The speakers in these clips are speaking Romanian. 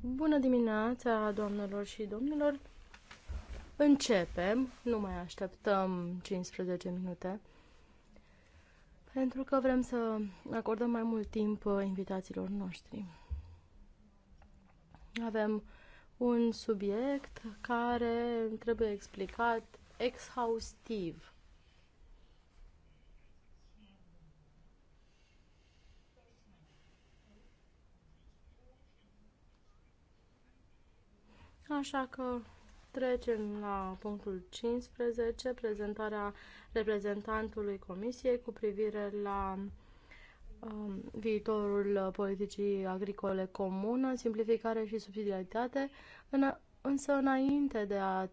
Bună dimineața, doamnelor și domnilor. Începem, nu mai așteptăm 15 minute, pentru că vrem să acordăm mai mult timp invitațiilor noștri. Avem un subiect care trebuie explicat exhaustiv Așa că trecem la punctul 15, prezentarea reprezentantului Comisiei cu privire la um, viitorul politicii agricole comună, simplificare și subsidiaritate. În, însă, înainte de a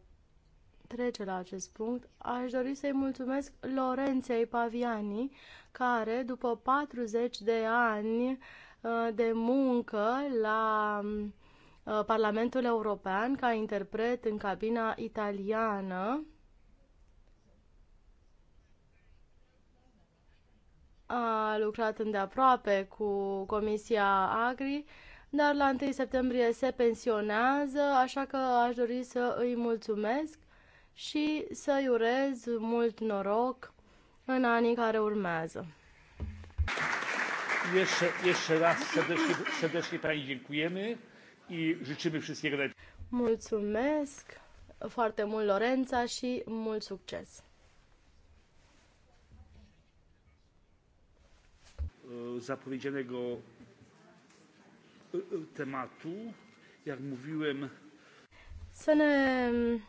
trece la acest punct, aș dori să-i mulțumesc Lorenței Paviani, care, după 40 de ani uh, de muncă la um, Uh, Parlamentul European ca interpret în cabina italiană a lucrat îndeaproape cu Comisia Agri, dar la 1 septembrie se pensionează, așa că aș dori să îi mulțumesc și să-i urez mult noroc în anii care urmează. Jeszcze, jeszcze raz serdecznie, serdecznie Pani dziękujemy i życzymy wszystkiego Mulțumesc foarte mult, Lorența, și mult succes! zapowiedzianego tematu, jak mówiłem. Să ne mm,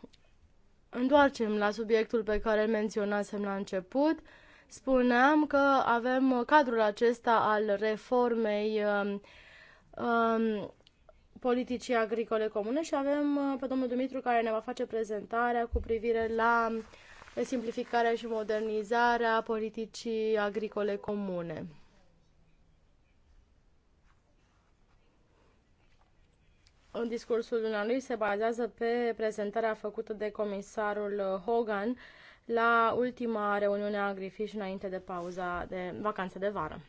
întoarcem la subiectul pe care îl menționasem la început. Spuneam că avem cadrul acesta al reformei um, um, politicii agricole comune și avem uh, pe domnul Dumitru care ne va face prezentarea cu privire la simplificarea și modernizarea politicii agricole comune. În discursul lui se bazează pe prezentarea făcută de comisarul Hogan la ultima reuniune a Grifish înainte de pauza de vacanță de vară.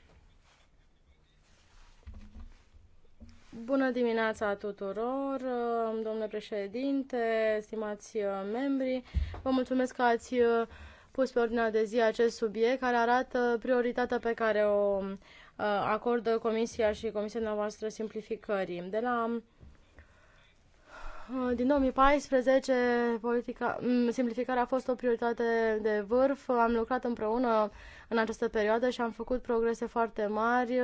Bună dimineața tuturor, uh, domnule președinte, stimați uh, membri. Vă mulțumesc că ați uh, pus pe ordinea de zi acest subiect care arată prioritatea pe care o acordă Comisia și Comisia noastră simplificării. De la din 2014, politica, mm, simplificarea a fost o prioritate de vârf. Am lucrat împreună în această perioadă și am făcut progrese foarte mari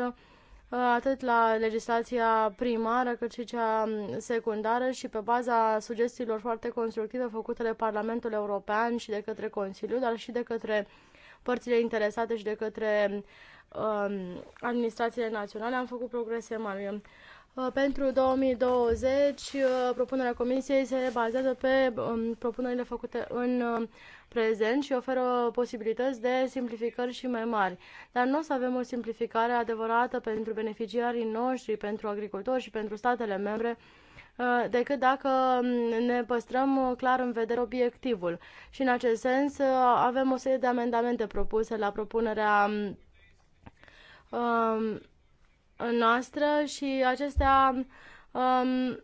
Uh, atât la legislația primară cât și cea um, secundară și pe baza sugestiilor foarte constructive făcute de Parlamentul European și de către Consiliu, dar și de către părțile interesate și de către um, administrațiile naționale, am făcut progrese mari. Uh, pentru 2020, uh, propunerea Comisiei se bazează pe um, propunerile făcute în uh, prezent și oferă posibilități de simplificări și mai mari. Dar nu o să avem o simplificare adevărată pentru beneficiarii noștri, pentru agricultori și pentru statele membre, decât dacă um, ne păstrăm clar în vedere obiectivul. Și în acest sens avem o serie de amendamente propuse la propunerea um, noastră și acestea um,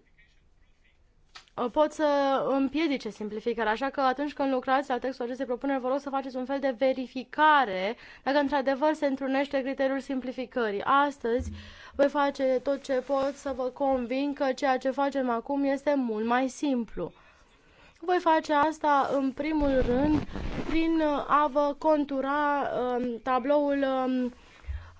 pot să împiedice simplificarea. Așa că atunci când lucrați la textul acestei propuneri, vă rog să faceți un fel de verificare dacă într-adevăr se întrunește criteriul simplificării. Astăzi voi face tot ce pot să vă convin că ceea ce facem acum este mult mai simplu. Voi face asta în primul rând prin a vă contura um, tabloul um,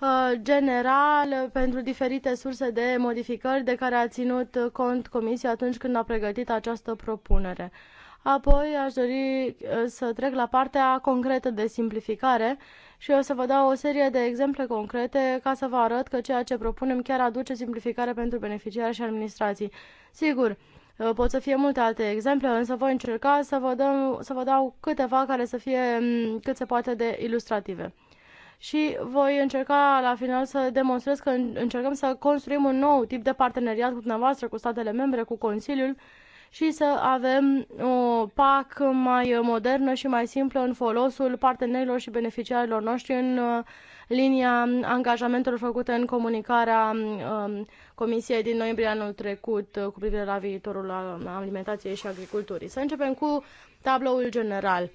Uh, general pentru diferite surse de modificări de care a ținut cont Comisia atunci când a pregătit această propunere. Apoi aș dori uh, să trec la partea concretă de simplificare și o să vă dau o serie de exemple concrete ca să vă arăt că ceea ce propunem chiar aduce simplificare pentru beneficiari și administrații. Sigur, uh, pot să fie multe alte exemple, însă voi încerca să vă, dăm, să vă dau câteva care să fie mm, cât se poate de ilustrative și voi încerca la final să demonstrez că încercăm să construim un nou tip de parteneriat cu dumneavoastră, cu statele membre, cu Consiliul și să avem o PAC mai modernă și mai simplă în folosul partenerilor și beneficiarilor noștri în uh, linia angajamentelor făcute în comunicarea um, Comisiei din noiembrie anul trecut uh, cu privire la viitorul uh, alimentației și agriculturii. Să începem cu tabloul general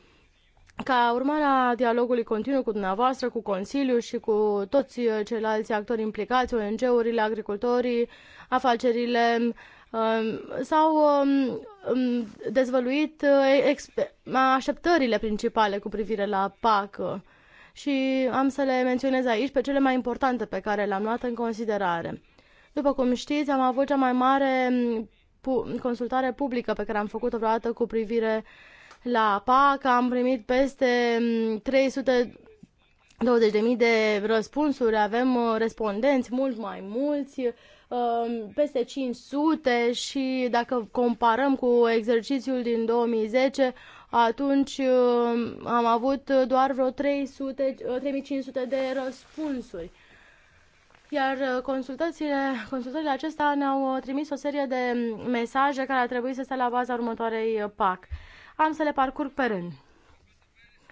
ca urmare a dialogului continuu cu dumneavoastră, cu Consiliu și cu toți uh, ceilalți actori implicați, ONG-urile, agricultorii, afacerile, um, s-au um, um, dezvăluit uh, așteptările principale cu privire la PAC și am să le menționez aici pe cele mai importante pe care le-am luat în considerare. După cum știți, am avut cea mai mare mm, consultare publică pe care am făcut-o vreodată cu privire la PAC am primit peste 300 mm, 20.000 de răspunsuri, avem uh, respondenți mult mai mulți, uh, peste 500 și dacă comparăm cu exercițiul din 2010, atunci uh, am avut doar vreo 300, 3500 de răspunsuri. Iar consultațiile, consultările acestea ne-au trimis o serie de mesaje care ar trebui să stea la baza următoarei PAC. Am să le parcurg pe rând.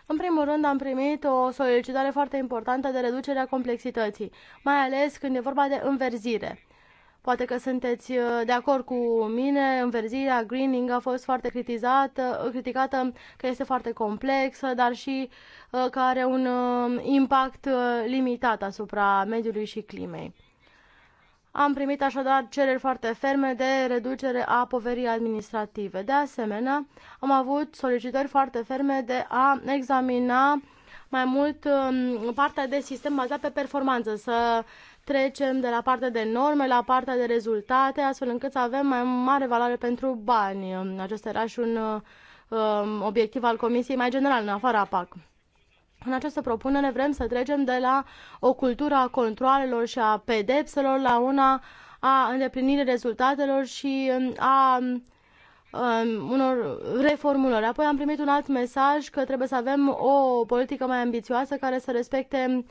În primul rând, am primit o solicitare foarte importantă de reducerea complexității, mai ales când e vorba de înverzire. Poate că sunteți uh, de acord cu mine, înverzirea, greening a fost foarte critizată, criticată că este foarte complexă, dar și uh, că are un uh, impact limitat asupra mediului și climei. Am primit așadar cereri foarte ferme de reducere a poverii administrative. De asemenea, am avut solicitări foarte ferme de a examina mai mult um, partea de sistem bazat pe performanță, să trecem de la partea de norme la partea de rezultate, astfel încât să avem mai mare valoare pentru bani. Acesta era și un um, obiectiv al Comisiei mai general, în afara PAC. În această propunere vrem să trecem de la o cultură a controalelor și a pedepselor la una a îndeplinirii rezultatelor și um, a um, unor reformulări. Apoi am primit un alt mesaj că trebuie să avem o politică mai ambițioasă care să respecte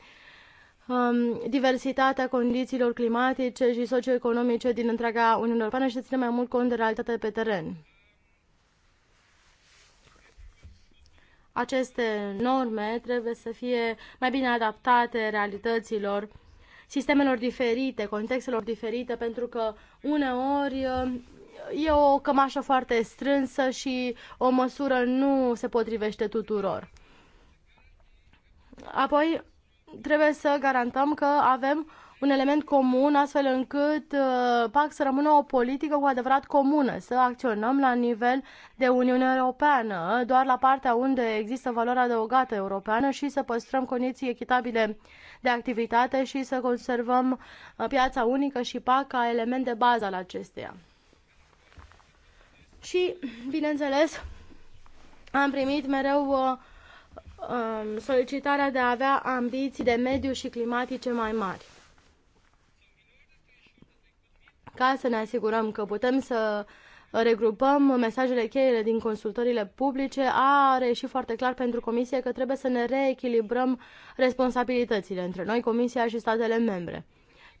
um, diversitatea condițiilor climatice și socioeconomice din întreaga Uniune Europeană și să ținem mai mult cont de realitatea pe teren. aceste norme trebuie să fie mai bine adaptate realităților, sistemelor diferite, contextelor diferite, pentru că uneori uh, e o cămașă foarte strânsă și o măsură nu se potrivește tuturor. Apoi, trebuie să garantăm că avem un element comun, astfel încât uh, PAC să rămână o politică cu adevărat comună, să acționăm la nivel de Uniune Europeană, doar la partea unde există valoare adăugată europeană și să păstrăm condiții echitabile de activitate și să conservăm uh, piața unică și PAC ca element de bază al acesteia. Și, bineînțeles, am primit mereu uh, um, solicitarea de a avea ambiții de mediu și climatice mai mari ca să ne asigurăm că putem să regrupăm mesajele cheie din consultările publice, a reieșit foarte clar pentru Comisie că trebuie să ne reechilibrăm responsabilitățile între noi, Comisia și statele membre.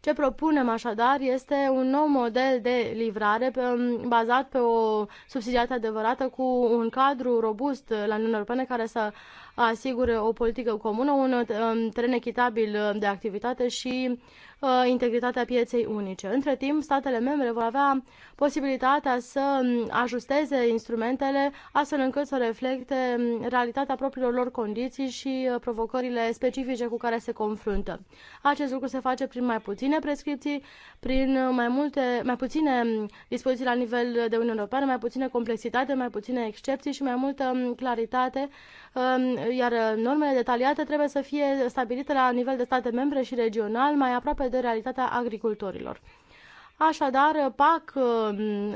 Ce propunem așadar este un nou model de livrare pe, um, bazat pe o subsidiate adevărată cu un cadru robust la Uniunea Europeană care să asigure o politică comună, un um, tren echitabil um, de activitate și uh, integritatea pieței unice. Între timp, statele membre vor avea posibilitatea să um, ajusteze instrumentele astfel încât să reflecte realitatea propriilor lor condiții și uh, provocările specifice cu care se confruntă. Acest lucru se face prin mai puține prescripții, prin uh, mai, multe, mai puține dispoziții la nivel de Uniune Europeană, mai puține complexitate, mai puține excepții și mai multă claritate iar uh, normele detaliate trebuie să fie stabilite la nivel de state membre și regional, mai aproape de realitatea agricultorilor. Așadar, uh, PAC uh, um,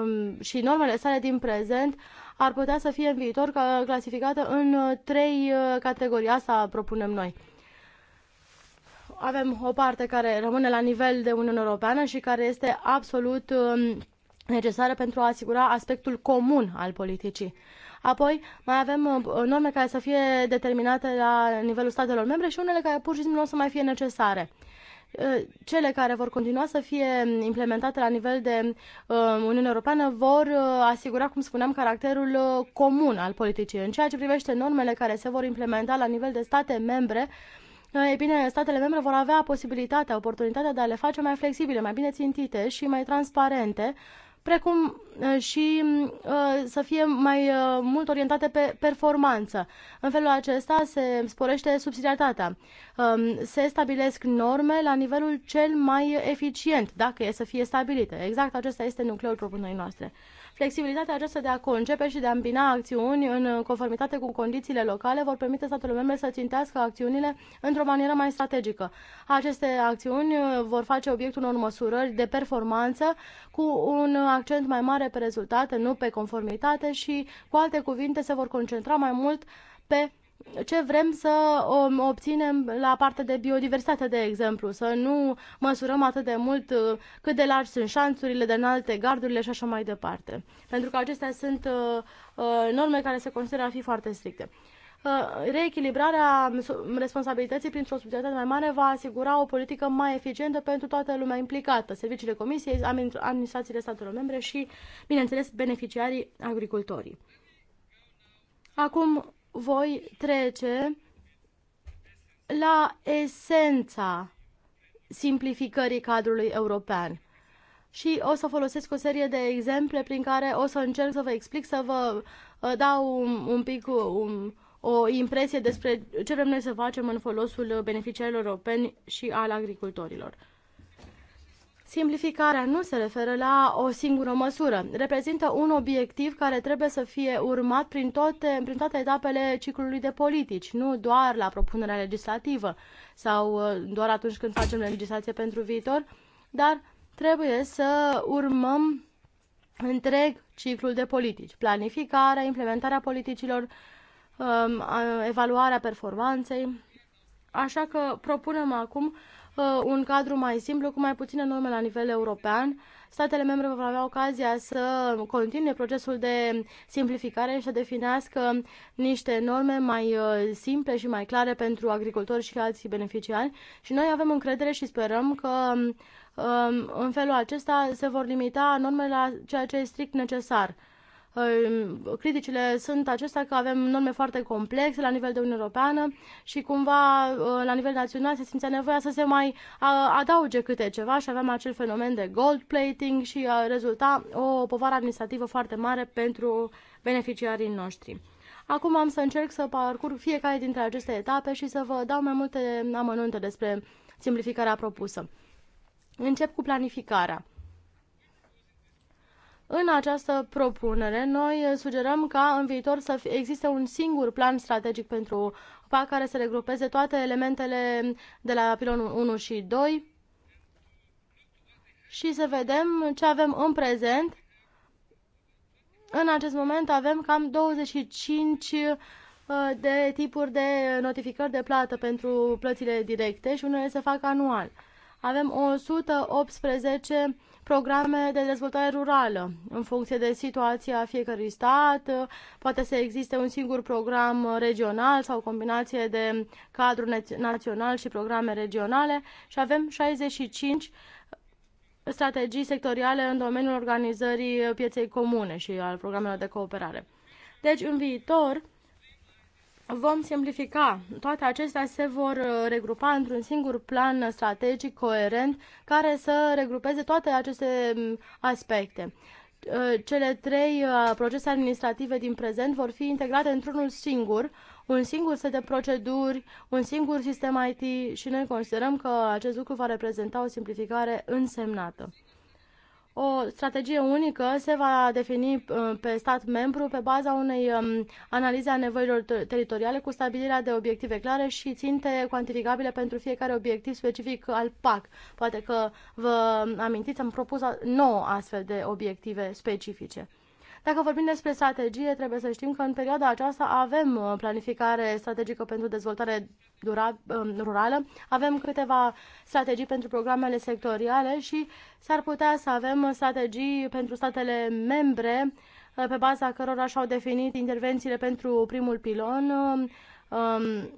um, și normele sale din prezent ar putea să fie în viitor clasificată în trei categorii. Asta propunem noi. Avem o parte care rămâne la nivel de Uniune Europeană și care este absolut um, necesară pentru a asigura aspectul comun al politicii. Apoi mai avem uh, norme care să fie determinate la nivelul statelor membre și unele care pur și simplu nu o să mai fie necesare uh, cele care vor continua să fie um, implementate la nivel de uh, Uniune Europeană vor asigura, cum spuneam, caracterul comun al politicii. În ceea ce privește normele care se vor implementa la nivel de state membre, e bine, statele membre vor avea posibilitatea, oportunitatea de a le face mai flexibile, mai bine țintite și mai transparente, precum uh, și uh, să fie mai uh, mult orientate pe performanță. În felul acesta se sporește subsidiaritatea. Um, se stabilesc norme la nivelul cel mai eficient, dacă e să fie stabilite. Exact acesta este nucleul propunerii noastre. Flexibilitatea aceasta de a concepe și de a îmbina acțiuni în conformitate cu condițiile locale vor permite statelor membre să țintească acțiunile într-o manieră mai strategică. Aceste acțiuni uh, vor face obiectul unor măsurări de performanță cu un accent mai mare pe rezultate, nu pe conformitate și, cu alte cuvinte, se vor concentra mai mult pe ce vrem să um, obținem la partea de biodiversitate, de exemplu, să nu măsurăm atât de mult uh, cât de largi sunt șanțurile, de înalte gardurile și așa mai departe. Pentru că acestea sunt uh, uh, norme care se consideră a fi foarte stricte reechilibrarea responsabilității printr-o subsidiaritate mai mare va asigura o politică mai eficientă pentru toată lumea implicată, serviciile Comisiei, administrațiile statelor membre și, bineînțeles, beneficiarii agricultorii. Acum voi trece la esența simplificării cadrului european. Și o să folosesc o serie de exemple prin care o să încerc să vă explic, să vă uh, dau un, un pic uh, un, o impresie despre ce vrem noi să facem în folosul beneficiarilor europeni și al agricultorilor. Simplificarea nu se referă la o singură măsură. Reprezintă un obiectiv care trebuie să fie urmat prin toate, prin toate etapele ciclului de politici, nu doar la propunerea legislativă sau uh, doar atunci când facem legislație pentru viitor, dar trebuie să urmăm întreg ciclul de politici. Planificarea, implementarea politicilor, um, evaluarea performanței. Așa că propunem acum Uh, un cadru mai simplu, cu mai puține norme la nivel european. Statele membre vor avea ocazia să continue procesul de simplificare și să definească niște norme mai uh, simple și mai clare pentru agricultori și alții beneficiari. Și noi avem încredere și sperăm că um, în felul acesta se vor limita normele la ceea ce e strict necesar Criticile sunt acestea că avem norme foarte complexe la nivel de Uniune Europeană și cumva ă, la nivel național se simțea nevoia să se mai adauge câte ceva și aveam acel fenomen de gold plating și rezulta o povară administrativă foarte mare pentru beneficiarii noștri. Acum am să încerc să parcurg fiecare dintre aceste etape și să vă dau mai multe amănunte despre simplificarea propusă. Încep cu planificarea. În această propunere, noi eh, sugerăm ca în viitor să existe un singur plan strategic pentru PAC care să regrupeze toate elementele de la pilonul 1 și 2 și să vedem ce avem în prezent. În acest moment avem cam 25 eh, de tipuri de notificări de plată pentru plățile directe și unele se fac anual. Avem 118 programe de dezvoltare rurală. În funcție de situația fiecărui stat, poate să existe un singur program regional sau combinație de cadru național și programe regionale și avem 65 strategii sectoriale în domeniul organizării pieței comune și al programelor de cooperare. Deci, în viitor, vom simplifica. Toate acestea se vor uh, regrupa într-un singur plan strategic coerent care să regrupeze toate aceste mm, aspecte. Uh, cele trei uh, procese administrative din prezent vor fi integrate într-unul singur, un singur set de proceduri, un singur sistem IT și noi considerăm că acest lucru va reprezenta o simplificare însemnată. O strategie unică se va defini uh, pe stat membru pe baza unei um, analize a nevoilor teritoriale cu stabilirea de obiective clare și ținte cuantificabile pentru fiecare obiectiv specific al PAC. Poate că vă amintiți, am propus nouă astfel de obiective specifice. Dacă vorbim despre strategie, trebuie să știm că în perioada aceasta avem uh, planificare strategică pentru dezvoltare Um, rurală. Avem câteva strategii pentru programele sectoriale și s-ar putea să avem strategii pentru statele membre uh, pe baza cărora și-au definit intervențiile pentru primul pilon, um, um,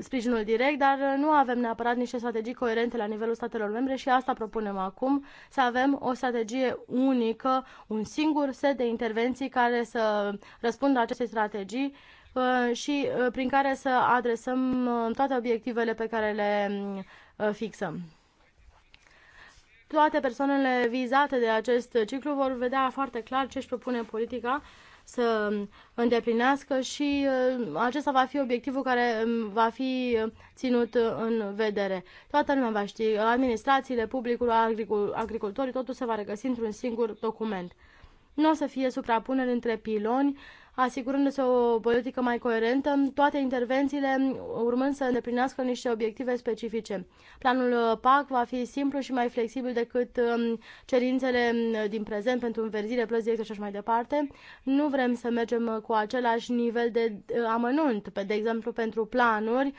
sprijinul direct, dar nu avem neapărat niște strategii coerente la nivelul statelor membre și asta propunem acum, să avem o strategie unică, un singur set de intervenții care să răspundă acestei strategii Uh, și uh, prin care să adresăm uh, toate obiectivele pe care le mm, fixăm toate persoanele vizate de acest ciclu vor vedea foarte clar ce își propune politica să mm, îndeplinească și acesta va fi obiectivul care mm, va fi ținut în vedere. Toată lumea va ști, administrațiile, publicul, agricultorii, totul se va regăsi într-un singur document. Nu o să fie suprapuneri între piloni asigurându-se o politică mai coerentă, toate intervențiile urmând să îndeplinească niște obiective specifice. Planul uh, PAC va fi simplu și mai flexibil decât um, cerințele uh, din prezent pentru înverzire, plăți directe și așa mai departe. Nu vrem să mergem uh, cu același nivel de amănunt, de exemplu pentru planuri,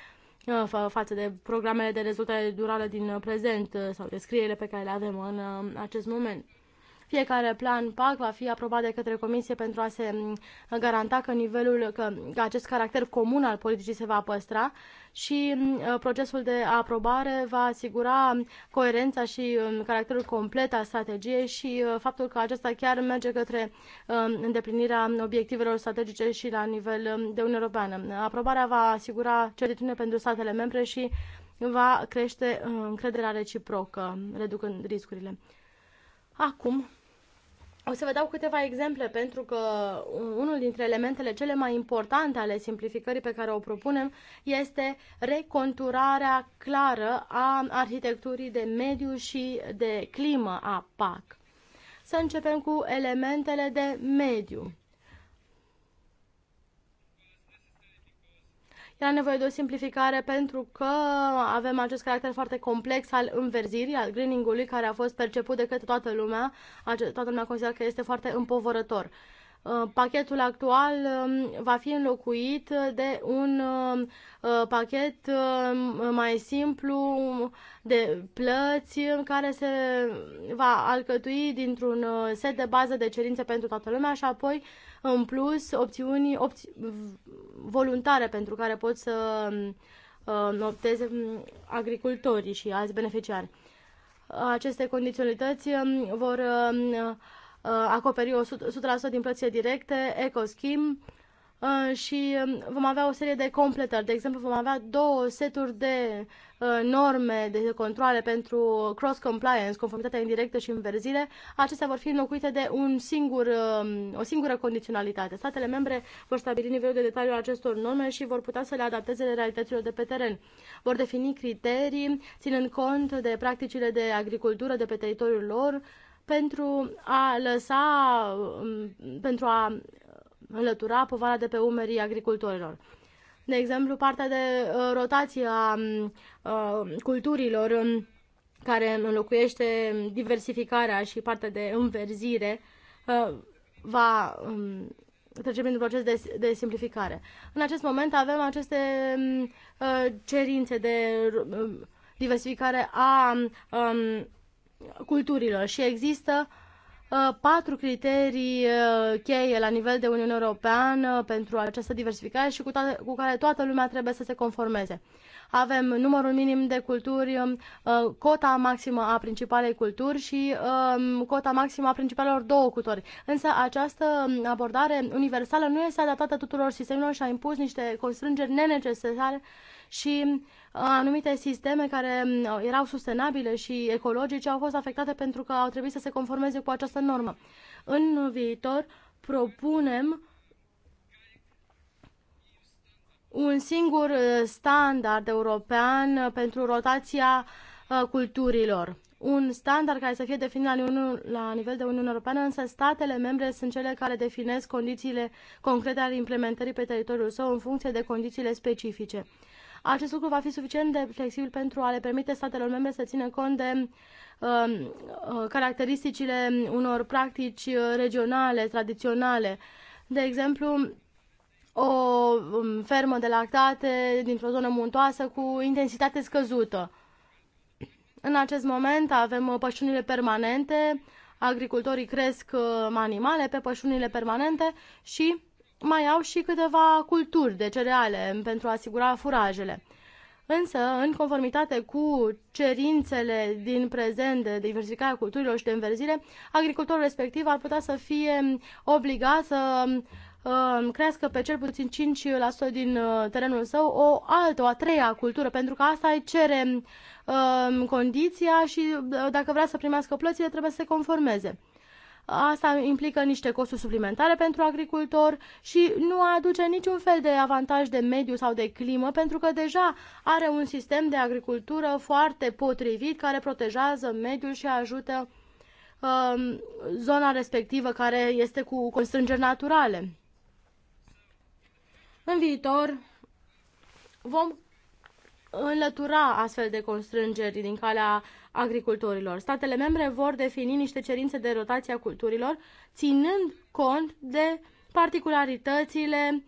față de programele de rezultate durală din prezent sau descrierile pe care le avem în acest moment. Fiecare plan PAC va fi aprobat de către Comisie pentru a se mm, garanta că nivelul, că, că acest caracter comun al politicii se va păstra și mm, procesul de aprobare va asigura coerența și mm, caracterul complet al strategiei și faptul că acesta chiar merge către îndeplinirea obiectivelor strategice și la nivel de Uniune Europeană. Aprobarea va asigura certitudine pentru statele membre și va crește încrederea reciprocă, reducând riscurile. Acum, o să vă dau câteva exemple pentru că unul dintre elementele cele mai importante ale simplificării pe care o propunem este reconturarea clară a arhitecturii de mediu și de climă a PAC. Să începem cu elementele de mediu. Era nevoie de o simplificare pentru că avem acest caracter foarte complex al înverzirii, al greening-ului, care a fost perceput de către toată lumea. Toată lumea consideră că este foarte împovărător. Uh, pachetul actual um, va fi înlocuit de un uh, uh, pachet um, mai simplu de plăți care se va alcătui dintr-un set de bază de cerințe pentru toată lumea și apoi în plus opțiuni opți voluntare pentru care pot să um, opteze agricultorii și alți beneficiari. Aceste condiționalități vor Uh, acoperi 100% din plățile directe, EcoSchimb, uh, și um, vom avea o serie de completări. De exemplu, vom avea două seturi de uh, norme de controle pentru cross-compliance, conformitatea indirectă și înverzire. Acestea vor fi înlocuite de un singur, um, o singură condiționalitate. Statele membre vor stabili nivelul de detaliu al acestor norme și vor putea să le adapteze de realităților de pe teren. Vor defini criterii, ținând cont de practicile de agricultură de pe teritoriul lor, pentru a lăsa, um, pentru a înlătura povara de pe umerii agricultorilor. De exemplu, partea de uh, rotație a um, uh, culturilor um, care înlocuiește diversificarea și partea de înverzire uh, va trece prin un proces de, de simplificare. În acest moment avem aceste cerințe de diversificare a culturilor și există uh, patru criterii uh, cheie la nivel de Uniune Europeană pentru această diversificare și cu, toate, cu care toată lumea trebuie să se conformeze. Avem numărul minim de culturi, um, uh, cota maximă a principalei culturi și um, cota maximă a principalelor două culturi. Însă această um, abordare universală nu este adaptată tuturor sistemelor și a impus niște constrângeri nenecesare și uh, anumite sisteme care mm, erau sustenabile și ecologice au fost afectate pentru că au trebuit să se conformeze cu această normă. În viitor propunem un singur uh, standard european uh, pentru rotația uh, culturilor un standard care să fie definit la, Uniun, la nivel de Uniune Europeană, însă statele membre sunt cele care definesc condițiile concrete ale implementării pe teritoriul său în funcție de condițiile specifice. Acest lucru va fi suficient de flexibil pentru a le permite statelor membre să țină cont de um, uh, caracteristicile unor practici uh, regionale, tradiționale. De exemplu, o um, fermă de lactate dintr-o zonă muntoasă cu intensitate scăzută. În acest moment avem uh, pășunile permanente, agricultorii cresc animale pe pășunile permanente și mai au și câteva culturi de cereale pentru a asigura furajele. Însă, în conformitate cu cerințele din prezent de diversificarea culturilor și de înverzire, agricultorul respectiv ar putea să fie obligat să um, crească pe cel puțin 5% din uh, terenul său o altă, o a treia cultură, pentru că asta îi cere um, condiția și uh, dacă vrea să primească plățile, trebuie să se conformeze. Asta implică niște costuri suplimentare pentru agricultor și nu aduce niciun fel de avantaj de mediu sau de climă, pentru că deja are un sistem de agricultură foarte potrivit care protejează mediul și ajută um, zona respectivă care este cu constrângeri naturale. În viitor vom înlătura astfel de constrângeri din calea agricultorilor. Statele membre vor defini niște cerințe de rotație a culturilor, ținând cont de particularitățile,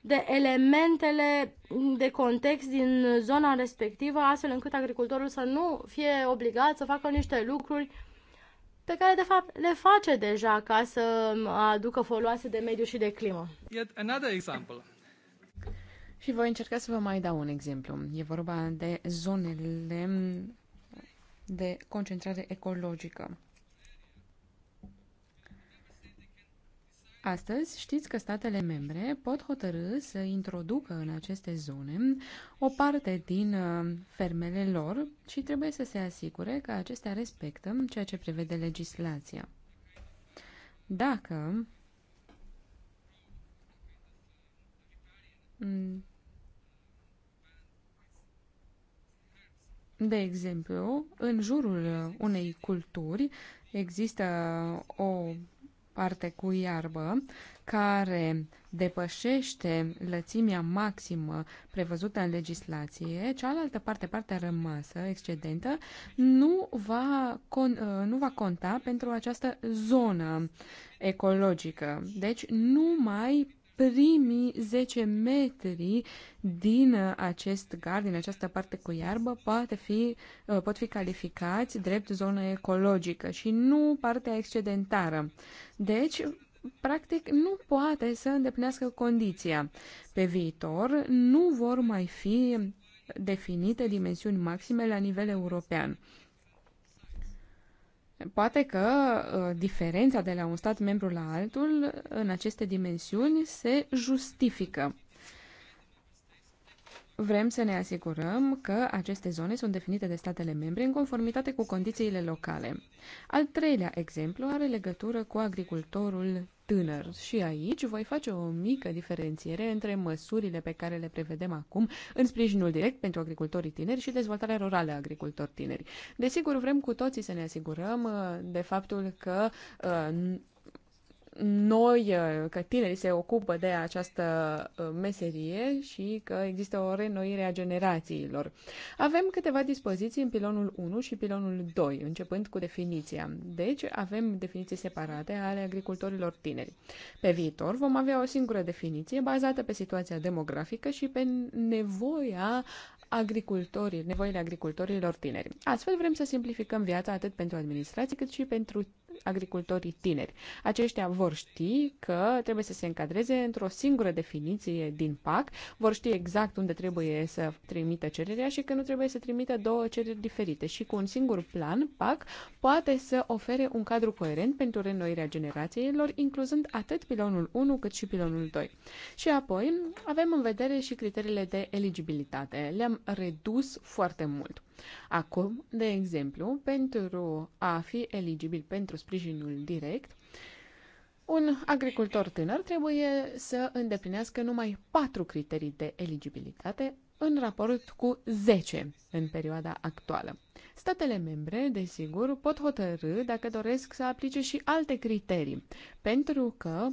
de elementele de context din zona respectivă, astfel încât agricultorul să nu fie obligat să facă niște lucruri pe care de fapt le face deja ca să aducă foloase de mediu și de climă. Yet another example. Și voi încerca să vă mai dau un exemplu. E vorba de zonele de concentrare ecologică. Astăzi știți că statele membre pot hotărâ să introducă în aceste zone o parte din uh, fermele lor și trebuie să se asigure că acestea respectă ceea ce prevede legislația. Dacă mm, De exemplu, în jurul unei culturi există o parte cu iarbă care depășește lățimea maximă prevăzută în legislație, cealaltă parte, partea rămasă, excedentă, nu va, con, uh, nu va conta pentru această zonă ecologică. Deci numai primii 10 metri din uh, acest gard, din această parte cu iarbă, poate fi, uh, pot fi calificați drept zonă ecologică și nu partea excedentară. Deci, practic nu poate să îndeplinească condiția. Pe viitor nu vor mai fi definite dimensiuni maxime la nivel european. Poate că ă, diferența de la un stat membru la altul în aceste dimensiuni se justifică. Vrem să ne asigurăm că aceste zone sunt definite de statele membre în conformitate cu condițiile locale. Al treilea exemplu are legătură cu agricultorul tânăr și aici voi face o mică diferențiere între măsurile pe care le prevedem acum în sprijinul direct pentru agricultorii tineri și dezvoltarea rurală a agricultorilor tineri. Desigur, vrem cu toții să ne asigurăm uh, de faptul că uh, noi, uh, că tinerii se ocupă de această uh, meserie și că există o renoire a generațiilor. Avem câteva dispoziții în pilonul 1 și pilonul 2, începând cu definiția. Deci avem definiții separate ale agricultorilor tineri. Pe viitor vom avea o singură definiție bazată pe situația demografică și pe nevoia agricultorii, nevoile agricultorilor tineri. Astfel vrem să simplificăm viața atât pentru administrații cât și pentru agricultorii tineri. Aceștia vor ști că trebuie să se încadreze într-o singură definiție din PAC, vor ști exact unde trebuie să trimită cererea și că nu trebuie să trimită două cereri diferite. Și cu un singur plan, PAC poate să ofere un cadru coerent pentru renoirea generațiilor, incluzând atât pilonul 1 cât și pilonul 2. Și apoi avem în vedere și criteriile de eligibilitate. Le-am redus foarte mult. Acum, de exemplu, pentru a fi eligibil pentru sprijinul direct, un agricultor tânăr trebuie să îndeplinească numai patru criterii de eligibilitate în raport cu 10 în perioada actuală. Statele membre, desigur, pot hotărâ dacă doresc să aplice și alte criterii, pentru că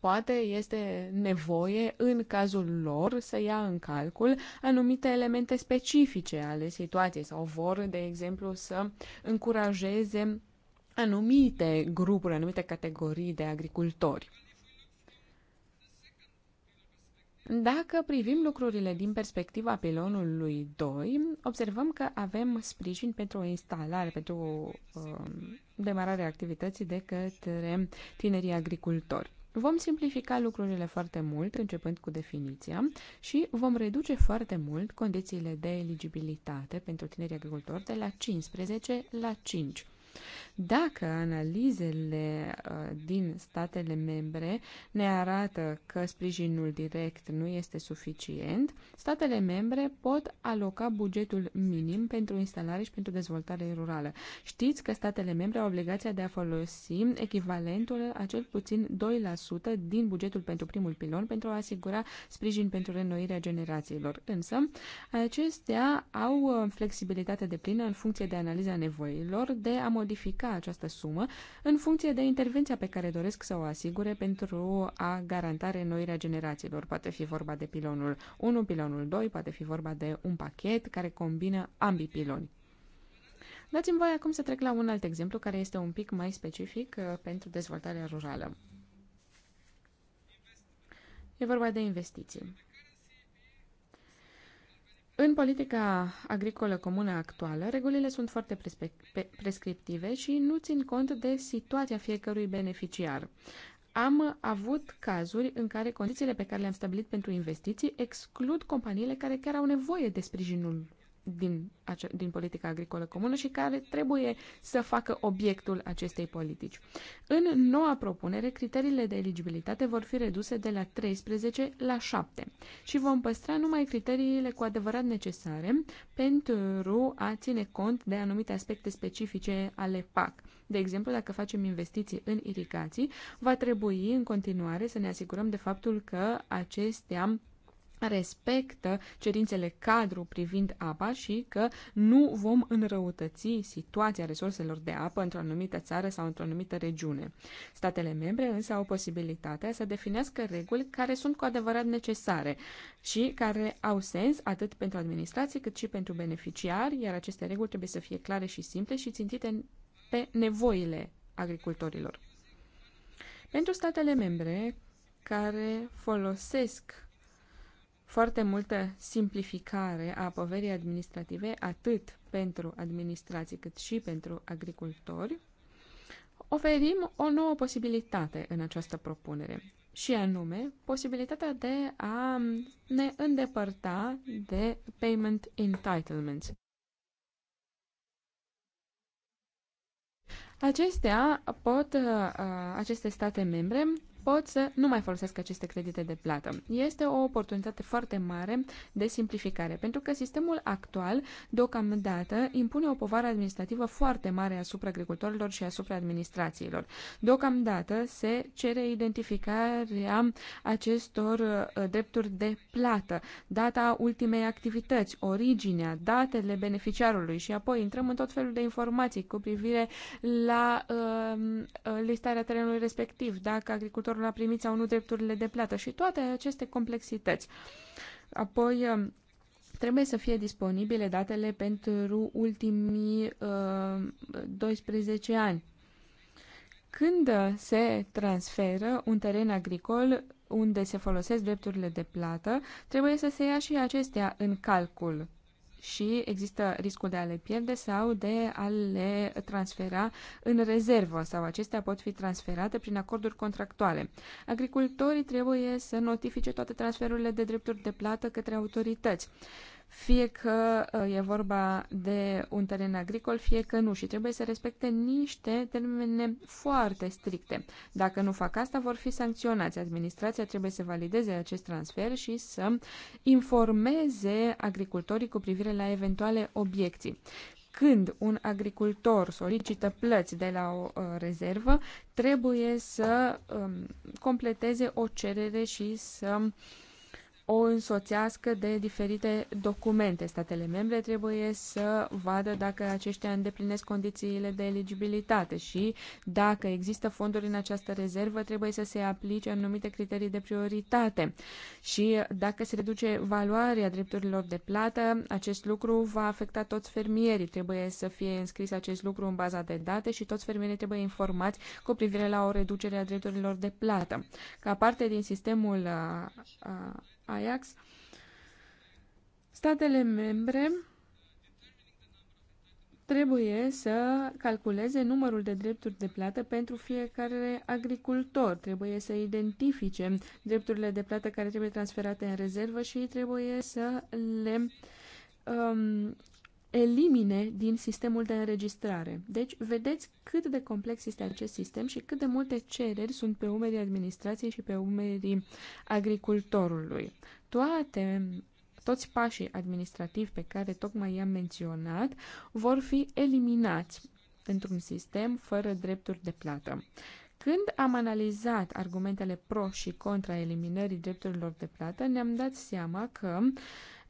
poate este nevoie în cazul lor să ia în calcul anumite elemente specifice ale situației sau vor, de exemplu, să încurajeze anumite grupuri, anumite categorii de agricultori. Dacă privim lucrurile din perspectiva pilonului 2, observăm că avem sprijin pentru o instalare, pentru o uh, um, demarare a activității de către tinerii agricultori. Vom simplifica lucrurile foarte mult, începând cu definiția, și vom reduce foarte mult condițiile de eligibilitate pentru tinerii agricultori de la 15 la 5. Dacă analizele uh, din statele membre ne arată că sprijinul direct nu este suficient, statele membre pot aloca bugetul minim pentru instalare și pentru dezvoltare rurală. Știți că statele membre au obligația de a folosi echivalentul a cel puțin 2% din bugetul pentru primul pilon pentru a asigura sprijin pentru renoirea generațiilor. Însă, acestea au uh, flexibilitate de plină în funcție de analiza nevoilor de a modifica această sumă în funcție de intervenția pe care doresc să o asigure pentru a garanta renoirea generațiilor. Poate fi vorba de pilonul 1, pilonul 2, poate fi vorba de un pachet care combină ambii piloni. Dați-mi voi acum să trec la un alt exemplu care este un pic mai specific uh, pentru dezvoltarea rurală. E vorba de investiții. În politica agricolă comună actuală, regulile sunt foarte prescriptive și nu țin cont de situația fiecărui beneficiar. Am avut cazuri în care condițiile pe care le-am stabilit pentru investiții exclud companiile care chiar au nevoie de sprijinul din, din politica agricolă comună și care trebuie să facă obiectul acestei politici. În noua propunere, criteriile de eligibilitate vor fi reduse de la 13 la 7 și vom păstra numai criteriile cu adevărat necesare pentru a ține cont de anumite aspecte specifice ale PAC. De exemplu, dacă facem investiții în irigații, va trebui în continuare să ne asigurăm de faptul că acestea respectă cerințele cadru privind apa și că nu vom înrăutăți situația resurselor de apă într-o anumită țară sau într-o anumită regiune. Statele membre însă au posibilitatea să definească reguli care sunt cu adevărat necesare și care au sens atât pentru administrație cât și pentru beneficiari, iar aceste reguli trebuie să fie clare și simple și țintite pe nevoile agricultorilor. Pentru statele membre care folosesc foarte multă simplificare a poverii administrative, atât pentru administrații cât și pentru agricultori, oferim o nouă posibilitate în această propunere, și anume posibilitatea de a ne îndepărta de payment entitlements. Acestea pot, uh, aceste state membre pot să nu mai folosesc aceste credite de plată. Este o oportunitate foarte mare de simplificare, pentru că sistemul actual, deocamdată, impune o povară administrativă foarte mare asupra agricultorilor și asupra administrațiilor. Deocamdată se cere identificarea acestor uh, drepturi de plată, data ultimei activități, originea, datele beneficiarului și apoi intrăm în tot felul de informații cu privire la uh, uh listarea terenului respectiv, dacă agricultorul cărora primiți sau nu drepturile de plată și toate aceste complexități. Apoi, um, trebuie să fie disponibile datele pentru ultimii uh, 12 ani. Când se transferă un teren agricol unde se folosesc drepturile de plată, trebuie să se ia și acestea în calcul și există riscul de a le pierde sau de a le transfera în rezervă sau acestea pot fi transferate prin acorduri contractuale. Agricultorii trebuie să notifice toate transferurile de drepturi de plată către autorități fie că uh, e vorba de un teren agricol, fie că nu și trebuie să respecte niște termene foarte stricte. Dacă nu fac asta, vor fi sancționați. Administrația trebuie să valideze acest transfer și să informeze agricultorii cu privire la eventuale obiecții când un agricultor solicită plăți de la o uh, rezervă, trebuie să um, completeze o cerere și să uh, o însoțească de diferite documente. Statele membre trebuie să vadă dacă aceștia îndeplinesc condițiile de eligibilitate și dacă există fonduri în această rezervă, trebuie să se aplice anumite criterii de prioritate. Și dacă se reduce valoarea drepturilor de plată, acest lucru va afecta toți fermierii. Trebuie să fie înscris acest lucru în baza de date și toți fermierii trebuie informați cu privire la o reducere a drepturilor de plată. Ca parte din sistemul a, a, Ajax, statele membre trebuie să calculeze numărul de drepturi de plată pentru fiecare agricultor, trebuie să identifice drepturile de plată care trebuie transferate în rezervă și trebuie să le um, elimine din sistemul de înregistrare. Deci, vedeți cât de complex este acest sistem și cât de multe cereri sunt pe umerii administrației și pe umerii agricultorului. Toate toți pașii administrativi pe care tocmai i-am menționat vor fi eliminați într-un sistem fără drepturi de plată. Când am analizat argumentele pro și contra eliminării drepturilor de plată, ne-am dat seama că uh,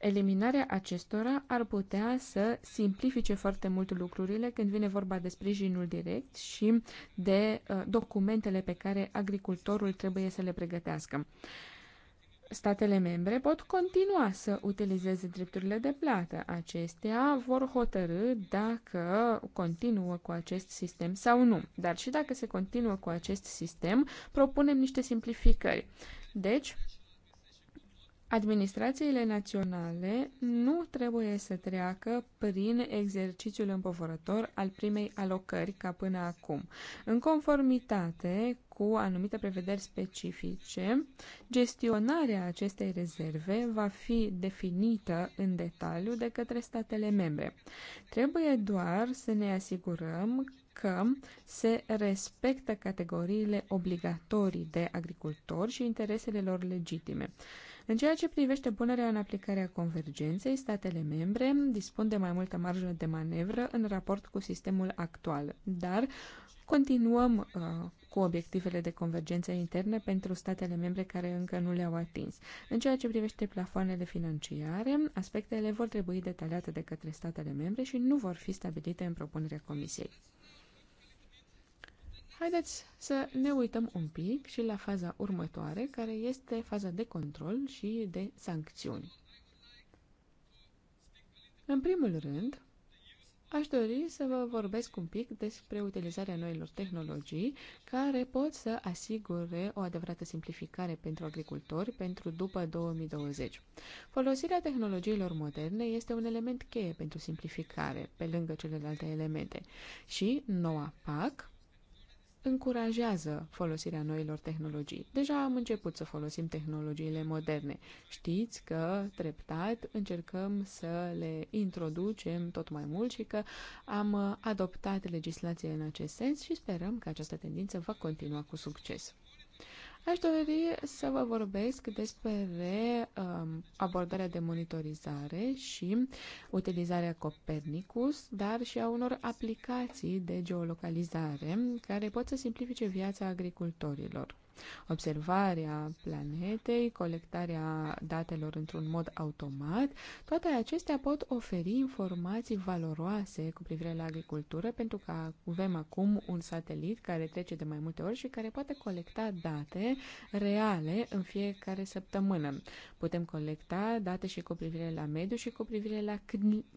Eliminarea acestora ar putea să simplifice foarte mult lucrurile când vine vorba de sprijinul direct și de uh, documentele pe care agricultorul trebuie să le pregătească. Statele membre pot continua să utilizeze drepturile de plată. Acestea vor hotărâ dacă continuă cu acest sistem sau nu. Dar și dacă se continuă cu acest sistem, propunem niște simplificări. Deci, Administrațiile naționale nu trebuie să treacă prin exercițiul împovărător al primei alocări ca până acum. În conformitate cu anumite prevederi specifice, gestionarea acestei rezerve va fi definită în detaliu de către statele membre. Trebuie doar să ne asigurăm că se respectă categoriile obligatorii de agricultori și interesele lor legitime. În ceea ce privește punerea în aplicare a convergenței, statele membre dispun de mai multă marjă de manevră în raport cu sistemul actual, dar continuăm uh, cu obiectivele de convergență internă pentru statele membre care încă nu le-au atins. În ceea ce privește plafoanele financiare, aspectele vor trebui detaliate de către statele membre și nu vor fi stabilite în propunerea Comisiei. Haideți să ne uităm un pic și la faza următoare, care este faza de control și de sancțiuni. În primul rând, aș dori să vă vorbesc un pic despre utilizarea noilor tehnologii care pot să asigure o adevărată simplificare pentru agricultori pentru după 2020. Folosirea tehnologiilor moderne este un element cheie pentru simplificare, pe lângă celelalte elemente, și noua PAC încurajează folosirea noilor tehnologii. Deja am început să folosim tehnologiile moderne. Știți că treptat încercăm să le introducem tot mai mult și că am adoptat legislație în acest sens și sperăm că această tendință va continua cu succes. Aș dori să vă vorbesc despre um, abordarea de monitorizare și utilizarea Copernicus, dar și a unor aplicații de geolocalizare care pot să simplifice viața agricultorilor observarea planetei, colectarea datelor într-un mod automat, toate acestea pot oferi informații valoroase cu privire la agricultură, pentru că avem acum un satelit care trece de mai multe ori și care poate colecta date reale în fiecare săptămână. Putem colecta date și cu privire la mediu și cu privire la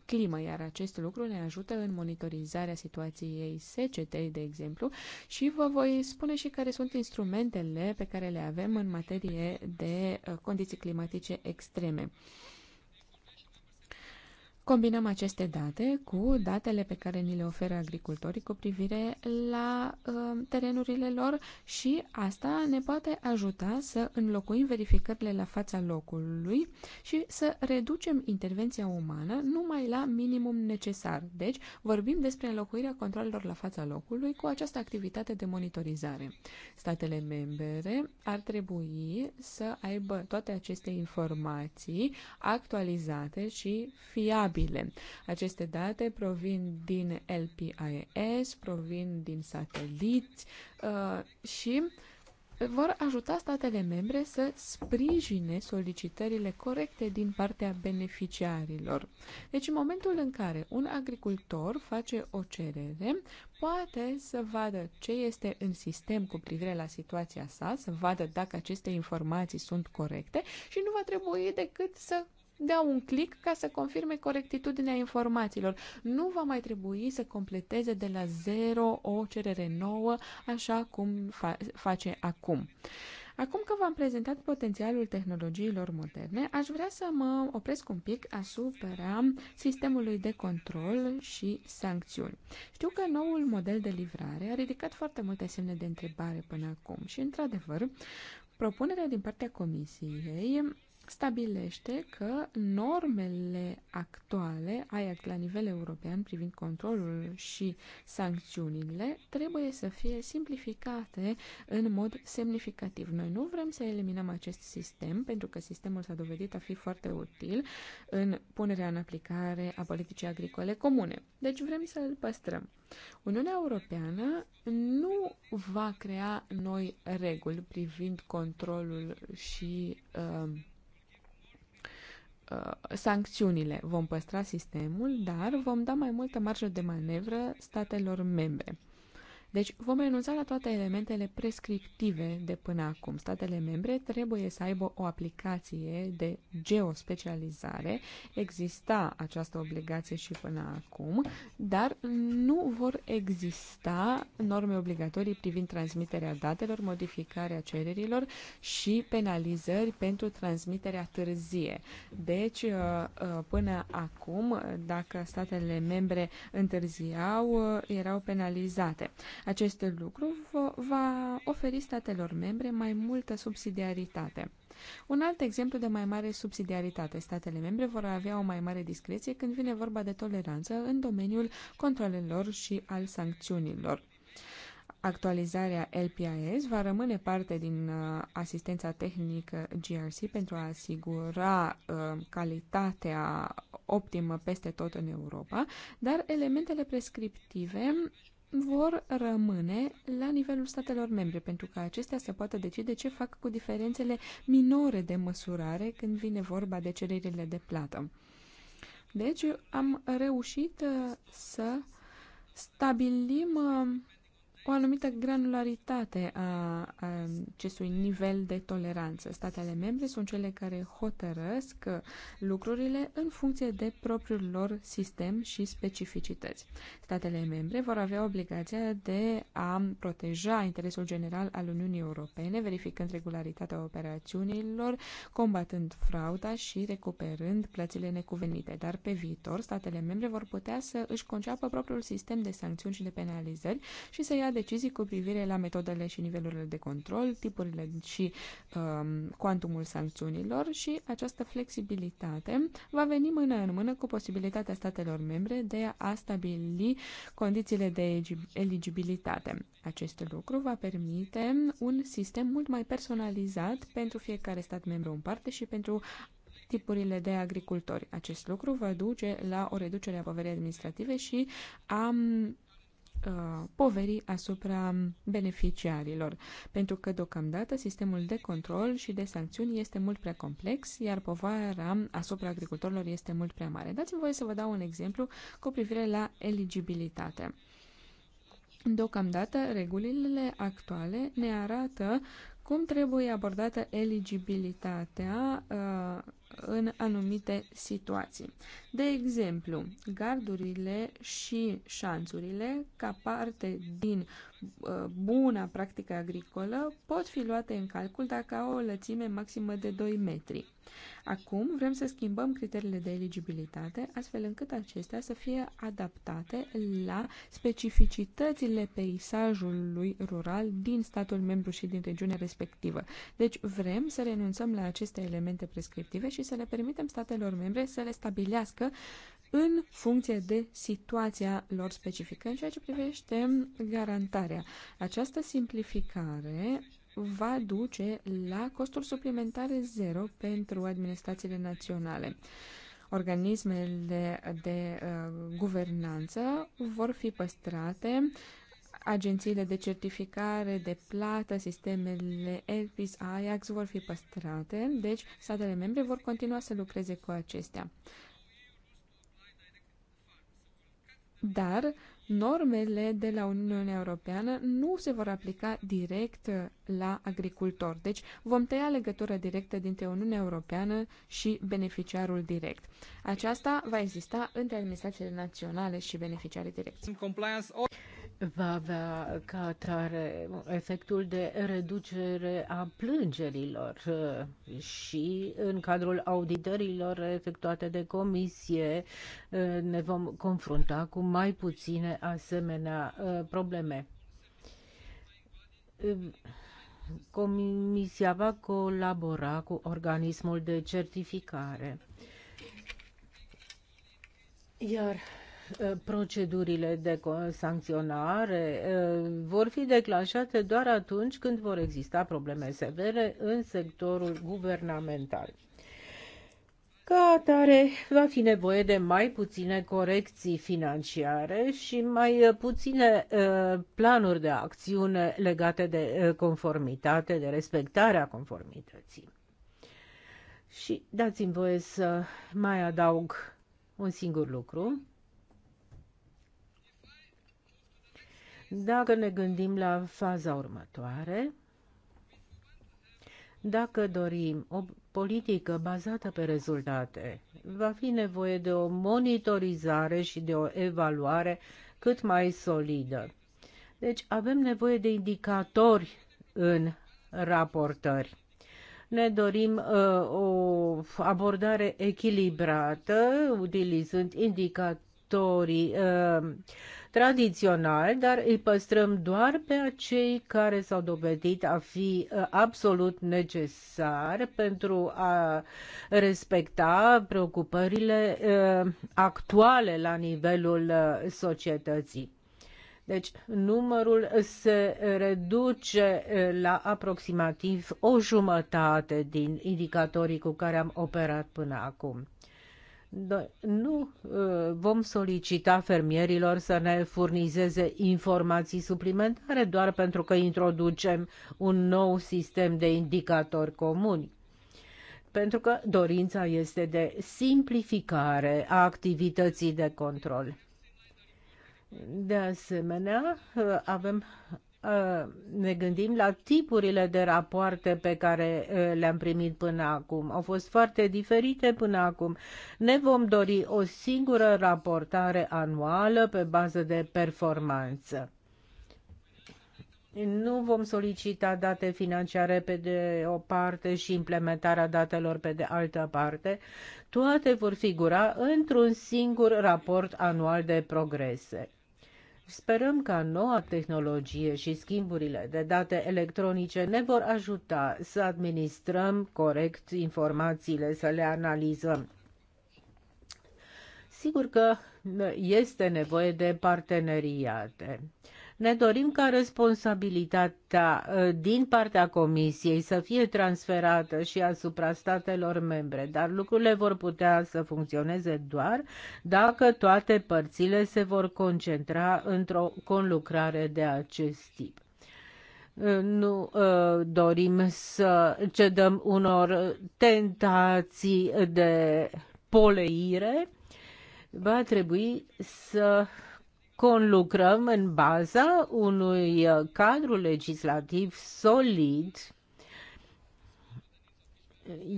climă, iar acest lucru ne ajută în monitorizarea situației secetei, de exemplu, și vă voi spune și care sunt instrumentele pericolele pe care le avem în materie de uh, condiții climatice extreme. Combinăm aceste date cu datele pe care ni le oferă agricultorii cu privire la uh, terenurile lor și asta ne poate ajuta să înlocuim verificările la fața locului și să reducem intervenția umană numai la minimum necesar. Deci vorbim despre înlocuirea controlelor la fața locului cu această activitate de monitorizare. Statele membre ar trebui să aibă toate aceste informații actualizate și fiabile stabile. Aceste date provin din LPIS, provin din sateliți uh, și vor ajuta statele membre să sprijine solicitările corecte din partea beneficiarilor. Deci, în momentul în care un agricultor face o cerere, poate să vadă ce este în sistem cu privire la situația sa, să vadă dacă aceste informații sunt corecte și nu va trebui decât să dea un click ca să confirme corectitudinea informațiilor. Nu va mai trebui să completeze de la zero o cerere nouă, așa cum fa face acum. Acum că v-am prezentat potențialul tehnologiilor moderne, aș vrea să mă opresc un pic asupra sistemului de control și sancțiuni. Știu că noul model de livrare a ridicat foarte multe semne de întrebare până acum și, într-adevăr, propunerea din partea Comisiei stabilește că normele actuale, aia la nivel european privind controlul și sancțiunile, trebuie să fie simplificate în mod semnificativ. Noi nu vrem să eliminăm acest sistem, pentru că sistemul s-a dovedit a fi foarte util în punerea în aplicare a politicii agricole comune. Deci vrem să îl păstrăm. Uniunea Europeană nu va crea noi reguli privind controlul și uh, Uh, sancțiunile. Vom păstra sistemul, dar vom da mai multă marjă de manevră statelor membre. Deci vom renunța la toate elementele prescriptive de până acum. Statele membre trebuie să aibă o aplicație de geospecializare. Exista această obligație și până acum, dar nu vor exista norme obligatorii privind transmiterea datelor, modificarea cererilor și penalizări pentru transmiterea târzie. Deci, uh, uh, până acum, dacă statele membre întârziau, uh, erau penalizate. Acest lucru va oferi statelor membre mai multă subsidiaritate. Un alt exemplu de mai mare subsidiaritate. Statele membre vor avea o mai mare discreție când vine vorba de toleranță în domeniul controlelor și al sancțiunilor. Actualizarea LPIS va rămâne parte din uh, asistența tehnică GRC pentru a asigura uh, calitatea optimă peste tot în Europa, dar elementele prescriptive vor rămâne la nivelul statelor membre, pentru că acestea se poată decide ce fac cu diferențele minore de măsurare când vine vorba de cererile de plată. Deci am reușit uh, să stabilim uh, o anumită granularitate a acestui nivel de toleranță. Statele membre sunt cele care hotărăsc lucrurile în funcție de propriul lor sistem și specificități. Statele membre vor avea obligația de a proteja interesul general al Uniunii Europene, verificând regularitatea operațiunilor, combatând frauda și recuperând plățile necuvenite. Dar pe viitor, statele membre vor putea să își conceapă propriul sistem de sancțiuni și de penalizări și să ia decizii cu privire la metodele și nivelurile de control, tipurile și um, cuantumul sancțiunilor și această flexibilitate va veni mână în mână cu posibilitatea statelor membre de a stabili condițiile de eligibilitate. Acest lucru va permite un sistem mult mai personalizat pentru fiecare stat membru în parte și pentru tipurile de agricultori. Acest lucru va duce la o reducere a poverii administrative și a Uh, poverii asupra beneficiarilor, pentru că deocamdată sistemul de control și de sancțiuni este mult prea complex, iar povara asupra agricultorilor este mult prea mare. Dați-mi voie să vă dau un exemplu cu privire la eligibilitate. Deocamdată, regulile actuale ne arată cum trebuie abordată eligibilitatea uh, în anumite situații. De exemplu, gardurile și șanțurile, ca parte din uh, buna practică agricolă, pot fi luate în calcul dacă au o lățime maximă de 2 metri. Acum vrem să schimbăm criteriile de eligibilitate, astfel încât acestea să fie adaptate la specificitățile peisajului rural din statul membru și din regiunea respectivă. Deci vrem să renunțăm la aceste elemente prescriptive și să le permitem statelor membre să le stabilească specifică în funcție de situația lor specifică în ceea ce privește garantarea. Această simplificare va duce la costuri suplimentare zero pentru administrațiile naționale organismele de uh, guvernanță vor fi păstrate, agențiile de certificare, de plată, sistemele ELPIS, AIAX vor fi păstrate, deci statele membre vor continua să lucreze cu acestea. dar normele de la Uniunea Europeană nu se vor aplica direct la agricultor. Deci vom tăia legătura directă dintre Uniunea Europeană și beneficiarul direct. Aceasta va exista între administrațiile naționale și beneficiarii direcți va avea ca atare efectul de reducere a plângerilor uh, și în cadrul auditărilor efectuate de comisie uh, ne vom confrunta cu mai puține asemenea uh, probleme. Comisia va colabora cu organismul de certificare. Iar Eh, procedurile de sancționare eh, vor fi declanșate doar atunci când vor exista probleme severe în sectorul guvernamental. Ca atare, va fi nevoie de mai puține corecții financiare și mai puține eh, planuri de acțiune legate de conformitate, de respectarea conformității. Și dați-mi voie să mai adaug un singur lucru. Dacă ne gândim la faza următoare, dacă dorim o politică bazată pe rezultate, va fi nevoie de o monitorizare și de o evaluare cât mai solidă. Deci avem nevoie de indicatori în raportări. Ne dorim uh, o abordare echilibrată, utilizând indicatorii uh, tradițional, dar îi păstrăm doar pe acei care s-au dovedit a fi ă, absolut necesar pentru a respecta preocupările ă, actuale la nivelul ă, societății. Deci numărul se reduce la aproximativ o jumătate din indicatorii cu care am operat până acum nu uh, vom solicita fermierilor să ne furnizeze informații suplimentare doar pentru că introducem un nou sistem de indicatori comuni. Pentru că dorința este de simplificare a activității de control. De asemenea, uh, avem Uh, ne gândim la tipurile de rapoarte pe care uh, le-am primit până acum. Au fost foarte diferite până acum. Ne vom dori o singură raportare anuală pe bază de performanță. Nu vom solicita date financiare pe de o parte și implementarea datelor pe de altă parte. Toate vor figura într-un singur raport anual de progrese. Sperăm ca noua tehnologie și schimburile de date electronice ne vor ajuta să administrăm corect informațiile, să le analizăm. Sigur că este nevoie de parteneriate. Ne dorim ca responsabilitatea ă, din partea Comisiei să fie transferată și asupra statelor membre, dar lucrurile vor putea să funcționeze doar dacă toate părțile se vor concentra într-o conlucrare de acest tip ă, nu ă, dorim să cedăm unor tentații de poleire, va trebui să conlucrăm în baza unui uh, cadru legislativ solid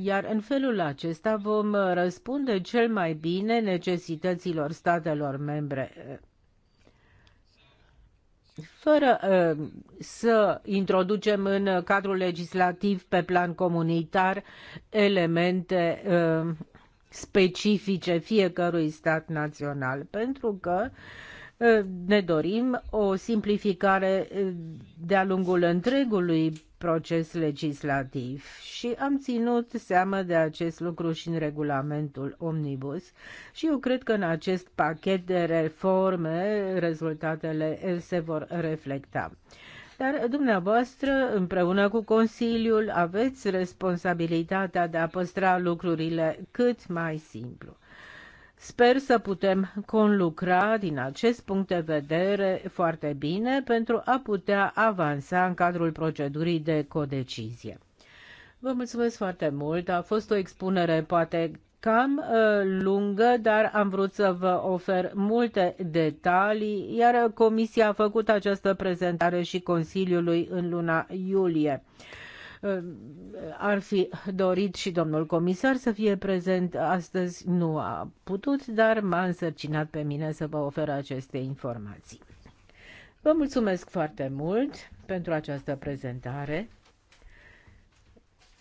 iar în felul acesta vom uh, răspunde cel mai bine necesităților statelor membre fără uh, să introducem în cadrul legislativ pe plan comunitar elemente uh, specifice fiecărui stat național, pentru că uh, Ă, ne dorim o simplificare ă, de-a lungul întregului proces legislativ și am ținut seamă de acest lucru și în regulamentul Omnibus și eu cred că în acest pachet de reforme rezultatele ă, se vor reflecta. Dar dumneavoastră, împreună cu Consiliul, aveți responsabilitatea de a păstra lucrurile cât mai simplu. Sper să putem conlucra din acest punct de vedere foarte bine pentru a putea avansa în cadrul procedurii de codecizie. Vă mulțumesc foarte mult. A fost o expunere poate cam uh, lungă, dar am vrut să vă ofer multe detalii, iar Comisia a făcut această prezentare și Consiliului în luna iulie. Uh, ar fi dorit și domnul comisar să fie prezent astăzi, nu a putut, dar m-a însărcinat pe mine să vă ofer aceste informații. Vă mulțumesc foarte mult pentru această prezentare.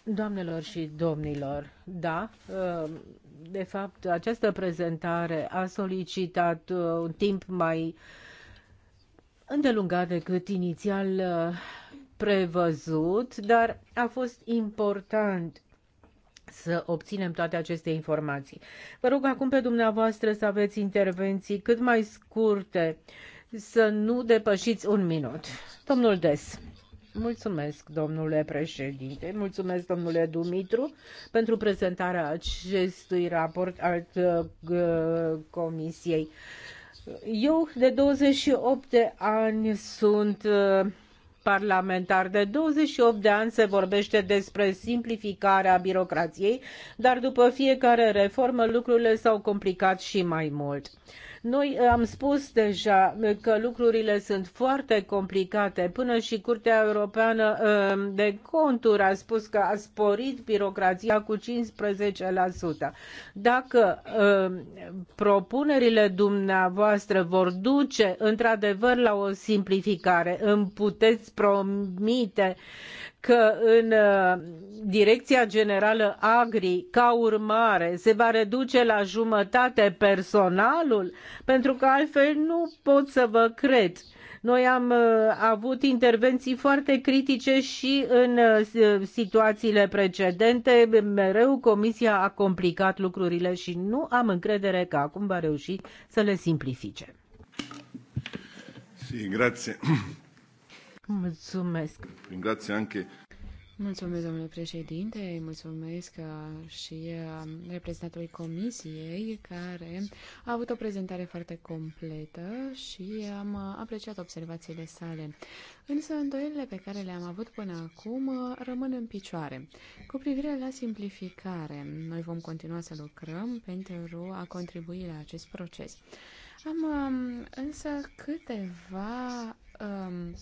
Doamnelor și domnilor, da, uh, de fapt, această prezentare a solicitat uh, un timp mai îndelungat decât inițial prevăzut, dar a fost important să obținem toate aceste informații. Vă rog acum pe dumneavoastră să aveți intervenții cât mai scurte, să nu depășiți un minut. Domnul Des. Mulțumesc, domnule președinte, mulțumesc, domnule Dumitru, pentru prezentarea acestui raport al uh, Comisiei. Eu de 28 de ani sunt uh, parlamentar. De 28 de ani se vorbește despre simplificarea birocrației, dar după fiecare reformă lucrurile s-au complicat și mai mult. Noi am spus deja că lucrurile sunt foarte complicate. Până și Curtea Europeană um, de Conturi a spus că a sporit birocrația cu 15%. Dacă um, propunerile dumneavoastră vor duce într-adevăr la o simplificare, îmi puteți promite că în uh, Direcția Generală Agri, ca urmare, se va reduce la jumătate personalul, pentru că altfel nu pot să vă cred. Noi am uh, avut intervenții foarte critice și în uh, situațiile precedente. Mereu Comisia a complicat lucrurile și nu am încredere că acum va reuși să le simplifice. Sí, grazie. Mulțumesc. Ringrazio anche Mulțumesc, domnule președinte, mulțumesc uh, și uh, reprezentantului comisiei care a avut o prezentare foarte completă și am uh, apreciat observațiile sale. Însă îndoielile pe care le-am avut până acum rămân în picioare. Cu privire la simplificare, noi vom continua să lucrăm pentru a contribui la acest proces. Am um, însă câteva um,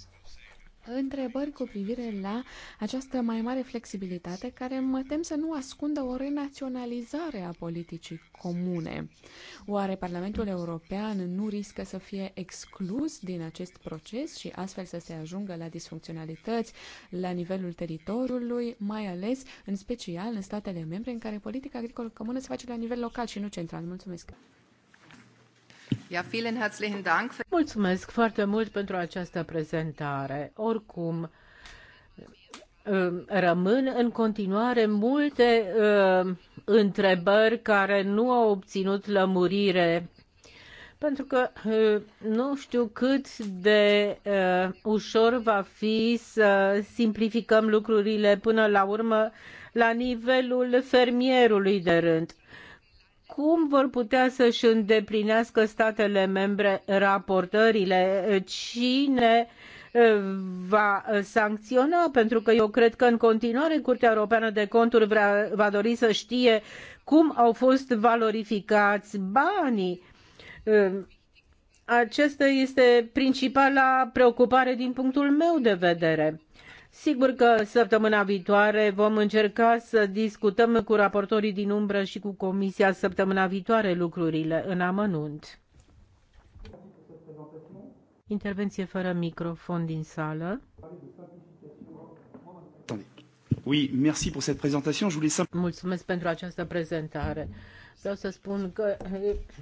întrebări cu privire la această mai mare flexibilitate care mă tem să nu ascundă o renaționalizare a politicii comune. Oare Parlamentul European nu riscă să fie exclus din acest proces și astfel să se ajungă la disfuncționalități la nivelul teritoriului, mai ales în special în statele membre în care politica agricolă comună se face la nivel local și nu central? Mulțumesc! Mulțumesc foarte mult pentru această prezentare. Oricum, rămân în continuare multe uh, întrebări care nu au obținut lămurire pentru că uh, nu știu cât de uh, ușor va fi să simplificăm lucrurile până la urmă la nivelul fermierului de rând cum vor putea să-și îndeplinească statele membre raportările, cine va sancționa, pentru că eu cred că în continuare Curtea Europeană de Conturi vrea, va dori să știe cum au fost valorificați banii. Aceasta este principala preocupare din punctul meu de vedere Sigur că săptămâna viitoare vom încerca să discutăm cu raportorii din umbră și cu comisia săptămâna viitoare lucrurile în amănunt. Intervenție fără microfon din sală. Oui, merci pour cette présentation. Je voulais simplement... Mulțumesc pentru această prezentare. Vreau să spun că,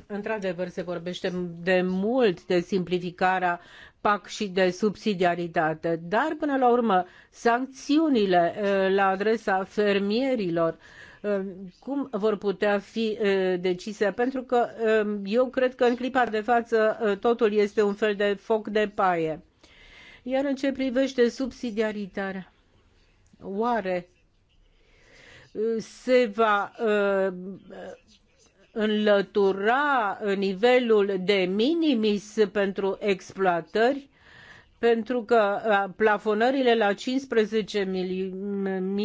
într-adevăr, se vorbește de mult de simplificarea uh, PAC și de subsidiaritate, dar până la urmă sancțiunile uh, la adresa fermierilor uh, cum vor putea fi uh, decise, pentru că um, eu cred că în clipa de față totul este un fel de foc de paie. Iar în ce privește subsidiaritatea, oare se va înlătura nivelul de minimis pentru exploatări, pentru că plafonările la 15.000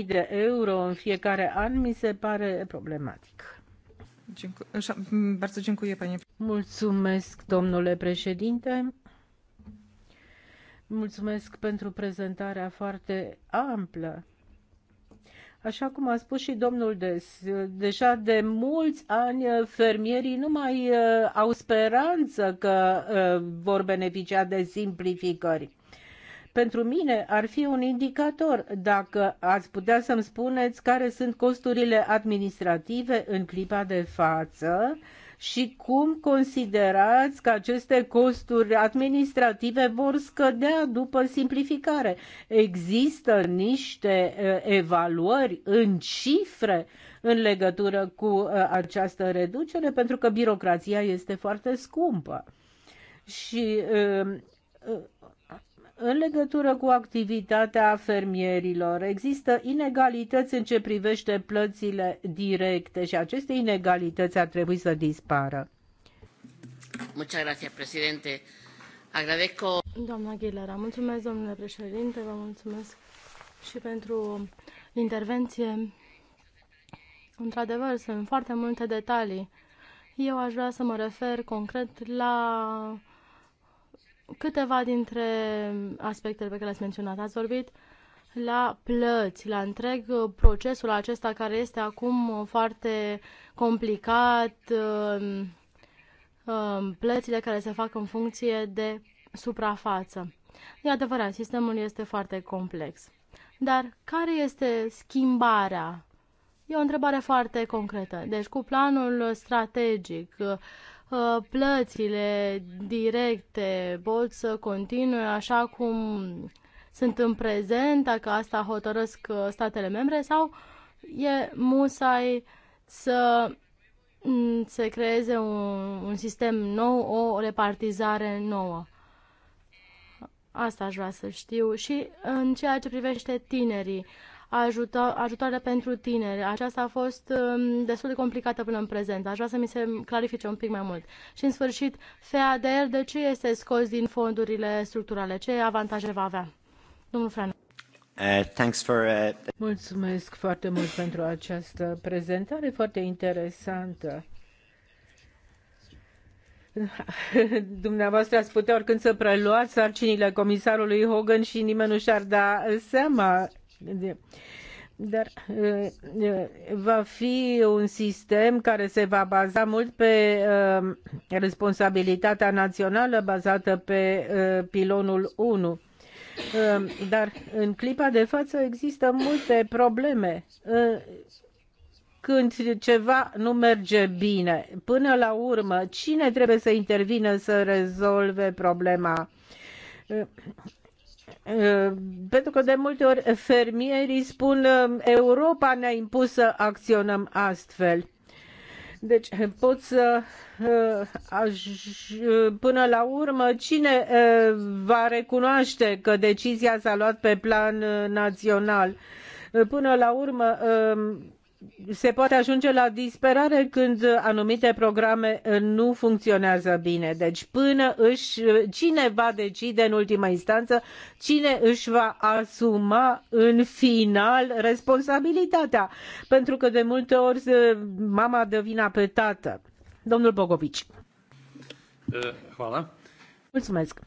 de euro în fiecare an mi se pare problematic. Mulțumesc, domnule președinte. Mulțumesc pentru prezentarea foarte amplă Așa cum a spus și domnul Des, deja de mulți ani uh, fermierii nu mai uh, au speranță că uh, vor beneficia de simplificări. Pentru mine ar fi un indicator dacă ați putea să-mi spuneți care sunt costurile administrative în clipa de față și cum considerați că aceste costuri administrative vor scădea după simplificare? Există niște evaluări în cifre în legătură cu această reducere pentru că birocrația este foarte scumpă. Și în legătură cu activitatea fermierilor, există inegalități în ce privește plățile directe și aceste inegalități ar trebui să dispară. Muchas gracias, presidente. Agradezco. Doamna Aguilera, mulțumesc, domnule președinte, vă mulțumesc și pentru intervenție. Într-adevăr, sunt foarte multe detalii. Eu aș vrea să mă refer concret la câteva dintre aspectele pe care le-ați menționat. Ați vorbit la plăți, la întreg procesul acesta care este acum foarte complicat, um, um, plățile care se fac în funcție de suprafață. E adevărat, sistemul este foarte complex. Dar care este schimbarea? E o întrebare foarte concretă. Deci, cu planul strategic, Uh, plățile directe pot să continue așa cum sunt în prezent, dacă asta hotărăsc uh, statele membre, sau e musai să mm, se creeze un, un sistem nou, o repartizare nouă. Asta aș vrea să știu. Și în ceea ce privește tinerii, uh, ajuta, ajutoare pentru tineri. Aceasta a fost um, destul de complicată până în prezent. Aș vrea să mi se clarifice un pic mai mult. Și în sfârșit, FEADR, de ce este scos din fondurile structurale? Ce avantaje va avea? Domnul Fran. Uh, thanks for, uh... Mulțumesc foarte mult pentru această prezentare foarte interesantă. Dumneavoastră ați putea oricând să preluați sarcinile comisarului Hogan și nimeni nu și-ar da seama de, dar va fi un sistem care se va baza mult pe responsabilitatea națională bazată pe pilonul 1. Dar în clipa de față există multe probleme. Când ceva nu merge bine, până la urmă, cine trebuie să intervină să rezolve problema? Eh, pentru că de multe ori fermierii spun eh, Europa ne-a impus să acționăm astfel. Deci eh, pot să până la urmă cine va recunoaște că decizia s-a luat pe plan național. Până la urmă se poate ajunge la disperare când anumite programe eh, nu funcționează bine. Deci până își, eh, cine va decide în ultima instanță, cine își va asuma în final responsabilitatea. Pentru că de multe ori eh, mama dă vina pe tată. Domnul Bogovici. Mulțumesc.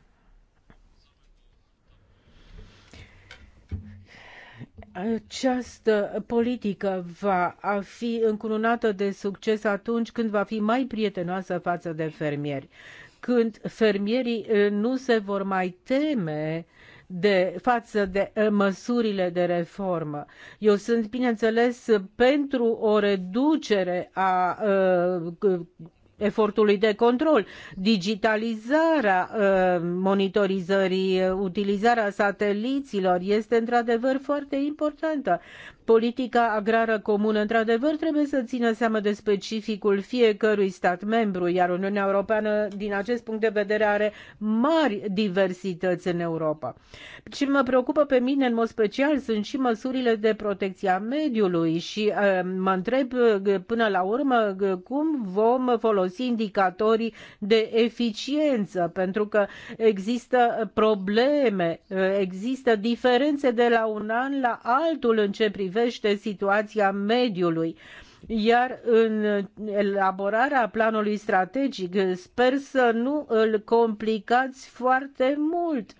Această politică va fi încununată de succes atunci când va fi mai prietenoasă față de fermieri, când fermierii eh, nu se vor mai teme de, față de eh, măsurile de reformă. Eu sunt, bineînțeles, pentru o reducere a uh, efortului de control, digitalizarea uh, monitorizării, uh, utilizarea sateliților este într-adevăr foarte importantă politica agrară comună, într-adevăr, trebuie să țină seama de specificul fiecărui stat membru, iar Uniunea Europeană, din acest punct de vedere, are mari diversități în Europa. Ce mă preocupă pe mine, în mod special, sunt și măsurile de protecție a mediului și uh, mă întreb uh, până la urmă uh, cum vom folosi indicatorii de eficiență, pentru că există probleme, există diferențe de la un an la altul în ce privește privește situația mediului. Iar în elaborarea planului strategic sper să nu îl complicați foarte mult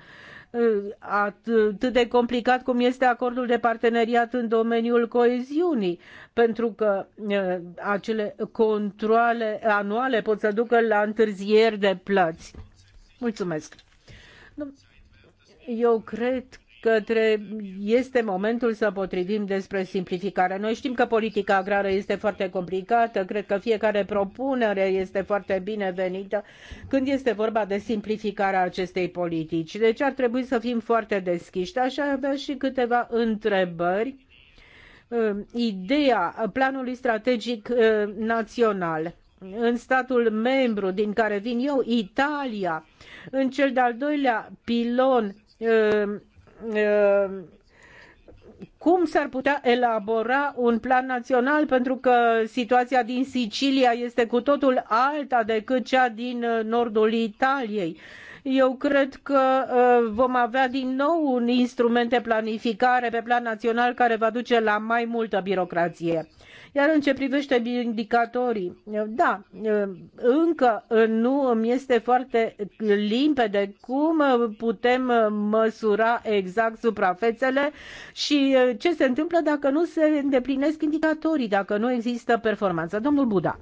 atât de complicat cum este acordul de parteneriat în domeniul coeziunii, pentru că acele controle anuale pot să ducă la întârzieri de plăți. Mulțumesc! Eu cred că este momentul să potrivim despre simplificare. Noi știm că politica agrară este foarte complicată, cred că fiecare propunere este foarte binevenită când este vorba de simplificarea acestei politici. Deci ar trebui să fim foarte deschiși. Aș avea și câteva întrebări. Ă, ideea planului strategic ă, național în statul membru din care vin eu, Italia, în cel de-al doilea pilon ă, Uh, cum s-ar putea elabora un plan național, pentru că situația din Sicilia este cu totul alta decât cea din uh, nordul Italiei. Eu cred că uh, vom avea din nou un instrument de planificare pe plan național care va duce la mai multă birocrație. Iar în ce privește indicatorii, da, încă nu îmi este foarte limpede cum putem măsura exact suprafețele și ce se întâmplă dacă nu se îndeplinesc indicatorii, dacă nu există performanță. Domnul Buda.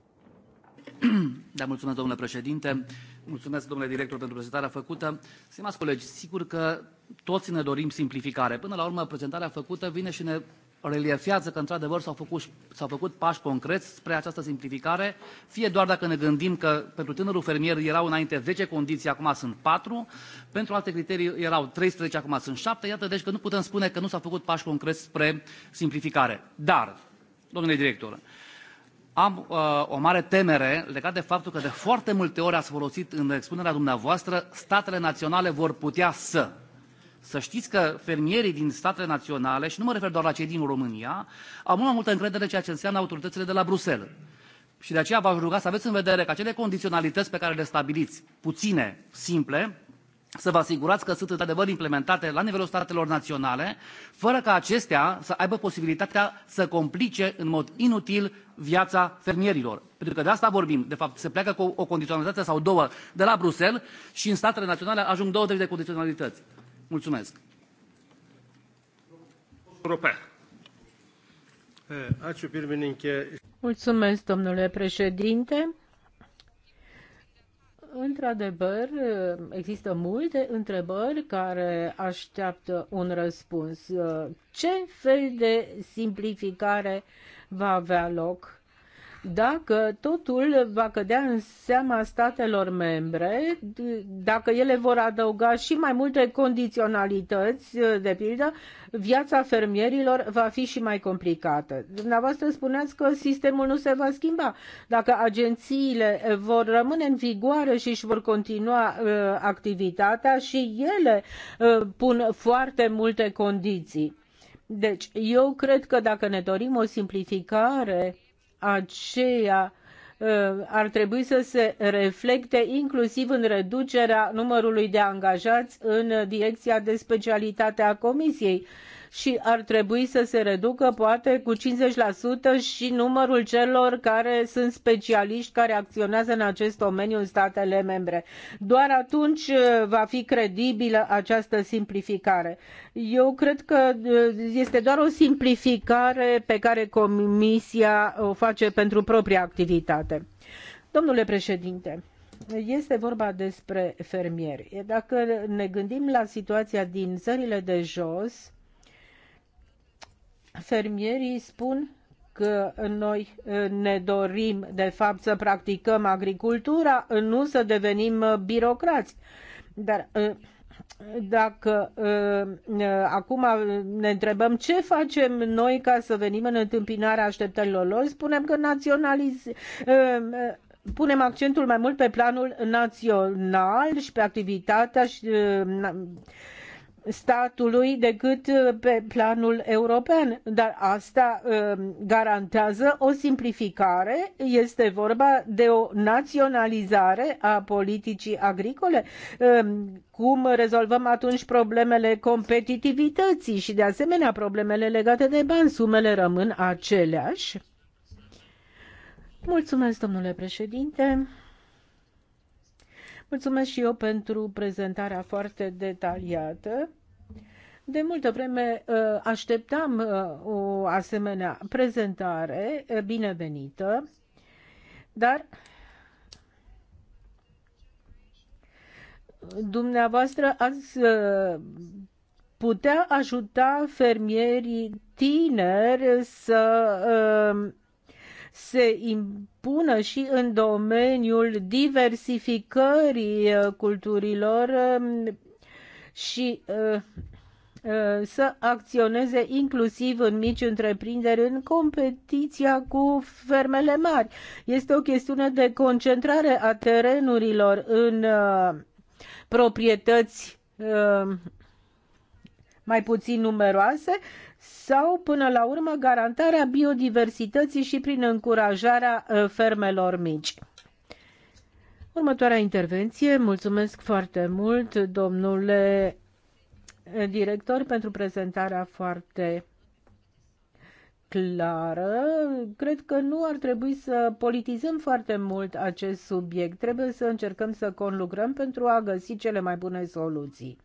Da, mulțumesc, domnule președinte. Mulțumesc, domnule director, pentru prezentarea făcută. Stimați colegi, sigur că toți ne dorim simplificare. Până la urmă, prezentarea făcută vine și ne reliefiază că, într-adevăr, s-au făcut, s-au făcut pași concreți spre această simplificare, fie doar dacă ne gândim că pentru tânărul fermier erau înainte 10 condiții, acum sunt 4, pentru alte criterii erau 13, acum sunt 7, iată deci că nu putem spune că nu s-au făcut pași concreți spre simplificare. Dar, domnule director, am uh, o mare temere legată de faptul că de foarte multe ori ați folosit în expunerea dumneavoastră statele naționale vor putea să. Să știți că fermierii din statele naționale, și nu mă refer doar la cei din România, au mult mai multă încredere în ceea ce înseamnă autoritățile de la Bruxelles. Și de aceea v-aș ruga să aveți în vedere că acele condiționalități pe care le stabiliți, puține, simple, să vă asigurați că sunt într-adevăr implementate la nivelul statelor naționale, fără ca acestea să aibă posibilitatea să complice în mod inutil viața fermierilor. Pentru că de asta vorbim. De fapt, se pleacă cu o condiționalitate sau două de la Bruxelles și în statele naționale ajung 20 de condiționalități. Mulțumesc! Eh, Mulțumesc, domnule președinte! Într-adevăr, există multe întrebări care așteaptă un răspuns. Ce fel de simplificare va avea loc dacă totul va cădea în seama statelor membre, dacă ele vor adăuga și mai multe condiționalități, de pildă, viața fermierilor va fi și mai complicată. Dumneavoastră spuneați că sistemul nu se va schimba. Dacă agențiile vor rămâne în vigoare și își vor continua uh, activitatea și ele uh, pun foarte multe condiții. Deci, eu cred că dacă ne dorim o simplificare aceea ă, ar trebui să se reflecte inclusiv în reducerea numărului de angajați în direcția de specialitate a Comisiei, și ar trebui să se reducă poate cu 50% și numărul celor care sunt specialiști care acționează în acest domeniu în statele membre. Doar atunci uh, va fi credibilă această simplificare. Eu cred că uh, este doar o simplificare pe care Comisia o face pentru propria activitate. Domnule președinte, este vorba despre fermieri. Dacă ne gândim la situația din țările de jos, Fermierii spun că noi eh, ne dorim, de fapt, să practicăm agricultura, eh, nu să devenim eh, birocrați. Dar dacă acum ne întrebăm ce facem noi ca să venim în întâmpinarea așteptărilor lor, spunem că naționalizăm, punem accentul mai mult pe planul național și pe activitatea și statului decât uh, pe planul european. Dar asta uh, garantează o simplificare, este vorba de o naționalizare a politicii agricole. Um, cum rezolvăm atunci problemele competitivității și de asemenea problemele legate de bani? Sumele rămân aceleași. Mulțumesc, domnule președinte. Mulțumesc și eu pentru prezentarea foarte detaliată. De multă vreme uh, așteptam uh, o asemenea prezentare uh, binevenită, dar dumneavoastră ați putea ajuta fermierii tineri să se impună și în domeniul diversificării uh, culturilor um, și uh, uh, să acționeze inclusiv în mici întreprinderi în competiția cu fermele mari. Este o chestiune de concentrare a terenurilor în proprietăți um, mai puțin numeroase sau, până la urmă, garantarea biodiversității și prin încurajarea uh, fermelor mici. Următoarea intervenție. Mulțumesc foarte mult, domnule uh, director, pentru prezentarea foarte clară. Cred că nu ar trebui să politizăm foarte mult acest subiect. Trebuie să încercăm să conlucrăm pentru a găsi cele mai bune soluții.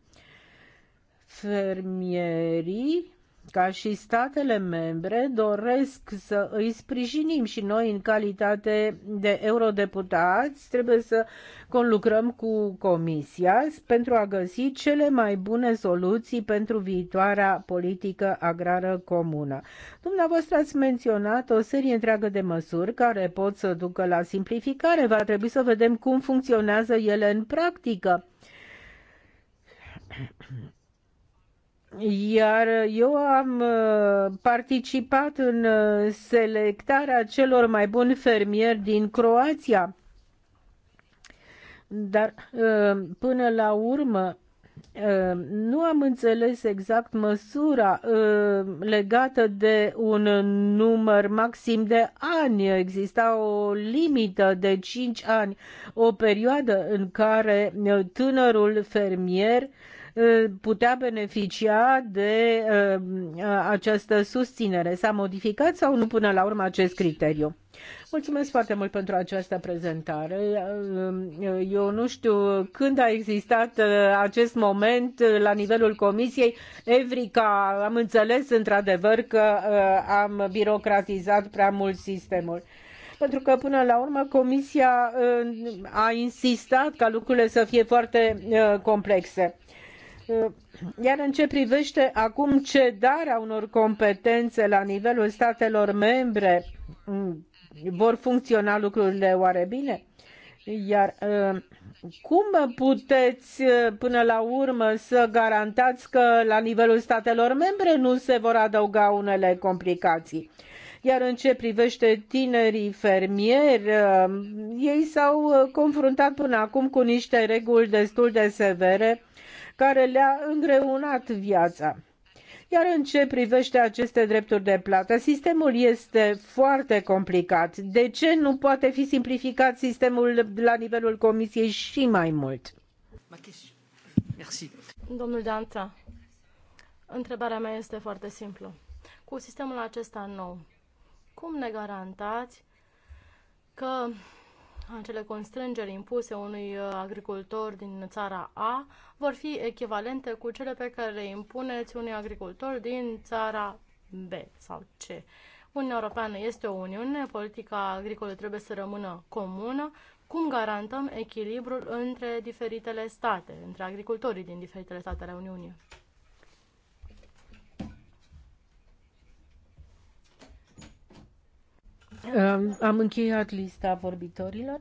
Fermierii ca și statele membre doresc să îi sprijinim și noi în calitate de eurodeputați trebuie să conlucrăm cu Comisia pentru a găsi cele mai bune soluții pentru viitoarea politică agrară comună. Dumneavoastră ați menționat o serie întreagă de măsuri care pot să ducă la simplificare. Va trebui să vedem cum funcționează ele în practică. Iar eu am uh, participat în uh, selectarea celor mai buni fermieri din Croația. Dar uh, până la urmă nu am înțeles exact măsura legată de un număr maxim de ani. Exista o limită de 5 ani, o perioadă în care tânărul fermier Uh, putea beneficia de uh, uh, această susținere. S-a modificat sau nu până la urmă acest criteriu? Mulțumesc foarte mult pentru această prezentare. Eu nu știu când a existat acest moment la nivelul Comisiei. Evrica, am înțeles într-adevăr că am birocratizat prea mult sistemul pentru că până la urmă Comisia a insistat ca lucrurile să fie foarte complexe. Uh, iar în ce privește acum cedarea unor competențe la nivelul statelor membre, mm, vor funcționa lucrurile oare bine? Iar uh, cum puteți uh, până la urmă să garantați că la nivelul statelor membre nu se vor adăuga unele complicații? Iar în ce privește tinerii fermieri, ei s-au confruntat până acum cu niște reguli destul de severe care le-a îngreunat viața. Iar în ce privește aceste drepturi de plată, sistemul este foarte complicat. De ce nu poate fi simplificat sistemul la nivelul comisiei și mai mult? Domnul Danța, întrebarea mea este foarte simplă. Cu sistemul acesta nou, cum ne garantați că acele constrângeri impuse unui uh, agricultor din țara A vor fi echivalente cu cele pe care le impuneți unui agricultor din țara B sau C. Uniunea Europeană este o uniune, politica agricolă trebuie să rămână comună. Cum garantăm echilibrul între diferitele state, între agricultorii din diferitele state ale Uniunii? Am încheiat lista vorbitorilor.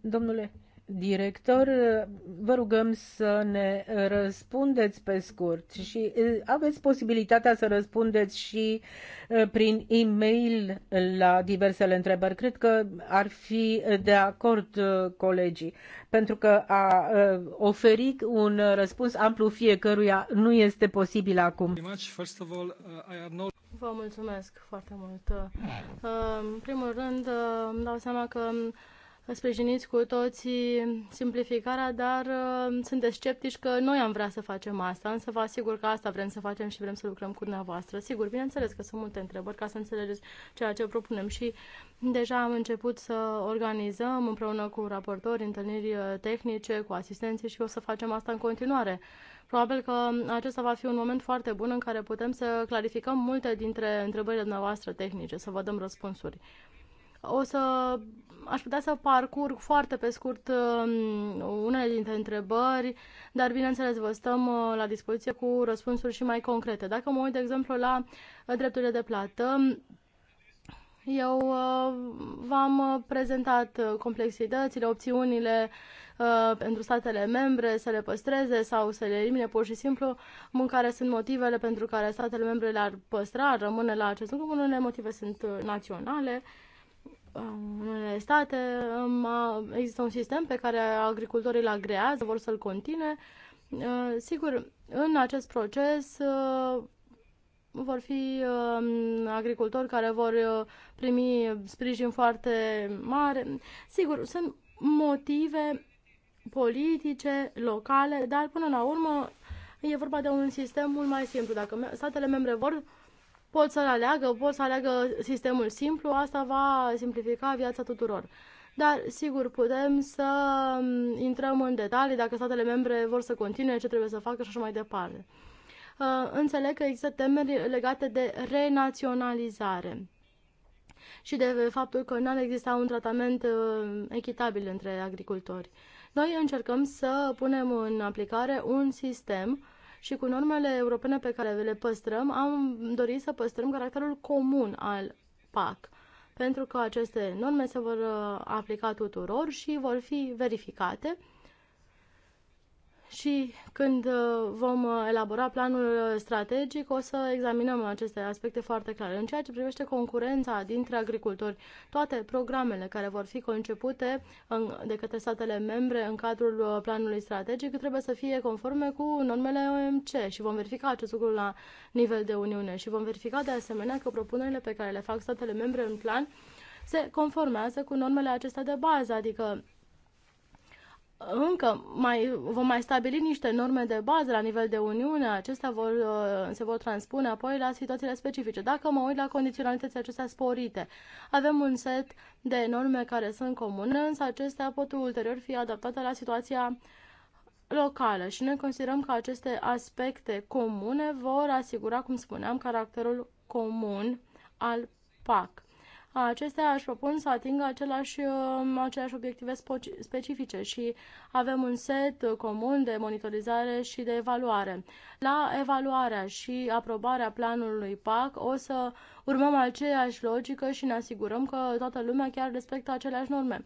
Domnule director, vă rugăm să ne răspundeți pe scurt și aveți posibilitatea să răspundeți și prin e-mail la diversele întrebări. Cred că ar fi de acord colegii, pentru că a oferi un răspuns amplu fiecăruia nu este posibil acum. Vă mulțumesc foarte mult. Uh, în primul rând, uh, îmi dau seama că uh, sprijiniți cu toții simplificarea, dar sunteți sceptici că noi am vrea să facem asta, însă vă asigur că asta vrem să facem și vrem să lucrăm cu dumneavoastră. Sigur, bineînțeles că sunt multe întrebări ca să înțelegeți ceea ce propunem și deja am început să organizăm împreună cu raportori întâlniri tehnice, cu asistenții și o să facem asta în continuare Probabil că acesta va fi un moment foarte bun în care putem să clarificăm multe dintre întrebările noastre tehnice, să vă dăm răspunsuri. O să aș putea să parcurg foarte pe scurt um, unele dintre întrebări, dar bineînțeles vă stăm uh, la dispoziție cu răspunsuri și mai concrete. Dacă mă uit, de exemplu, la drepturile de plată, eu uh, v-am prezentat complexitățile, opțiunile uh, pentru statele membre să le păstreze sau să le elimine pur și simplu, în care sunt motivele pentru care statele membre le-ar păstra, ar rămâne la acest lucru, unele motive sunt uh, naționale, în uh, unele state um, există un sistem pe care agricultorii îl agrează, vor să-l continue. Uh, sigur, în acest proces vor fi um, agricultori care vor primi sprijin foarte mare. Sigur, sunt motive politice, locale, dar până la urmă e vorba de un sistem mult mai simplu. Dacă statele membre vor, pot să-l aleagă, pot să aleagă sistemul simplu, asta va simplifica viața tuturor. Dar, sigur, putem să mm, intrăm în detalii dacă statele membre vor să continue, ce trebuie să facă și așa mai departe. Uh, înțeleg că există temeri legate de renaționalizare și de faptul că nu ar exista un tratament uh, echitabil între agricultori. Noi încercăm să punem în aplicare un sistem și cu normele europene pe care le păstrăm, am dorit să păstrăm caracterul comun al PAC, pentru că aceste norme se vor uh, aplica tuturor și vor fi verificate și când uh, vom uh, elabora planul uh, strategic o să examinăm aceste aspecte foarte clare. În ceea ce privește concurența dintre agricultori, toate programele care vor fi concepute de către statele membre în cadrul planului strategic trebuie să fie conforme cu normele OMC și vom verifica acest lucru la nivel de Uniune și vom verifica de asemenea că propunerile pe care le fac statele membre în plan se conformează cu normele acestea de bază, adică încă mai, vom mai stabili niște norme de bază la nivel de Uniune, acestea vor, uh, se vor transpune apoi la situațiile specifice. Dacă mă uit la condiționalitățile acestea sporite, avem un set de norme care sunt comune, însă acestea pot ulterior fi adaptate la situația locală și noi considerăm că aceste aspecte comune vor asigura, cum spuneam, caracterul comun al PAC acestea își propun să atingă același, uh, aceleași obiective specifice și avem un set comun de monitorizare și de evaluare. La evaluarea și aprobarea planului PAC o să urmăm aceeași logică și ne asigurăm că toată lumea chiar respectă aceleași norme.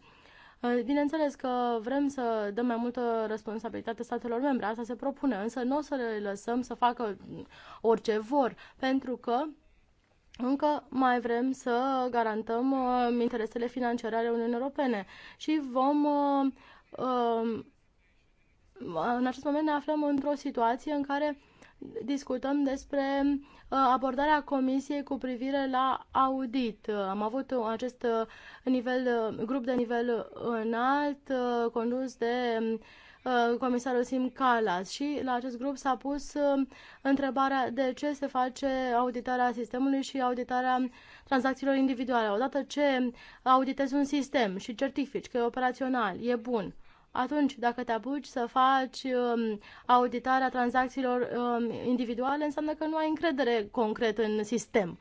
Uh, bineînțeles că vrem să dăm mai multă responsabilitate statelor membre, asta se propune, însă nu o să le lăsăm să facă mm, orice vor, pentru că încă mai vrem să garantăm uh, interesele financiare ale Uniunii Europene și vom uh, uh, în acest moment ne aflăm într-o situație în care discutăm despre abordarea Comisiei cu privire la audit. Am avut acest nivel, grup de nivel înalt condus de Uh, comisarul Sim Calas și la acest grup s-a pus uh, întrebarea de ce se face auditarea sistemului și auditarea tranzacțiilor individuale. Odată ce auditezi un sistem și certifici că e operațional, e bun, atunci, dacă te apuci să faci um, auditarea tranzacțiilor um, individuale, înseamnă că nu ai încredere concret în sistem.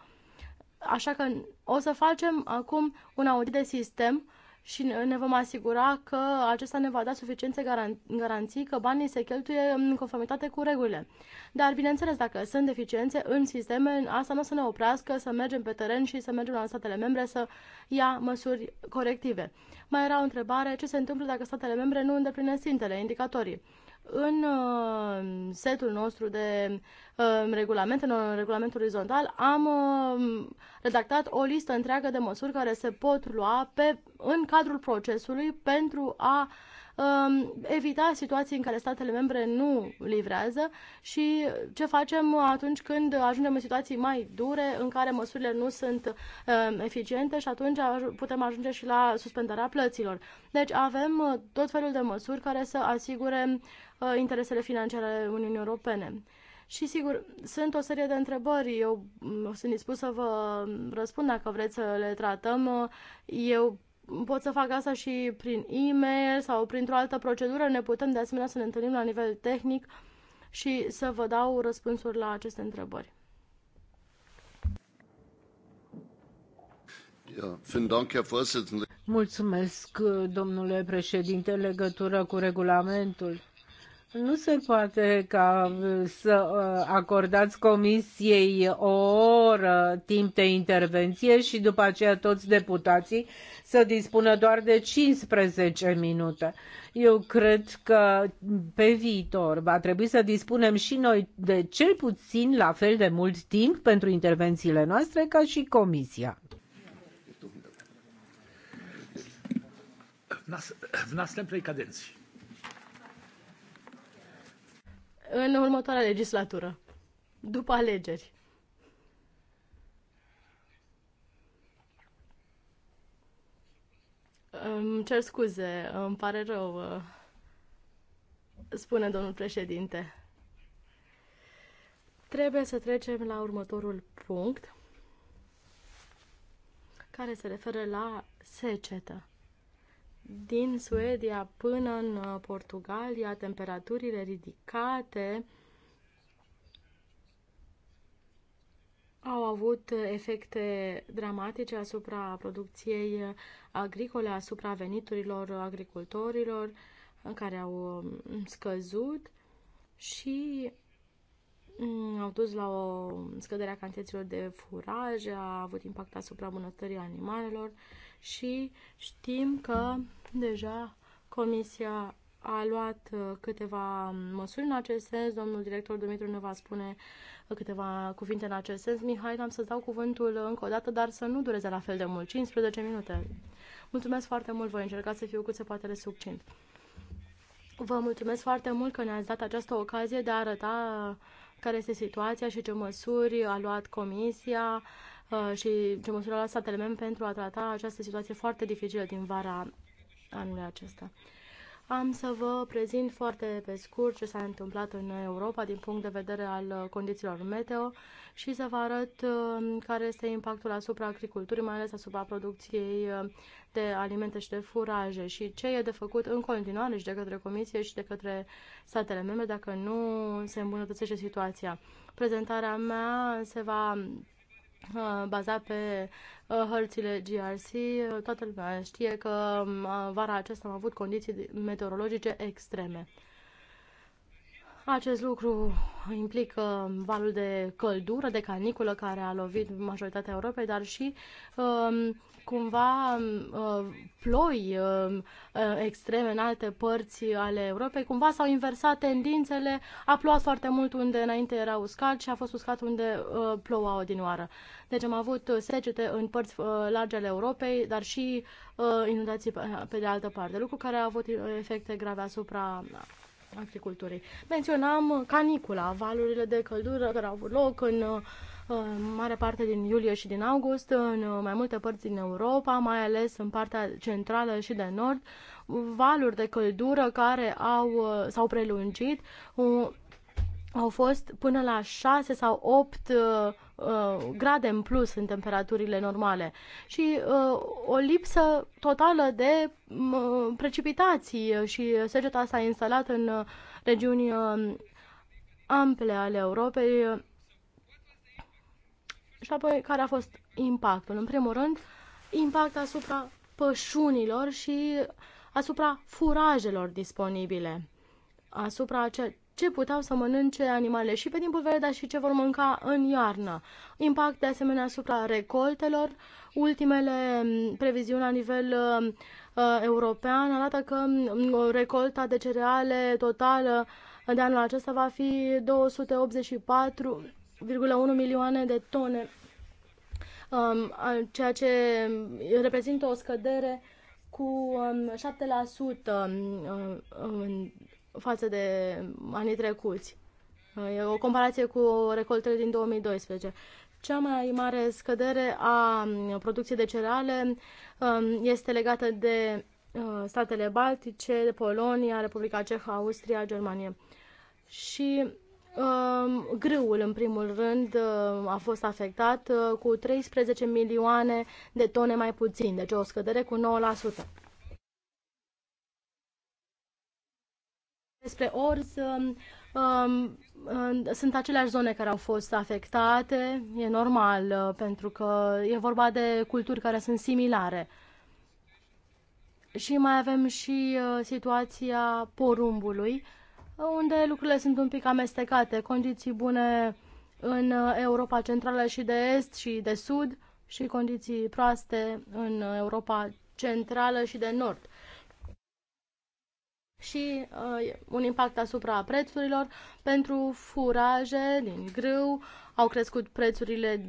Așa că o să facem acum un audit de sistem și ne vom asigura că acesta ne va da suficiente garan garanții că banii se cheltuie în conformitate cu regulile. Dar, bineînțeles, dacă sunt deficiențe în sisteme, asta nu o să ne oprească să mergem pe teren și să mergem la statele membre să ia măsuri corective. Mai era o întrebare, ce se întâmplă dacă statele membre nu îndeplinesc țintele, indicatorii? În uh, setul nostru de uh, regulament, în uh, regulamentul orizontal, am redactat o listă întreagă de măsuri care se pot lua pe, în cadrul procesului pentru a um, evita situații în care statele membre nu livrează și ce facem atunci când ajungem în situații mai dure în care măsurile nu sunt um, eficiente și atunci putem ajunge și la suspendarea plăților. Deci avem tot felul de măsuri care să asigure Uh, interesele financiare ale Uniunii Europene. Și sigur, sunt o serie de întrebări. Eu mm, sunt dispus să vă răspund dacă vreți să le tratăm. Uh, eu pot să fac asta și prin e-mail sau printr-o altă procedură. Ne putem de asemenea să ne întâlnim la nivel tehnic și să vă dau răspunsuri la aceste întrebări. Mulțumesc, domnule președinte, legătură cu regulamentul nu se poate ca uh, să uh, acordați comisiei o oră timp de intervenție și după aceea toți deputații să dispună doar de 15 minute. Eu cred că pe viitor va trebui să dispunem și noi de cel puțin la fel de mult timp pentru intervențiile noastre ca și comisia. W następnej kadencji. în următoarea legislatură, după alegeri. Îmi cer scuze, îmi pare rău, spune domnul președinte. Trebuie să trecem la următorul punct, care se referă la secetă din Suedia până în uh, Portugalia, temperaturile ridicate au avut efecte dramatice asupra producției agricole, asupra veniturilor agricultorilor care au um, scăzut și mm, au dus la o scădere a cantităților de furaj, a avut impact asupra bunăstării animalelor și știm că deja Comisia a luat uh, câteva măsuri în acest sens. Domnul director Dumitru ne va spune uh, câteva cuvinte în acest sens. Mihai, am să-ți dau cuvântul încă o dată, dar să nu dureze la fel de mult, 15 minute. Mulțumesc foarte mult, voi încerca să fiu cât se poate de succint. Vă mulțumesc foarte mult că ne-ați dat această ocazie de a arăta care este situația și ce măsuri a luat Comisia Uh, și ce măsură la statele membre pentru a trata această situație foarte dificilă din vara anului acesta. Am să vă prezint foarte pe scurt ce s-a întâmplat în Europa din punct de vedere al condițiilor meteo și să vă arăt uh, care este impactul asupra agriculturii, mai ales asupra producției uh, de alimente și de furaje și ce e de făcut în continuare și de către Comisie și de către statele membre dacă nu se îmbunătățește situația. Prezentarea mea se va Uh, bazat pe uh, hărțile GRC. Uh, toată lumea știe că um, vara aceasta am avut condiții meteorologice extreme. Acest lucru implică valul de căldură, de caniculă care a lovit majoritatea Europei, dar și um, cumva um, uh, ploi um, uh, extreme în alte părți ale Europei. Cumva s-au inversat tendințele, a plouat foarte mult unde înainte era uscat și a fost uscat unde uh, ploua odinioară. Deci am avut secete în părți uh, largi ale Europei, dar și uh, inundații pe, pe de altă parte, lucru care a avut uh, efecte grave asupra agriculturii. Menționam canicula, valurile de căldură care au avut loc în uh, mare parte din iulie și din august, în uh, mai multe părți din Europa, mai ales în partea centrală și de nord, valuri de căldură care au, uh, s-au prelungit, au fost până la 6 sau 8 Uh, grade în plus în temperaturile normale și uh, o lipsă totală de uh, precipitații și seceta s-a instalat în uh, regiuni uh, ample ale Europei uh, și apoi care a fost impactul. În primul rând, impact asupra pășunilor și asupra furajelor disponibile, asupra ce ce puteau să mănânce animalele și pe timpul verii, dar și ce vor mânca în iarnă. Impact de asemenea asupra recoltelor. Ultimele mm, previziuni la nivel mm, uh, european arată că mm, recolta de cereale totală de anul acesta va fi 284,1 milioane de tone, um, ceea ce reprezintă o scădere cu 7% um, uh, în față de anii trecuți. E o comparație cu recoltele din 2012. Cea mai mare scădere a producției de cereale um, este legată de uh, statele Baltice, de Polonia, Republica Cehă, Austria, Germania. Și um, grâul, în primul rând, uh, a fost afectat uh, cu 13 milioane de tone mai puțin, deci o scădere cu 9%. despre orz. um, um sunt aceleași zone care au fost afectate, e normal, uh, pentru că e vorba de culturi care sunt similare. Și mai avem și uh, situația porumbului, unde lucrurile sunt un pic amestecate, condiții bune în uh, Europa Centrală și de Est și de Sud și condiții proaste în Europa Centrală și de Nord și uh, un impact asupra prețurilor. Pentru furaje din grâu au crescut prețurile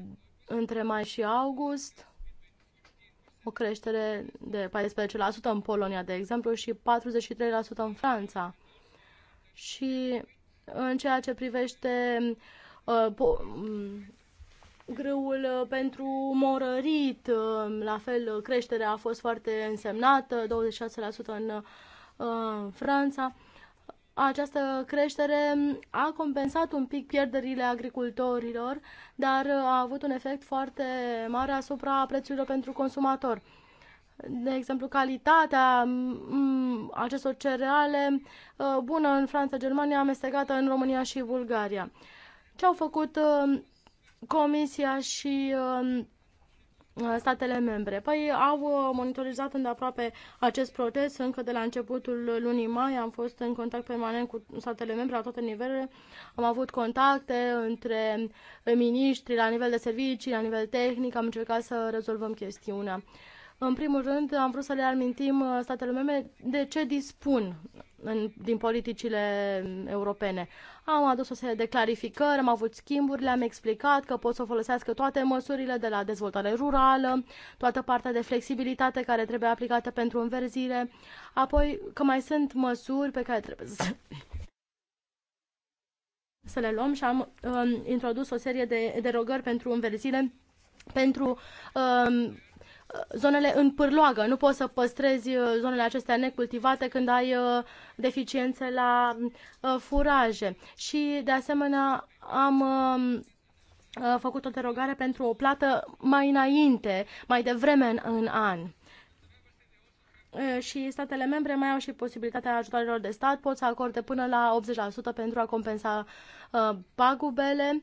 între mai și august, o creștere de 14% în Polonia, de exemplu, și 43% în Franța. Și în ceea ce privește uh, mm, grâul pentru morărit, uh, la fel creșterea a fost foarte însemnată, 26% în în uh, Franța. Această creștere a compensat un pic pierderile agricultorilor, dar uh, a avut un efect foarte mare asupra prețurilor pentru consumator. De exemplu, calitatea mm, mm, acestor cereale uh, bună în Franța, Germania, amestecată în România și Bulgaria. Ce au făcut Comisia și Uh, statele membre. Păi au uh, monitorizat îndeaproape acest proces încă de la începutul lunii mai. Am fost în contact permanent cu statele membre la toate nivelele. Am avut contacte între uh, miniștri la nivel de servicii, la nivel tehnic. Am încercat să rezolvăm chestiunea. În primul rând, am vrut să le amintim uh, statele membre de ce dispun în, din politicile europene. Am adus o serie de clarificări, am avut schimburi, le-am explicat că pot să folosească toate măsurile de la dezvoltare rurală, toată partea de flexibilitate care trebuie aplicată pentru înverzire, apoi că mai sunt măsuri pe care trebuie să să le luăm și am um, introdus o serie de derogări pentru înverzire, pentru um, zonele în pârloagă. Nu poți să păstrezi uh, zonele acestea necultivate când ai uh, deficiențe la uh, furaje. Și, de asemenea, am um, făcut o derogare pentru o plată mai înainte, mai devreme în, în an. Și statele membre mai au și posibilitatea ajutoarelor de stat, pot să acorde până la 80% pentru a compensa pagubele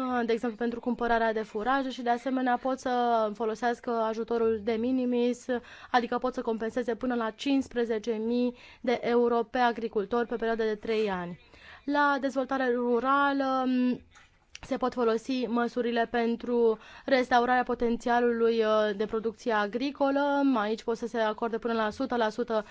Ah, de exemplu pentru cumpărarea de furaje și de asemenea pot să folosească ajutorul de minimis, adică pot să compenseze până la 15.000 de euro pe agricultor pe perioada de 3 ani. La dezvoltare rurală se pot folosi măsurile pentru restaurarea potențialului uh, de producție agricolă. Aici pot să se acorde până la 100% uh,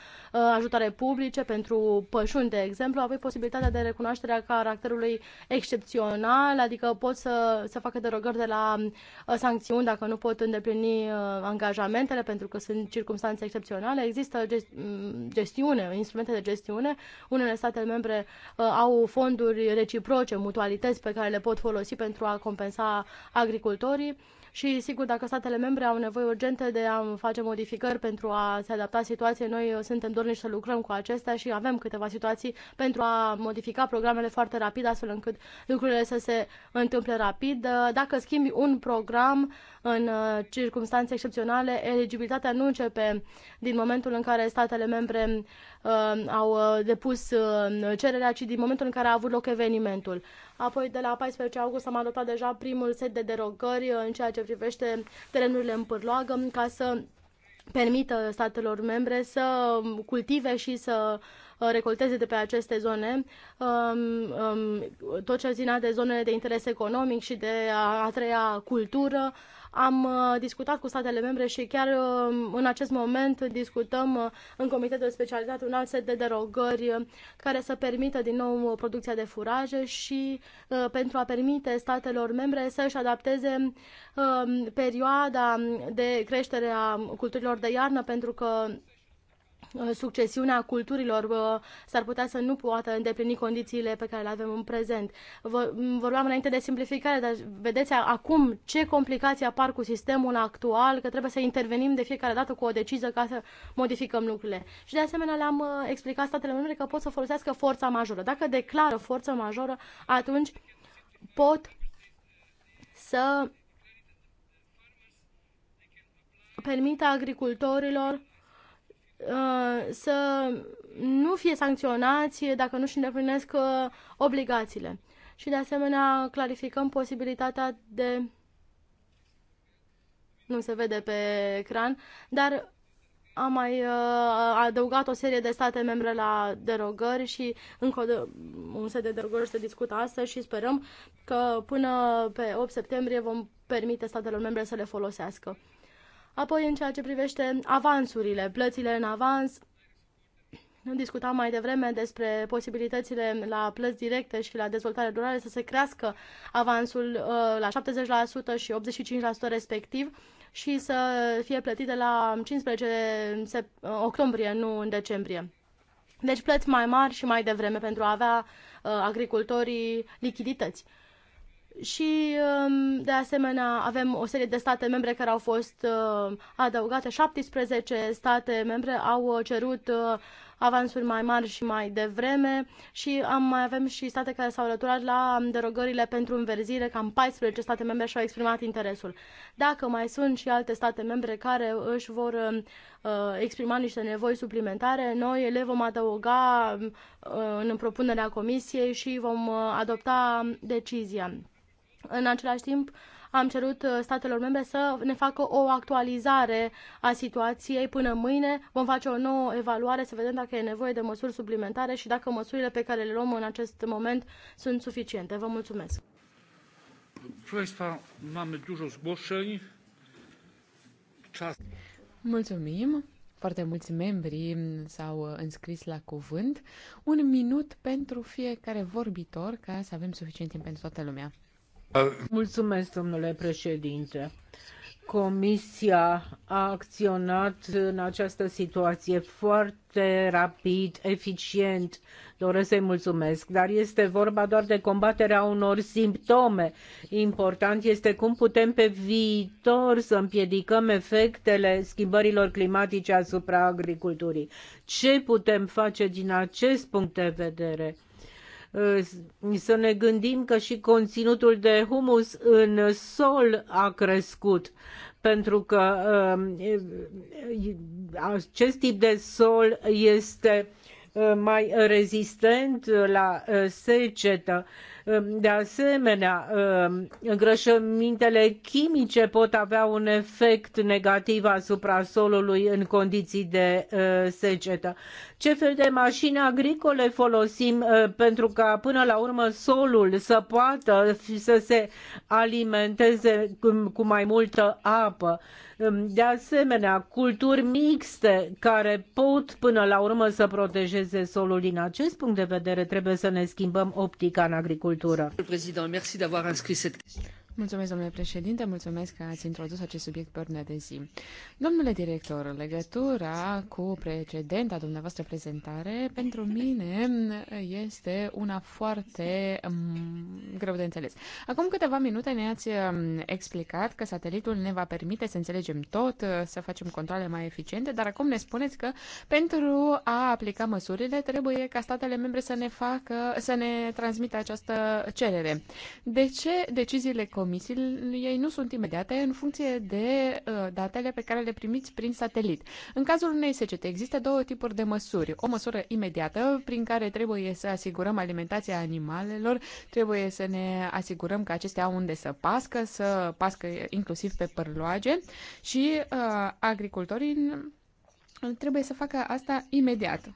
ajutare publice pentru pășuni, de exemplu. Apoi posibilitatea de recunoaștere a caracterului excepțional, adică pot să, să facă derogări de la uh, sancțiuni dacă nu pot îndeplini angajamentele pentru că sunt circunstanțe excepționale. Există mm, gestiune, instrumente de gestiune. Unele state membre au fonduri reciproce, mutualități pe care le pot folosi folosi pentru a compensa agricultorii și, sigur, dacă statele membre au nevoie urgente de a face modificări pentru a se adapta situației, noi suntem dornici să lucrăm cu acestea și avem câteva situații pentru a modifica programele foarte rapid, astfel încât lucrurile să se întâmple rapid. Dacă schimbi un program, în uh, circunstanțe excepționale, eligibilitatea nu începe din momentul în care statele membre uh, au uh, depus cererea, ci din momentul în care a avut loc evenimentul. Apoi, de la 14 august am adoptat deja primul set de derogări în ceea ce privește terenurile în pârloagă, ca să permită statelor membre să cultive și să recolteze de pe aceste zone um, um, tot ce ține de zonele de interes economic și de a, a treia cultură, am uh, discutat cu statele membre și chiar uh, în acest moment discutăm uh, în comitetul specialitate un alt set de derogări care să permită din nou producția de furaje și pentru a permite statelor membre să își adapteze perioada de creștere a culturilor de iarnă pentru că Uh, succesiunea culturilor uh, s-ar putea să nu poată îndeplini condițiile pe care le avem în prezent. Vorbeam înainte de simplificare, dar vedeți acum ce complicații apar cu sistemul actual, că trebuie să intervenim de fiecare dată cu o decizie ca să modificăm lucrurile. Și de asemenea le-am uh, explicat statele membre că pot să folosească forța majoră. Dacă declară forță majoră, atunci pot să permită agricultorilor Uh, să nu fie sancționați dacă nu își îndeplinesc uh, obligațiile. Și de asemenea clarificăm posibilitatea de nu se vede pe ecran, dar am mai uh, adăugat o serie de state membre la derogări și încă de, un set de derogări se discută astăzi și sperăm că până pe 8 septembrie vom permite statelor membre să le folosească. Apoi, în ceea ce privește avansurile, plățile în avans, discutam mai devreme despre posibilitățile la plăți directe și la dezvoltare durare să se crească avansul uh, la 70% și 85% respectiv și să fie plătite la 15 octombrie, nu în decembrie. Deci plăți mai mari și mai devreme pentru a avea uh, agricultorii lichidități și, um, de asemenea, avem o serie de state membre care au fost uh, adăugate. 17 state membre au uh, cerut uh, avansuri mai mari și mai devreme și am, mai avem și state care s-au alăturat la um, derogările pentru înverzire, cam 14 state membre și-au exprimat interesul. Dacă mai sunt și alte state membre care își vor um, uh, exprima niște nevoi suplimentare, noi le vom adăuga uh, în propunerea comisiei și vom uh, adopta decizia. În același timp, am cerut uh, statelor membre să ne facă o actualizare a situației până mâine. Vom face o nouă evaluare să vedem dacă e nevoie de măsuri suplimentare și dacă măsurile pe care le luăm în acest moment sunt suficiente. Vă mulțumesc! Mulțumim! Foarte mulți membri s-au uh, înscris la cuvânt. Un minut pentru fiecare vorbitor ca să avem suficient timp pentru toată lumea. Mulțumesc, domnule președinte. Comisia a acționat în această situație foarte rapid, eficient. Doresc să-i mulțumesc, dar este vorba doar de combaterea unor simptome. Important este cum putem pe viitor să împiedicăm efectele schimbărilor climatice asupra agriculturii. Ce putem face din acest punct de vedere? Uh, să ne gândim că și conținutul de humus în sol a crescut pentru că uh, acest tip de sol este uh, mai rezistent la secetă Ehm, de asemenea, ehm, îngrășămintele chimice pot avea un efect negativ asupra solului în condiții de ehm, secetă. Ce fel de mașini agricole folosim pentru ca până la urmă solul să poată să se alimenteze cu mai multă apă? De asemenea, culturi mixte care pot până la urmă să protejeze solul. Din acest punct de vedere trebuie să ne schimbăm optica în agricultură agricultură. Mulțumesc, domnule președinte, mulțumesc că ați introdus acest subiect pe ordinea de zi. Domnule director, în legătura cu precedenta dumneavoastră prezentare, pentru mine este una foarte mm, greu de înțeles. Acum câteva minute ne-ați mm, explicat că satelitul ne va permite să înțelegem tot, să facem controle mai eficiente, dar acum ne spuneți că pentru a aplica măsurile trebuie ca statele membre să ne facă, să ne transmită această cerere. De ce deciziile Comisiei ei nu sunt imediate în funcție de uh, datele pe care le primiți prin satelit. În cazul unei secete există două tipuri de măsuri. O măsură imediată prin care trebuie să asigurăm alimentația animalelor, trebuie să ne asigurăm că acestea au unde să pască, să pască inclusiv pe părloage și uh, agricultorii trebuie să facă asta imediat.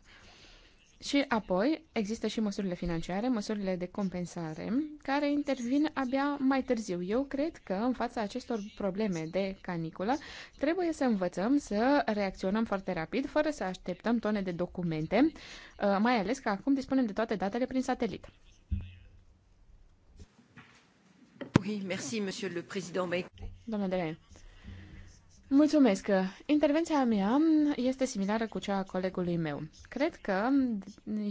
Și apoi există și măsurile financiare, măsurile de compensare, care intervin abia mai târziu. Eu cred că în fața acestor probleme de caniculă trebuie să învățăm să reacționăm foarte rapid, fără să așteptăm tone de documente, uh, mai ales că acum dispunem de toate datele prin satelit. Oui, merci, monsieur le président. Doamna Delaine. Mulțumesc. Intervenția mea este similară cu cea a colegului meu. Cred că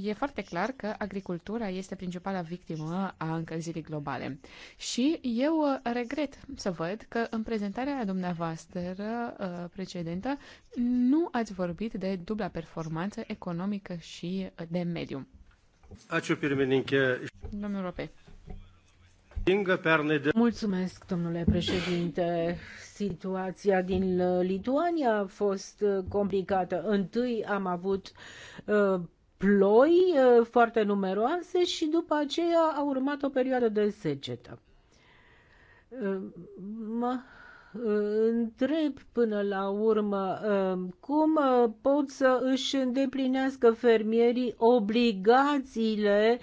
e foarte clar că agricultura este principala victimă a încălzirii globale. Și eu regret să văd că în prezentarea dumneavoastră uh, precedentă nu ați vorbit de dubla performanță economică și de mediu. Ačiū pirmininkė. Domnul Rope. Mulțumesc, domnule președinte. Situația din uh, Lituania a fost uh, complicată. Întâi am avut uh, ploi foarte numeroase și după aceea a urmat o perioadă de secetă. Mă întreb până la urmă cum pot să își îndeplinească fermierii obligațiile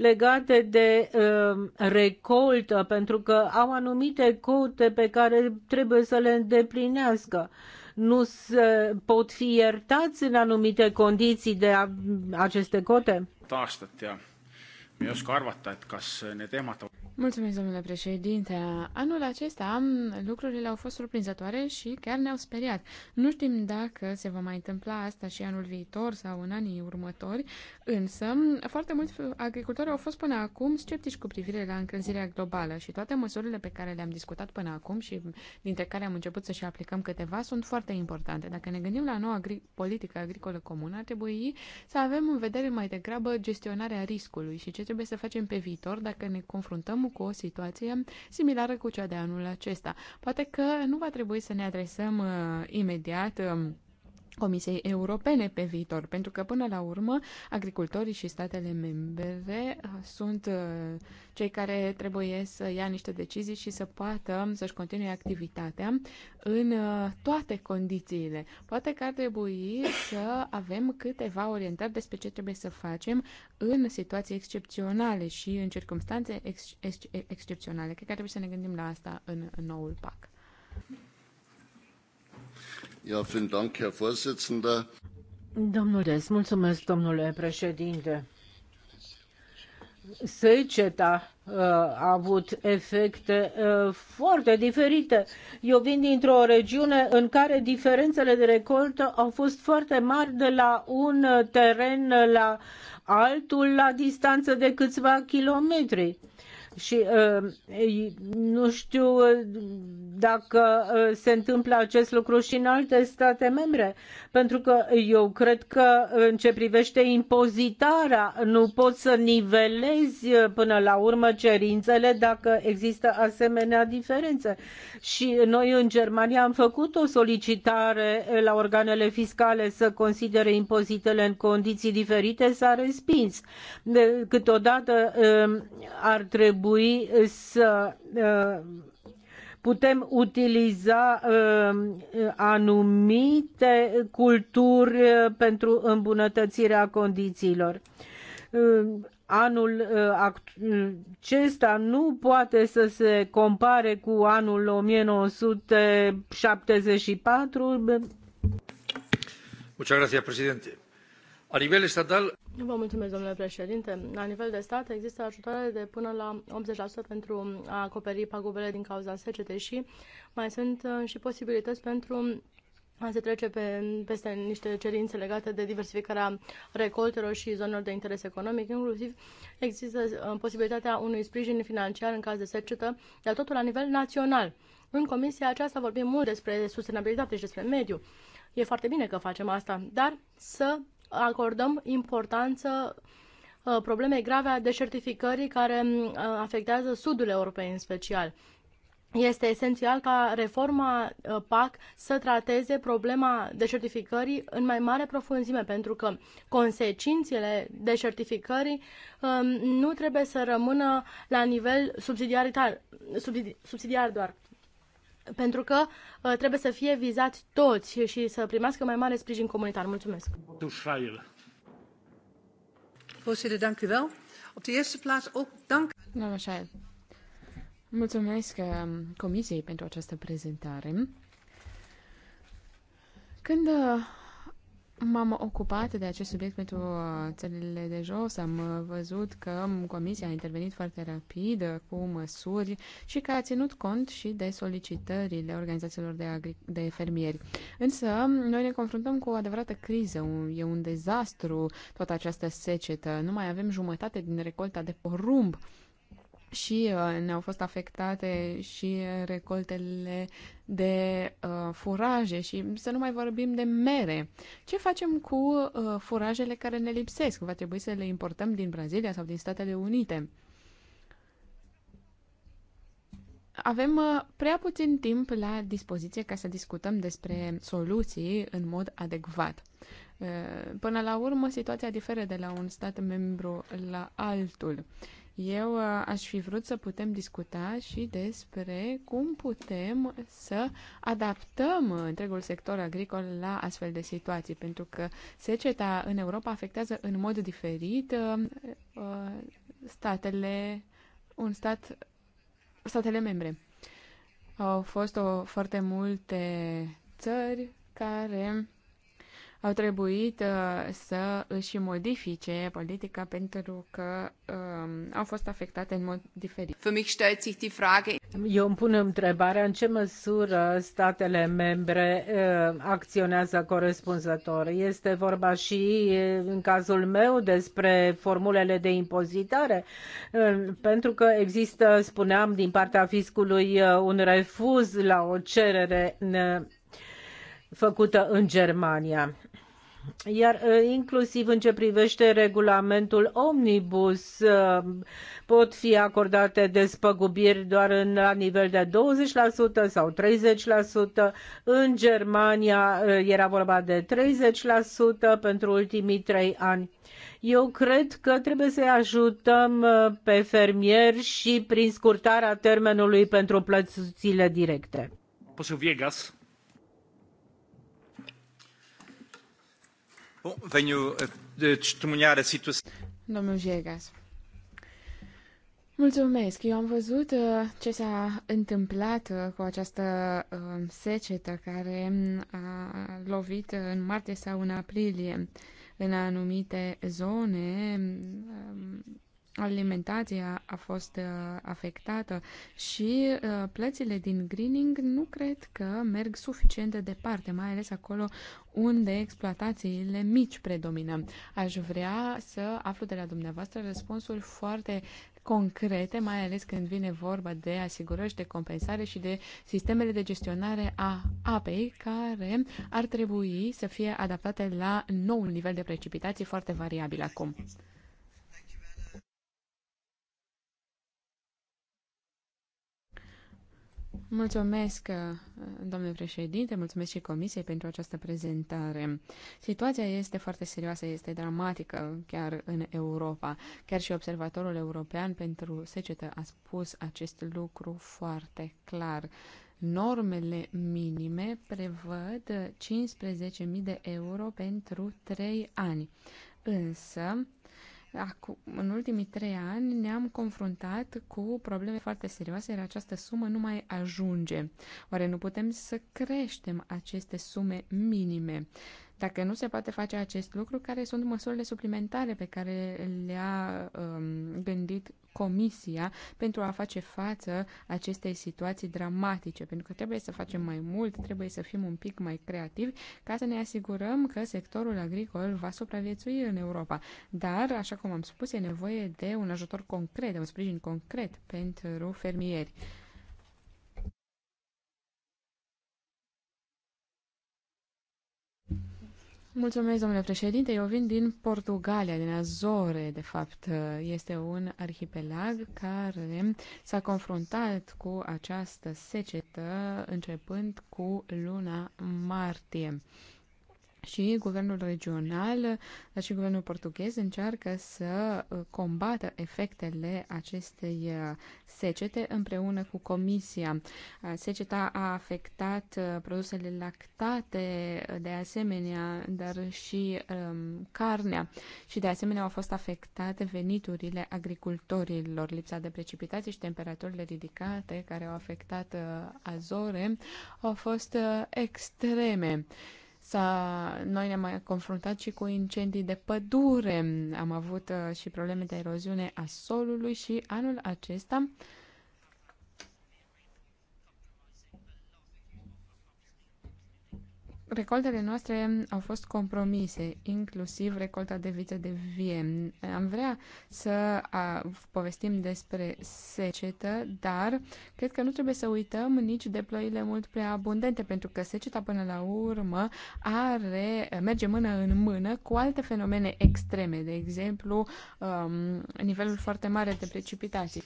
legate de um, uh, recoltă, pentru că au anumite cote pe care trebuie să le îndeplinească. Nu se pot fi iertați în anumite condiții de a, aceste cote? Taastăt ja myös arvata, et să ne teemad Mulțumesc, domnule președinte. Anul acesta lucrurile au fost surprinzătoare și chiar ne-au speriat. Nu știm dacă se va mai întâmpla asta și anul viitor sau în anii următori, însă foarte mulți agricultori au fost până acum sceptici cu privire la încălzirea globală și toate măsurile pe care le-am discutat până acum și dintre care am început să și aplicăm câteva sunt foarte importante. Dacă ne gândim la noua agri- politică agricolă comună, ar trebui să avem în vedere mai degrabă gestionarea riscului și ce trebuie să facem pe viitor dacă ne confruntăm cu o situație similară cu cea de anul acesta. Poate că nu va trebui să ne adresăm uh, imediat uh, Comisiei Europene pe viitor, pentru că până la urmă agricultorii și statele membre uh, sunt uh, cei care trebuie să ia niște decizii și să poată să-și continue activitatea în uh, toate condițiile. Poate că ar trebui să avem câteva orientări despre ce trebuie să facem în situații excepționale și în circunstanțe ex- ex- excepționale. Cred că ar trebui să ne gândim la asta în noul PAC. Domnule, mulțumesc, domnule președinte. Seceta uh, a avut efecte uh, foarte diferite. Eu vin dintr-o regiune în care diferențele de recoltă au fost foarte mari de la un teren la altul la distanță de câțiva kilometri și uh, nu știu uh, dacă uh, se întâmplă acest lucru și în alte state membre, pentru că eu cred că în ce privește impozitarea nu poți să nivelezi până la urmă cerințele dacă există asemenea diferențe. Și noi în Germania am făcut o solicitare la organele fiscale să considere impozitele în condiții diferite, s-a respins. Câteodată ar trebui trebui să ă, putem utiliza ă, anumite culturi ă, pentru îmbunătățirea condițiilor anul acesta nu poate să se compare cu anul 1974. Muchas gracias, presidente. Vă mulțumesc, domnule președinte. La nivel de stat există ajutoare de până la 80% pentru a acoperi pagubele din cauza secetei și mai sunt uh, și posibilități pentru a se trece pe, peste niște cerințe legate de diversificarea recoltelor și zonelor de interes economic, inclusiv există uh, posibilitatea unui sprijin financiar în caz de secetă, dar totul la nivel național. În comisia aceasta vorbim mult despre sustenabilitate și despre mediu. E foarte bine că facem asta, dar să acordăm importanță uh, problemei grave a deșertificării care uh, afectează sudul Europei în special. Este esențial ca reforma uh, PAC să trateze problema deșertificării în mai mare profunzime, pentru că consecințele deșertificării um, nu trebuie să rămână la nivel subsidiar, subsidiar doar pentru că uh, trebuie să fie vizați toți și să primească mai mare sprijin comunitar. Mulțumesc! Voorzitter, dank de mulțumesc um, Comisiei pentru această prezentare. Când uh, M-am ocupat de acest subiect pentru uh, țările de jos. Am uh, văzut că Comisia a intervenit foarte rapid uh, cu măsuri și că a ținut cont și de solicitările organizațiilor de, agri- de fermieri. Însă, noi ne confruntăm cu o adevărată criză. E un dezastru toată această secetă. Nu mai avem jumătate din recolta de porumb și uh, ne-au fost afectate și recoltele de uh, furaje și să nu mai vorbim de mere. Ce facem cu uh, furajele care ne lipsesc? Va trebui să le importăm din Brazilia sau din Statele Unite. Avem uh, prea puțin timp la dispoziție ca să discutăm despre soluții în mod adecvat. Uh, până la urmă, situația diferă de la un stat membru la altul. Uh, eu uh, aș fi vrut să putem discuta și despre cum putem să adaptăm întregul sector agricol la astfel de situații, pentru că seceta în Europa afectează în mod diferit uh, uh, statele, un stat, statele membre. Au fost o, foarte multe țări care au trebuit uh, să își modifice politica pentru că um, au fost afectate în mod diferit. Eu îmi pun întrebarea în ce măsură statele membre uh, acționează corespunzător. Este vorba și uh, în cazul meu despre formulele de impozitare, pentru că există, spuneam, din partea fiscului un refuz la o cerere făcută în Germania. Iar inclusiv în ce privește regulamentul omnibus pot fi acordate despăgubiri doar în, la nivel de 20% sau 30%. În Germania era vorba de 30% pentru ultimii trei ani. Eu cred că trebuie să ajutăm pe fermieri și prin scurtarea termenului pentru plățile directe. Poți Viegas. Domnul Jegas. Mulțumesc. Eu am văzut uh, ce s-a întâmplat uh, cu această uh, secetă care a lovit în martie sau în aprilie în anumite zone um, alimentația a fost uh, afectată și uh, plățile din greening nu cred că merg suficient de departe, mai ales acolo unde exploatațiile mici predomină. Aș vrea să aflu de la dumneavoastră răspunsuri foarte concrete, mai ales când vine vorba de asigurări, de compensare și de sistemele de gestionare a apei care ar trebui să fie adaptate la nou nivel de precipitații foarte variabil acum. Mulțumesc, uh, domnule președinte, mulțumesc și Comisiei pentru această prezentare. Situația este foarte serioasă, este dramatică chiar în Europa. Chiar și Observatorul European pentru Secetă a spus acest lucru foarte clar. Normele minime prevăd 15.000 de euro pentru 3 ani. Însă, Acum, în ultimii trei ani ne-am confruntat cu probleme foarte serioase, iar această sumă nu mai ajunge. Oare nu putem să creștem aceste sume minime? Dacă nu se poate face acest lucru, care sunt măsurile suplimentare pe care le-a um, gândit Comisia pentru a face față acestei situații dramatice? Pentru că trebuie să facem mai mult, trebuie să fim un pic mai creativi ca să ne asigurăm că sectorul agricol va supraviețui în Europa. Dar, așa cum am spus, e nevoie de un ajutor concret, de un sprijin concret pentru fermieri. Mulțumesc, domnule președinte. Eu vin din Portugalia, din Azore, de fapt. Este un arhipelag care s-a confruntat cu această secetă începând cu luna martie și guvernul regional, dar și guvernul portughez încearcă să uh, combată efectele acestei uh, secete împreună cu Comisia. Uh, seceta a afectat produsele lactate, de asemenea, dar și um, carnea și de asemenea au fost afectate veniturile agricultorilor. Lipsa de precipitații și temperaturile ridicate care au afectat Azore au fost extreme S-a, noi ne-am mai confruntat și cu incendii de pădure, am avut uh, și probleme de eroziune a solului și anul acesta uh, Recoltele noastre au fost compromise, inclusiv recolta de viță de vie. Am vrea să a, povestim despre secetă, dar cred că nu trebuie să uităm nici de ploile mult prea abundente, pentru că seceta până la urmă are, merge mână în mână cu alte fenomene extreme, de exemplu um, nivelul foarte mare de precipitații.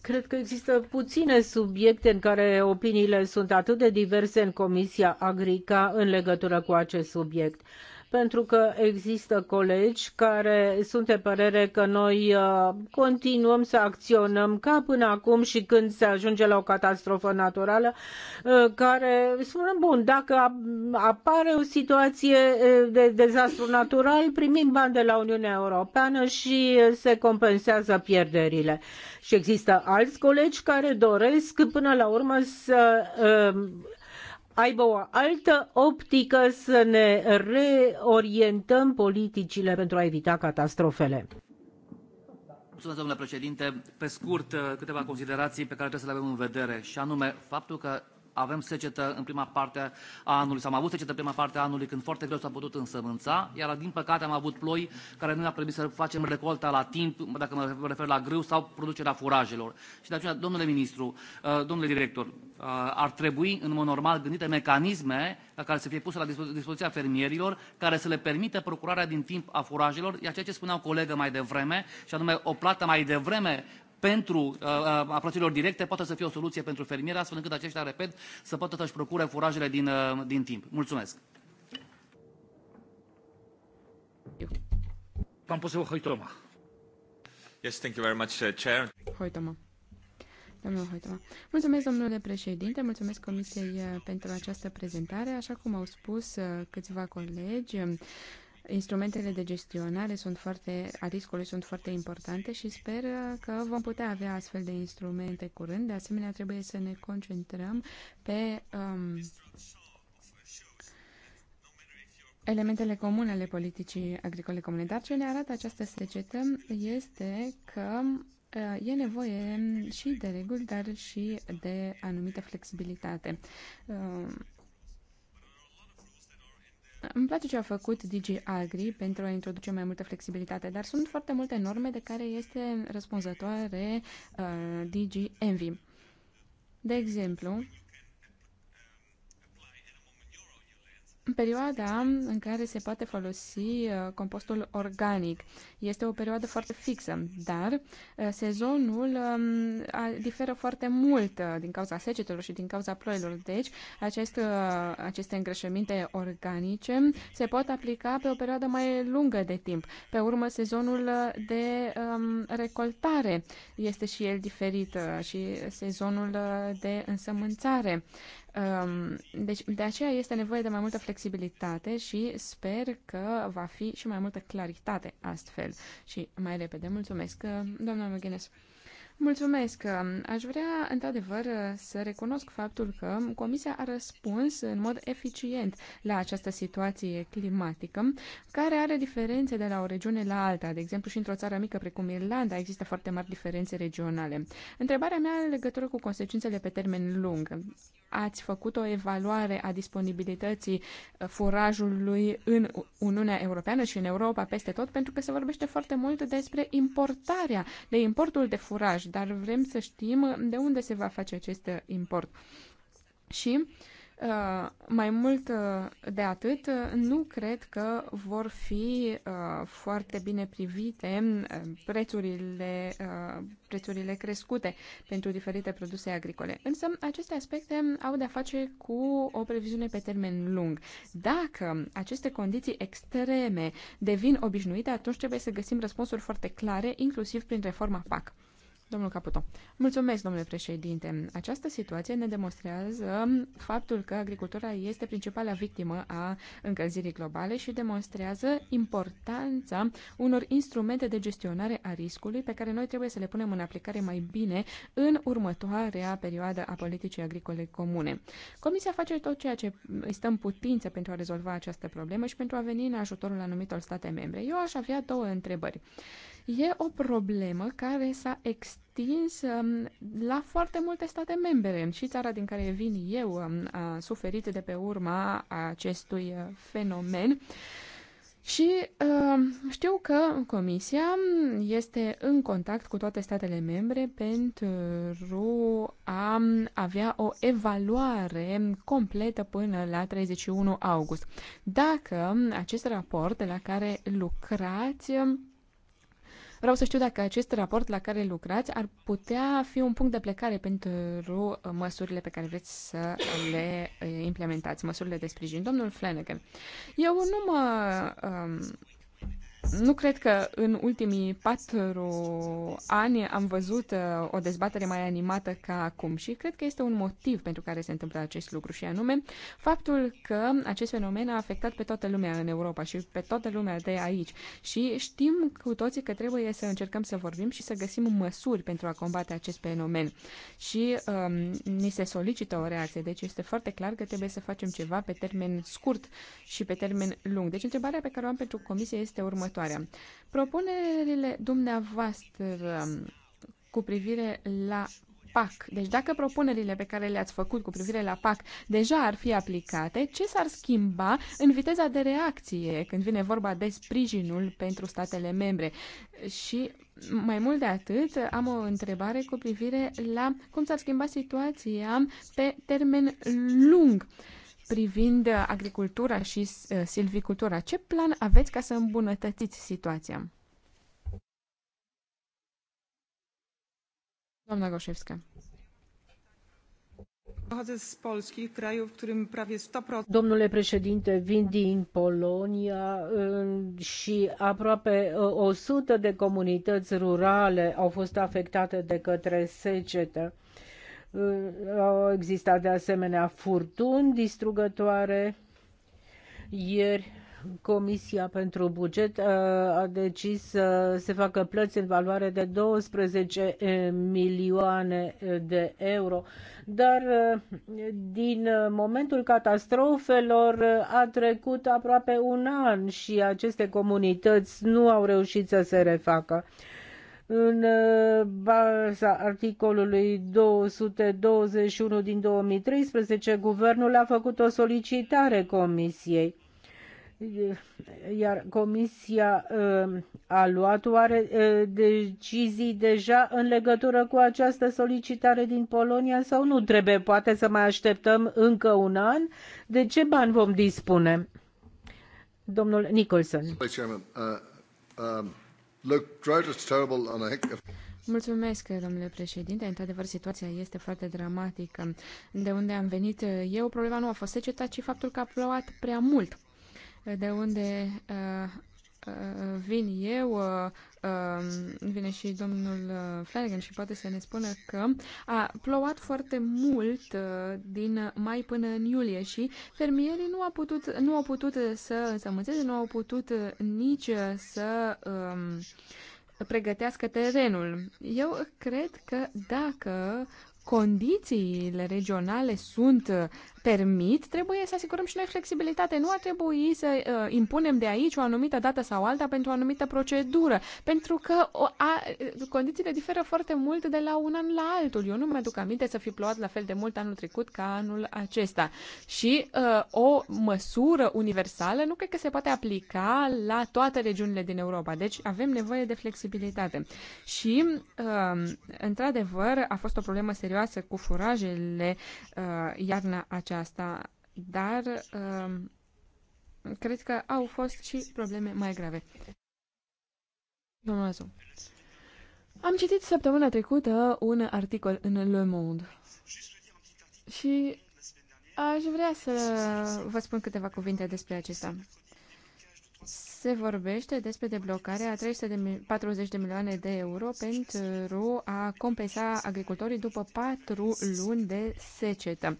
Cred că există puține subiecte în care opiniile sunt atât de diverse în Comisia Agrica în legătură cu acest subiect pentru că există colegi care sunt de părere că noi uh, continuăm să acționăm ca până acum și când se ajunge la o catastrofă naturală, uh, care spun, bun, dacă apare o situație uh, de dezastru natural, primim bani de la Uniunea Europeană și se compensează pierderile. Și există alți colegi care doresc până la urmă să aibă o altă optică să ne reorientăm politicile pentru a evita catastrofele. Mulțumesc, domnule președinte. Pe scurt, câteva considerații pe care trebuie să le avem în vedere, și anume faptul că avem secetă în prima parte a anului, s am avut secetă în prima parte a anului când foarte greu s-a putut însămânța, iar din păcate am avut ploi care nu ne-a permis să facem recolta la timp, dacă mă refer la grâu sau producerea furajelor. Și de aceea, domnule ministru, uh, domnule director, uh, ar trebui în mod normal gândite mecanisme la care să fie puse la dispoziția fermierilor, care să le permită procurarea din timp a furajelor, iar ceea ce spunea o colegă mai devreme, și anume o plată mai devreme pentru uh, uh, a plăților directe poate să fie o soluție pentru fermieri, astfel încât aceștia, repet, să poată să-și procure furajele din, uh, din timp. Mulțumesc! Pan poseł hoitoma. Yes, thank you very much, uh, Chair. Hoitoma. Domnul Hoitoma. Mulțumesc, domnule președinte, mulțumesc Comisiei pentru această prezentare. Așa cum au spus câțiva colegi, Instrumentele de gestionare sunt foarte, a riscului sunt foarte importante și sper că vom putea avea astfel de instrumente curând. De asemenea, trebuie să ne concentrăm pe um, Elementele comune ale politicii agricole comune, dar ce ne arată această secetă este că uh, e nevoie și de reguli, dar și de anumită flexibilitate. Um, îmi place ce a făcut DJ Agri pentru a introduce mai multă flexibilitate, dar sunt foarte multe norme de care este răspunzătoare uh, DG Envy. De exemplu, în perioada în care se poate folosi uh, compostul organic este o perioadă foarte fixă, dar uh, sezonul um, diferă foarte mult uh, din cauza secetelor și din cauza ploilor. Deci, acest, aceste îngrășăminte organice se pot aplica pe o perioadă mai lungă de timp. Pe urmă, sezonul de um, recoltare este și el diferit și sezonul de însămânțare. Deci, de aceea este nevoie de mai multă flexibilitate și sper că va fi și mai multă claritate astfel. Și mai repede, mulțumesc, uh, doamna Măghenes. Mulțumesc. Aș vrea, într-adevăr, să recunosc faptul că Comisia a răspuns în mod eficient la această situație climatică, care are diferențe de la o regiune la alta. De exemplu, și într-o țară mică precum Irlanda există foarte mari diferențe regionale. Întrebarea mea are legătură cu consecințele pe termen lung ați făcut o evaluare a disponibilității uh, furajului în Uniunea Europeană și în Europa peste tot, pentru că se vorbește foarte mult despre importarea, de importul de furaj, dar vrem să știm de unde se va face acest uh, import. Și uh, Uh, mai mult uh, de atât, uh, nu cred că vor fi foarte bine privite prețurile, prețurile crescute pentru diferite produse agricole. Însă, aceste aspecte au de-a face cu o previziune pe termen lung. Dacă aceste condiții extreme devin obișnuite, atunci trebuie să găsim răspunsuri foarte clare, inclusiv prin reforma PAC. Domnul Caputo. Mulțumesc, domnule președinte. Această situație ne demonstrează faptul că agricultura este principala victimă a încălzirii globale și demonstrează importanța unor instrumente de gestionare a riscului pe care noi trebuie să le punem în aplicare mai bine în următoarea perioadă a politicii agricole comune. Comisia face tot ceea ce îi stă în putință pentru a rezolva această problemă și pentru a veni în ajutorul anumitor state membre. Eu aș avea două întrebări. E o problemă care s-a extins um, la foarte multe state membre și țara din care vin eu um, a suferit de pe urma acestui uh, fenomen. Și uh, știu că Comisia este în contact cu toate statele membre pentru a avea o evaluare completă până la 31 august. Dacă acest raport la care lucrați Vreau să știu dacă acest raport la care lucrați ar putea fi un punct de plecare pentru uh, măsurile pe care vreți să le uh, implementați, măsurile de sprijin. Domnul Flanagan, eu nu mă um, nu cred că în ultimii patru ani am văzut uh, o dezbatere mai animată ca acum și cred că este un motiv pentru care se întâmplă acest lucru și anume faptul că acest fenomen a afectat pe toată lumea în Europa și pe toată lumea de aici și știm cu toții că trebuie să încercăm să vorbim și să găsim măsuri pentru a combate acest fenomen și um, ni se solicită o reacție, deci este foarte clar că trebuie să facem ceva pe termen scurt și pe termen lung. Deci întrebarea pe care o am pentru comisie este următoarea următoarea. Propunerile dumneavoastră um, cu privire la PAC. Deci dacă propunerile pe care le-ați făcut cu privire la PAC deja ar fi aplicate, ce s-ar schimba în viteza de reacție când vine vorba de sprijinul pentru statele membre? Și mai mult de atât, am o întrebare cu privire la cum s-ar schimba situația pe termen lung. Uh, privind uh, agricultura și uh, silvicultura. Ce plan aveți ca să îmbunătățiți situația? Doamna Goșevska. Domnule președinte, vin din Polonia și aproape 100 de comunități rurale au fost afectate de către secetă au existat de asemenea furtuni distrugătoare. Ieri Comisia pentru Buget uh, a decis să se facă plăți în valoare de 12 eh, milioane eh, de euro, dar eh, din momentul catastrofelor a trecut aproape un an și aceste comunități nu au reușit să se refacă în uh, baza articolului 221 din 2013, guvernul a făcut o solicitare comisiei iar Comisia uh, a luat oare uh, decizii deja în legătură cu această solicitare din Polonia sau nu? Trebuie poate să mai așteptăm încă un an? De ce bani vom dispune? Domnul Nicholson. Mulțumesc, domnule președinte. Într-adevăr, situația este foarte dramatică. De unde am venit eu, problema nu a fost seceta, ci faptul că a plouat prea mult. De unde uh, Eh, vin eu, eh, vine și domnul eh, Flanagan și poate să ne spună că a plouat foarte mult din mai până în iulie și fermierii nu au putut, nu au putut să însămânțeze, nu au putut nici să pregătească terenul. Eu cred că dacă condițiile regionale sunt permit, trebuie să asigurăm și noi flexibilitate. Nu ar trebui să uh, impunem de aici o anumită dată sau alta pentru o anumită procedură, pentru că o, a, condițiile diferă foarte mult de la un an la altul. Eu nu mi-aduc aminte să fi plouat la fel de mult anul trecut ca anul acesta. Și uh, o măsură universală nu cred că se poate aplica la toate regiunile din Europa. Deci avem nevoie de flexibilitate. Și, uh, într-adevăr, a fost o problemă serioasă cu furajele uh, iarna aceasta aceasta, dar um, cred că au fost și probleme mai grave. Domnul Azum. Am citit săptămâna trecută un articol în Le Monde și aș vrea să vă spun câteva cuvinte despre acesta se vorbește despre deblocarea a 340 de milioane de euro pentru a compensa agricultorii după patru luni de secetă.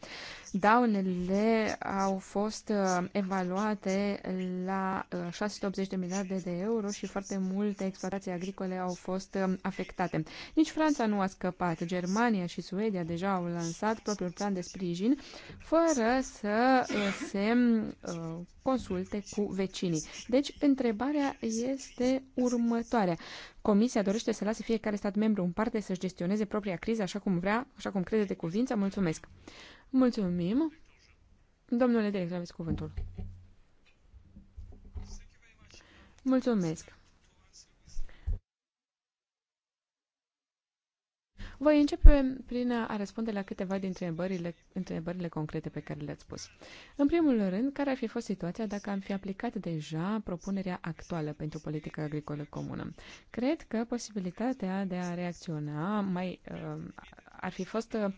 Daunele au fost uh, evaluate la 680 uh, de miliarde de euro și foarte multe exploatații agricole au fost uh, afectate. Nici Franța nu a scăpat. Germania și Suedia deja au lansat propriul plan de sprijin fără să se consulte cu vecinii. Deci, în întrebarea este următoarea. Comisia dorește să lase fiecare stat membru în parte să-și gestioneze propria criză așa cum vrea, așa cum crede de cuvință. Mulțumesc! Mulțumim! Domnule director, aveți cuvântul. Mulțumesc! Voi începe prin a răspunde la câteva dintre întrebările, întrebările concrete pe care le-ați pus. În primul rând, care ar fi fost situația dacă am fi aplicat deja propunerea actuală pentru politica agricolă comună? Cred că posibilitatea de a reacționa mai, uh, ar fi fost uh,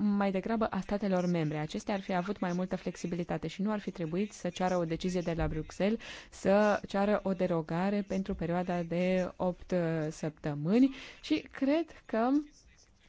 mai degrabă a statelor membre. Acestea ar fi avut mai multă flexibilitate și nu ar fi trebuit să ceară o decizie de la Bruxelles, să ceară o derogare pentru perioada de 8 săptămâni și cred că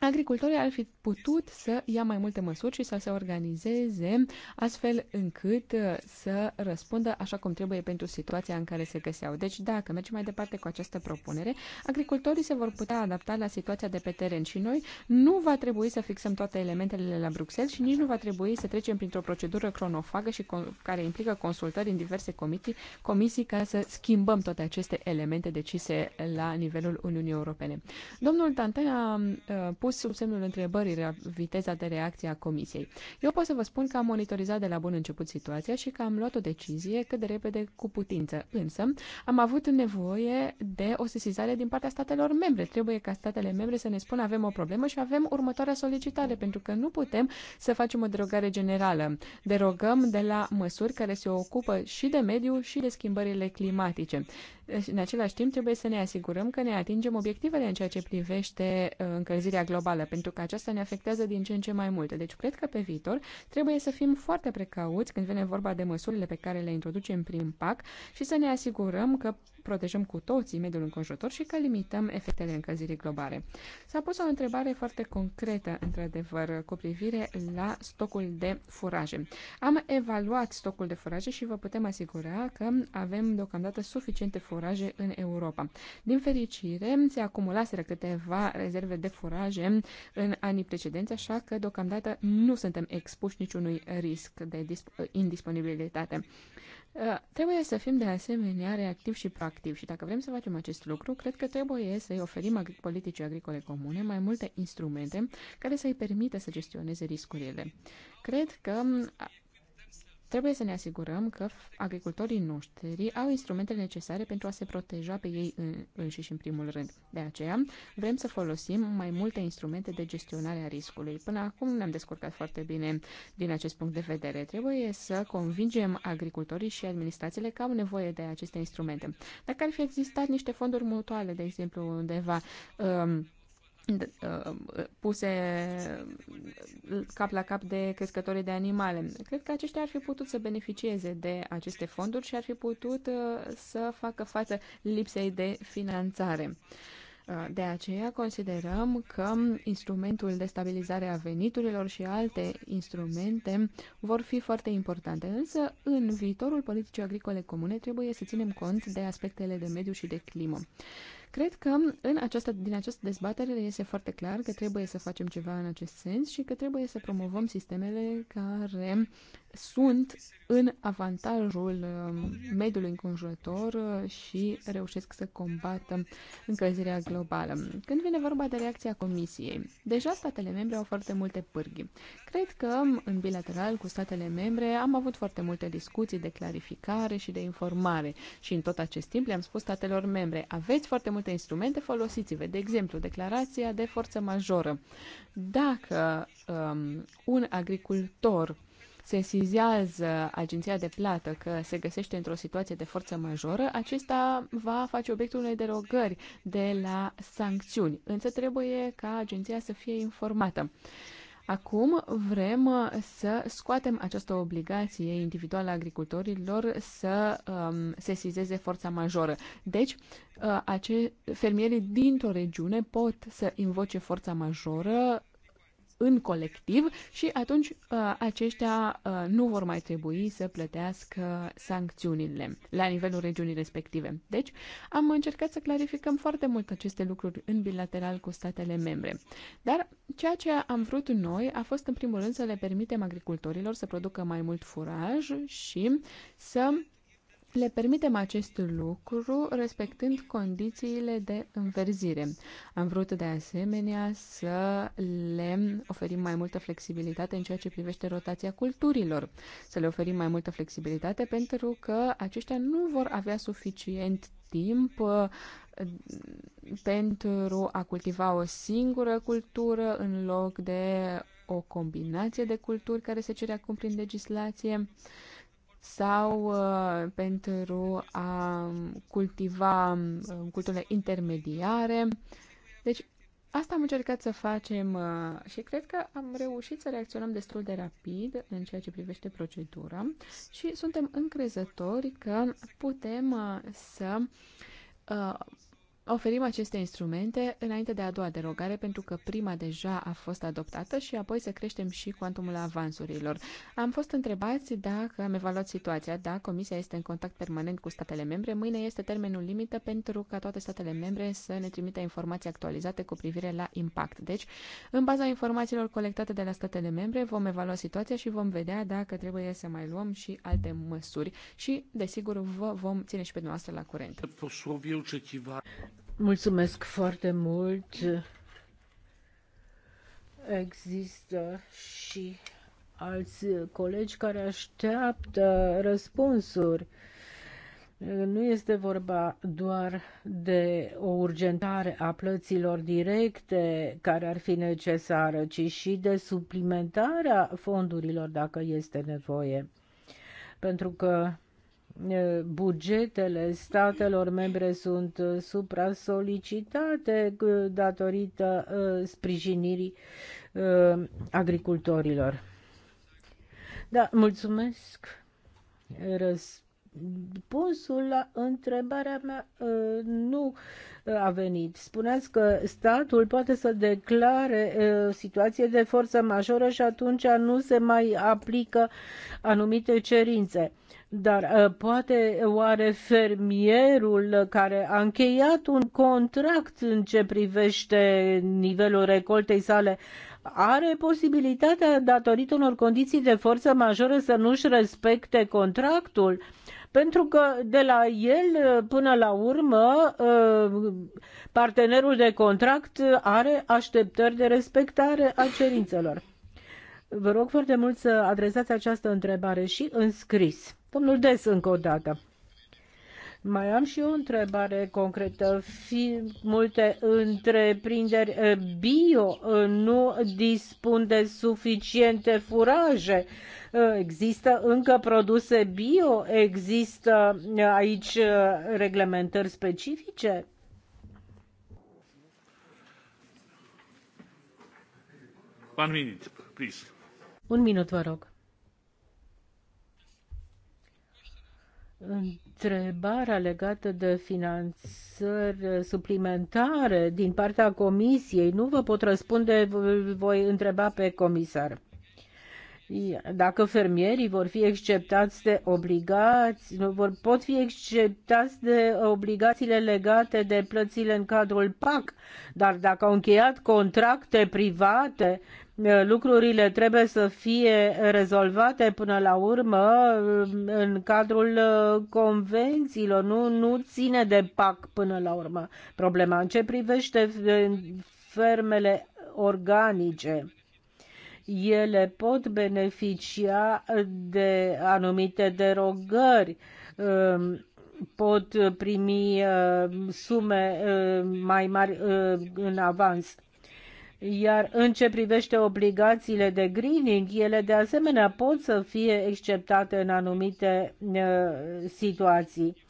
agricultorii ar fi putut să ia mai multe măsuri și să se organizeze astfel încât uh, să răspundă așa cum trebuie pentru situația în care se găseau. Deci, dacă mergem mai departe cu această propunere, agricultorii se vor putea adapta la situația de pe teren și noi nu va trebui să fixăm toate elementele la Bruxelles și nici nu va trebui să trecem printr-o procedură cronofagă și care implică consultări în diverse comisii, comisii ca să schimbăm toate aceste elemente decise la nivelul Uniunii Europene. Domnul Danten a uh, pus pus sub semnul întrebării viteza de reacție a Comisiei. Eu pot să vă spun că am monitorizat de la bun început situația și că am luat o decizie cât de repede cu putință. Însă, am avut nevoie de o sesizare din partea statelor membre. Trebuie ca statele membre să ne spună avem o problemă și avem următoarea solicitare, pentru că nu putem să facem o derogare generală. Derogăm de la măsuri care se ocupă și de mediu și de schimbările climatice. Deci, în același timp trebuie să ne asigurăm că ne atingem obiectivele în ceea ce privește uh, încălzirea globală, pentru că aceasta ne afectează din ce în ce mai mult. Deci cred că pe viitor trebuie să fim foarte precauți când vine vorba de măsurile pe care le introducem prin PAC și să ne asigurăm că protejăm cu toții mediul înconjurător și că limităm efectele încălzirii globale. S-a pus o întrebare foarte concretă, într-adevăr, cu privire la stocul de furaje. Am evaluat stocul de furaje și vă putem asigura că avem deocamdată suficiente furaje în Europa. Din fericire, se acumulaseră câteva rezerve de furaje în anii precedenți, așa că deocamdată nu suntem expuși niciunui risc de indisponibilitate. Uh, trebuie să fim de asemenea reactivi și proactivi și dacă vrem să facem acest lucru, cred că trebuie să-i oferim politicii agricole comune mai multe instrumente care să-i permită să gestioneze riscurile. Cred că Trebuie să ne asigurăm că agricultorii noștri au instrumentele necesare pentru a se proteja pe ei înșiși în primul rând. De aceea, vrem să folosim mai multe instrumente de gestionare a riscului. Până acum ne-am descurcat foarte bine din acest punct de vedere. Trebuie să convingem agricultorii și administrațiile că au nevoie de aceste instrumente. Dacă ar fi existat niște fonduri mutuale, de exemplu, undeva, um, Uh, puse uh, cap la cap de crescătorii de animale. Cred că aceștia ar fi putut să beneficieze de aceste fonduri și ar fi putut uh, să facă față lipsei de finanțare. De aceea considerăm că instrumentul de stabilizare a veniturilor și alte instrumente vor fi foarte importante, însă în viitorul politicii agricole comune trebuie să ținem cont de aspectele de mediu și de climă. Cred că în această, din această dezbatere este foarte clar că trebuie să facem ceva în acest sens și că trebuie să promovăm sistemele care sunt în avantajul um, mediului înconjurător uh, și reușesc să combată încălzirea globală. Când vine vorba de reacția Comisiei, deja statele membre au foarte multe pârghi. Cred că um, în bilateral cu statele membre am avut foarte multe discuții de clarificare și de informare și în tot acest timp le-am spus statelor membre, aveți foarte multe instrumente, folosiți-vă. De exemplu, declarația de forță majoră. Dacă um, un agricultor sesizează agenția de plată că se găsește într-o situație de forță majoră, acesta va face obiectul unei derogări de la sancțiuni. Însă trebuie ca agenția să fie informată. Acum vrem să scoatem această obligație individuală a agricultorilor să um, sesizeze forța majoră. Deci, uh, ace- fermierii dintr-o regiune pot să invoce forța majoră în colectiv și atunci uh, aceștia uh, nu vor mai trebui să plătească sancțiunile la nivelul regiunii respective. Deci am încercat să clarificăm foarte mult aceste lucruri în bilateral cu statele membre. Dar ceea ce am vrut noi a fost în primul rând să le permitem agricultorilor să producă mai mult furaj și să le permitem acest lucru respectând condițiile de înverzire. Am vrut de asemenea să le oferim mai multă flexibilitate în ceea ce privește rotația culturilor, să le oferim mai multă flexibilitate pentru că aceștia nu vor avea suficient timp uh, pentru a cultiva o singură cultură în loc de o combinație de culturi care se cere acum prin legislație. Uh, sau uh, pentru a cultiva um, culturile intermediare. Deci, asta am încercat să facem uh, și cred că am reușit să reacționăm destul de rapid în ceea ce privește procedura și suntem încrezători că putem uh, să oferim aceste instrumente înainte de a doua derogare, pentru că prima deja a fost adoptată și apoi să creștem și cuantumul avansurilor. Am fost întrebați dacă am evaluat situația, da, Comisia este în contact permanent cu statele membre. Mâine este termenul limită pentru ca toate statele membre să ne trimită informații actualizate cu privire la impact. Deci, în baza informațiilor colectate de la statele membre, vom evalua situația și vom vedea dacă trebuie să mai luăm și alte măsuri și, desigur, vă vom ține și pe dumneavoastră la curent. Mulțumesc foarte mult. Există și alți colegi care așteaptă răspunsuri. Nu este vorba doar de o urgentare a plăților directe care ar fi necesară, ci și de suplimentarea fondurilor dacă este nevoie. Pentru că bugetele statelor membre sunt supra-solicitate datorită sprijinirii agricultorilor. Da, mulțumesc. Răs Răspunsul la întrebarea mea uh, nu uh, a venit. Spuneați că statul poate să declare uh, situație de forță majoră și atunci nu se mai aplică anumite cerințe. Dar poate oare fermierul care a încheiat un contract în ce privește nivelul recoltei sale are posibilitatea, datorită unor condiții de forță majoră, să nu-și respecte contractul? Uh, pentru că de la el până la urmă uh, partenerul de contract are așteptări de respectare a cerințelor. Vă rog foarte mult să adresați această întrebare și în scris. Domnul Des, încă o dată. Mai am și o întrebare concretă. Fi multe întreprinderi uh, bio uh, nu dispun de suficiente furaje Există încă produse bio? Există uh, aici uh, reglementări specifice? One minute, please. Un minut, vă rog. Întrebarea legată de finanțări suplimentare din partea Comisiei nu vă pot răspunde, voi întreba pe comisar fi, dacă fermierii vor fi exceptați de obligați, vor, pot fi exceptați de obligațiile legate de plățile în cadrul PAC, dar dacă au încheiat contracte private, lucrurile trebuie să fie rezolvate până la urmă în cadrul convențiilor, nu, nu ține de PAC până la urmă problema. În ce privește fermele organice, ele pot beneficia de anumite derogări, um, pot primi um, sume um, mai mari în avans. Iar în ce privește obligațiile de greening, ele de asemenea pot să fie exceptate în anumite uh, situații.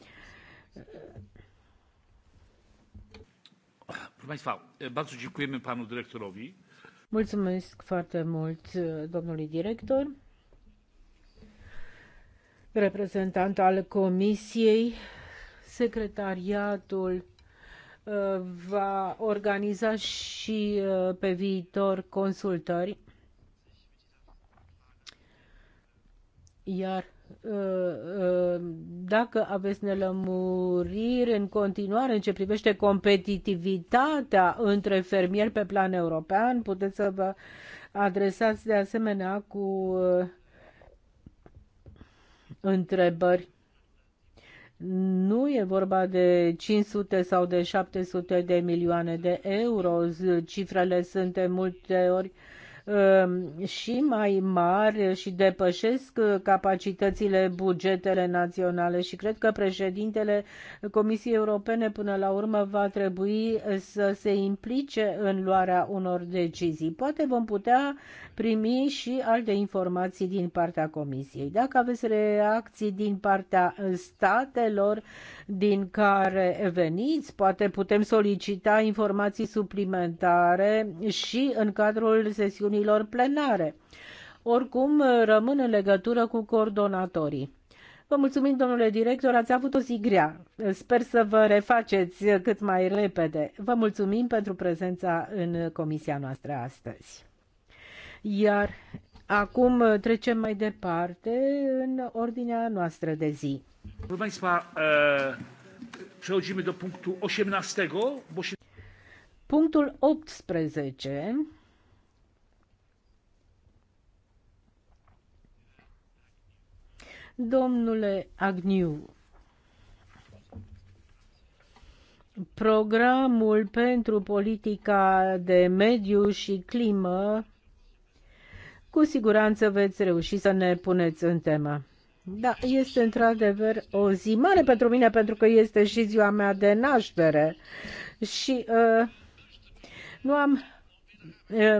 Proszę Państwa, bardzo dziękujemy panu dyrektorowi. Mulțumesc foarte mult uh, domnului director, reprezentant al Comisiei, secretariatul uh, va organiza și uh, pe viitor consultări iar dacă aveți nelămuriri în continuare în ce privește competitivitatea între fermieri pe plan european, puteți să vă adresați de asemenea cu uh, întrebări. Nu e vorba de 500 sau de 700 de milioane de euro, cifrele sunt de multe ori uh, Ehm, și mai mari și depășesc uh, capacitățile bugetele naționale și cred că președintele Comisiei Europene până la urmă va trebui uh, să se implice în luarea unor decizii. Poate vom putea primi și alte informații din partea Comisiei. Dacă aveți reacții din partea uh, statelor, din care veniți, poate putem solicita informații suplimentare și în cadrul sesiunilor plenare. Oricum, rămân în legătură cu coordonatorii. Vă mulțumim, domnule director, ați avut o zi grea. Sper să vă refaceți cât mai repede. Vă mulțumim pentru prezența în comisia noastră astăzi. Iar Acum uh, trecem mai departe în ordinea noastră de zi. przechodzimy do punktu 18, bo Punctul 18 Domnule Agniu, programul pentru politica de mediu și climă cu siguranță veți reuși să ne puneți în temă. Da, este într-adevăr o zi mare pentru mine, pentru că este și ziua mea de naștere. Și uh, nu am uh,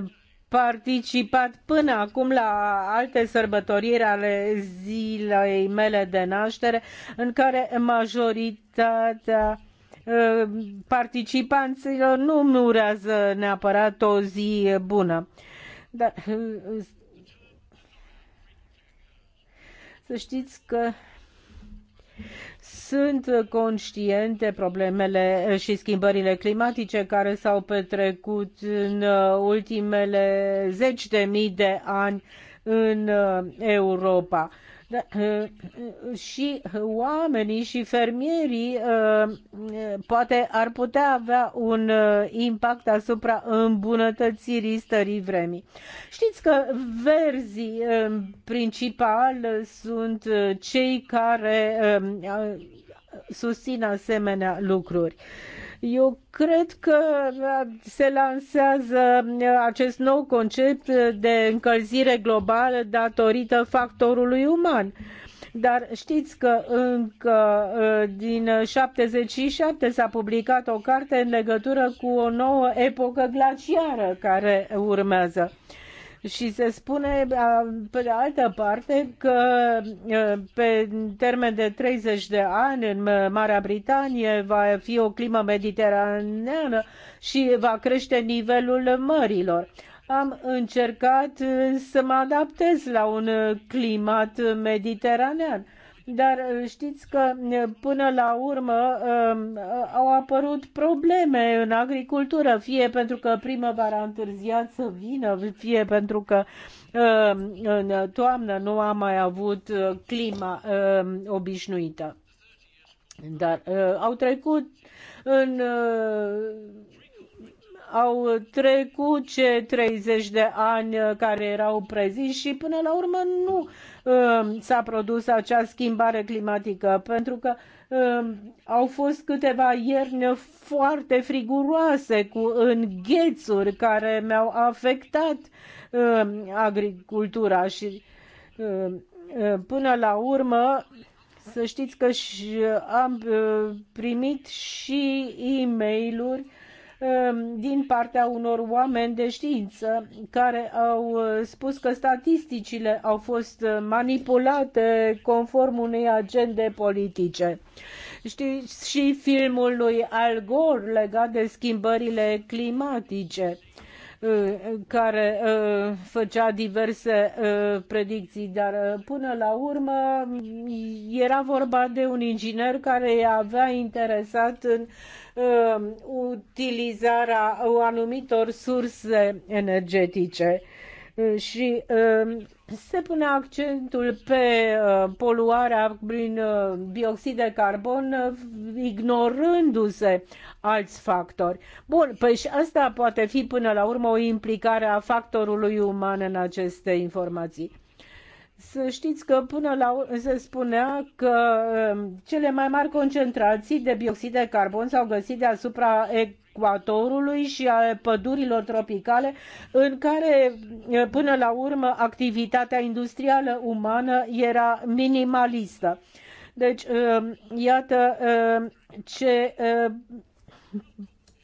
participat până acum la alte sărbătoriri ale zilei mele de naștere, în care majoritatea uh, participanților nu urează neapărat o zi bună. Dar uh, să știți că sunt conștiente problemele și schimbările climatice care s-au petrecut în ultimele zeci de mii de ani în uh, Europa. Da, uh, uh, și uh, oamenii și fermierii poate ar putea avea un impact asupra îmbunătățirii stării vremii. Știți că verzii principal sunt cei care susțin asemenea lucruri. Eu cred că se lansează uh, acest nou concept uh, de încălzire globală datorită factorului uman. Dar știți că încă uh, din 77 s-a publicat o carte în legătură cu o nouă epocă glaciară care urmează. Și se spune, pe de altă parte, că pe termen de 30 de ani în Marea Britanie va fi o climă mediteraneană și va crește nivelul mărilor. Am încercat să mă adaptez la un climat mediteranean dar uh, știți că uh, până la urmă um, uh, au apărut probleme în agricultură, fie pentru că primăvara a întârziat să vină, fie pentru că um, în toamnă nu a mai avut clima um, obișnuită. Dar au trecut în au trecut ce 30 de ani uh, care erau preziși și până la urmă nu uh, s-a produs acea schimbare climatică, pentru că uh, au fost câteva ierni foarte friguroase cu înghețuri care mi-au afectat agricultura și până la urmă să știți că și am primit și e-mail-uri Um, din partea unor oameni de știință care au uh, spus că statisticile au fost uh, manipulate conform unei agende politice. Știți și filmul lui Al Gore legat de schimbările climatice. Uh, care uh, făcea diverse uh, predicții, dar până la urmă mm, era vorba de un inginer care avea interesat în utilizarea anumitor surse energetice și um, se pune accentul pe uh, poluarea prin uh, dioxid de carbon, uh, ignorându-se alți factori. Bun, păi și asta poate fi până la urmă o implicare a factorului uman în aceste informații. Să știți că până la se spunea că um, cele mai mari concentrații de bioxid de carbon s-au găsit deasupra ecuatorului și a pădurilor tropicale, în care uh, până la urmă activitatea industrială umană era minimalistă. Deci, um, iată um, ce uh,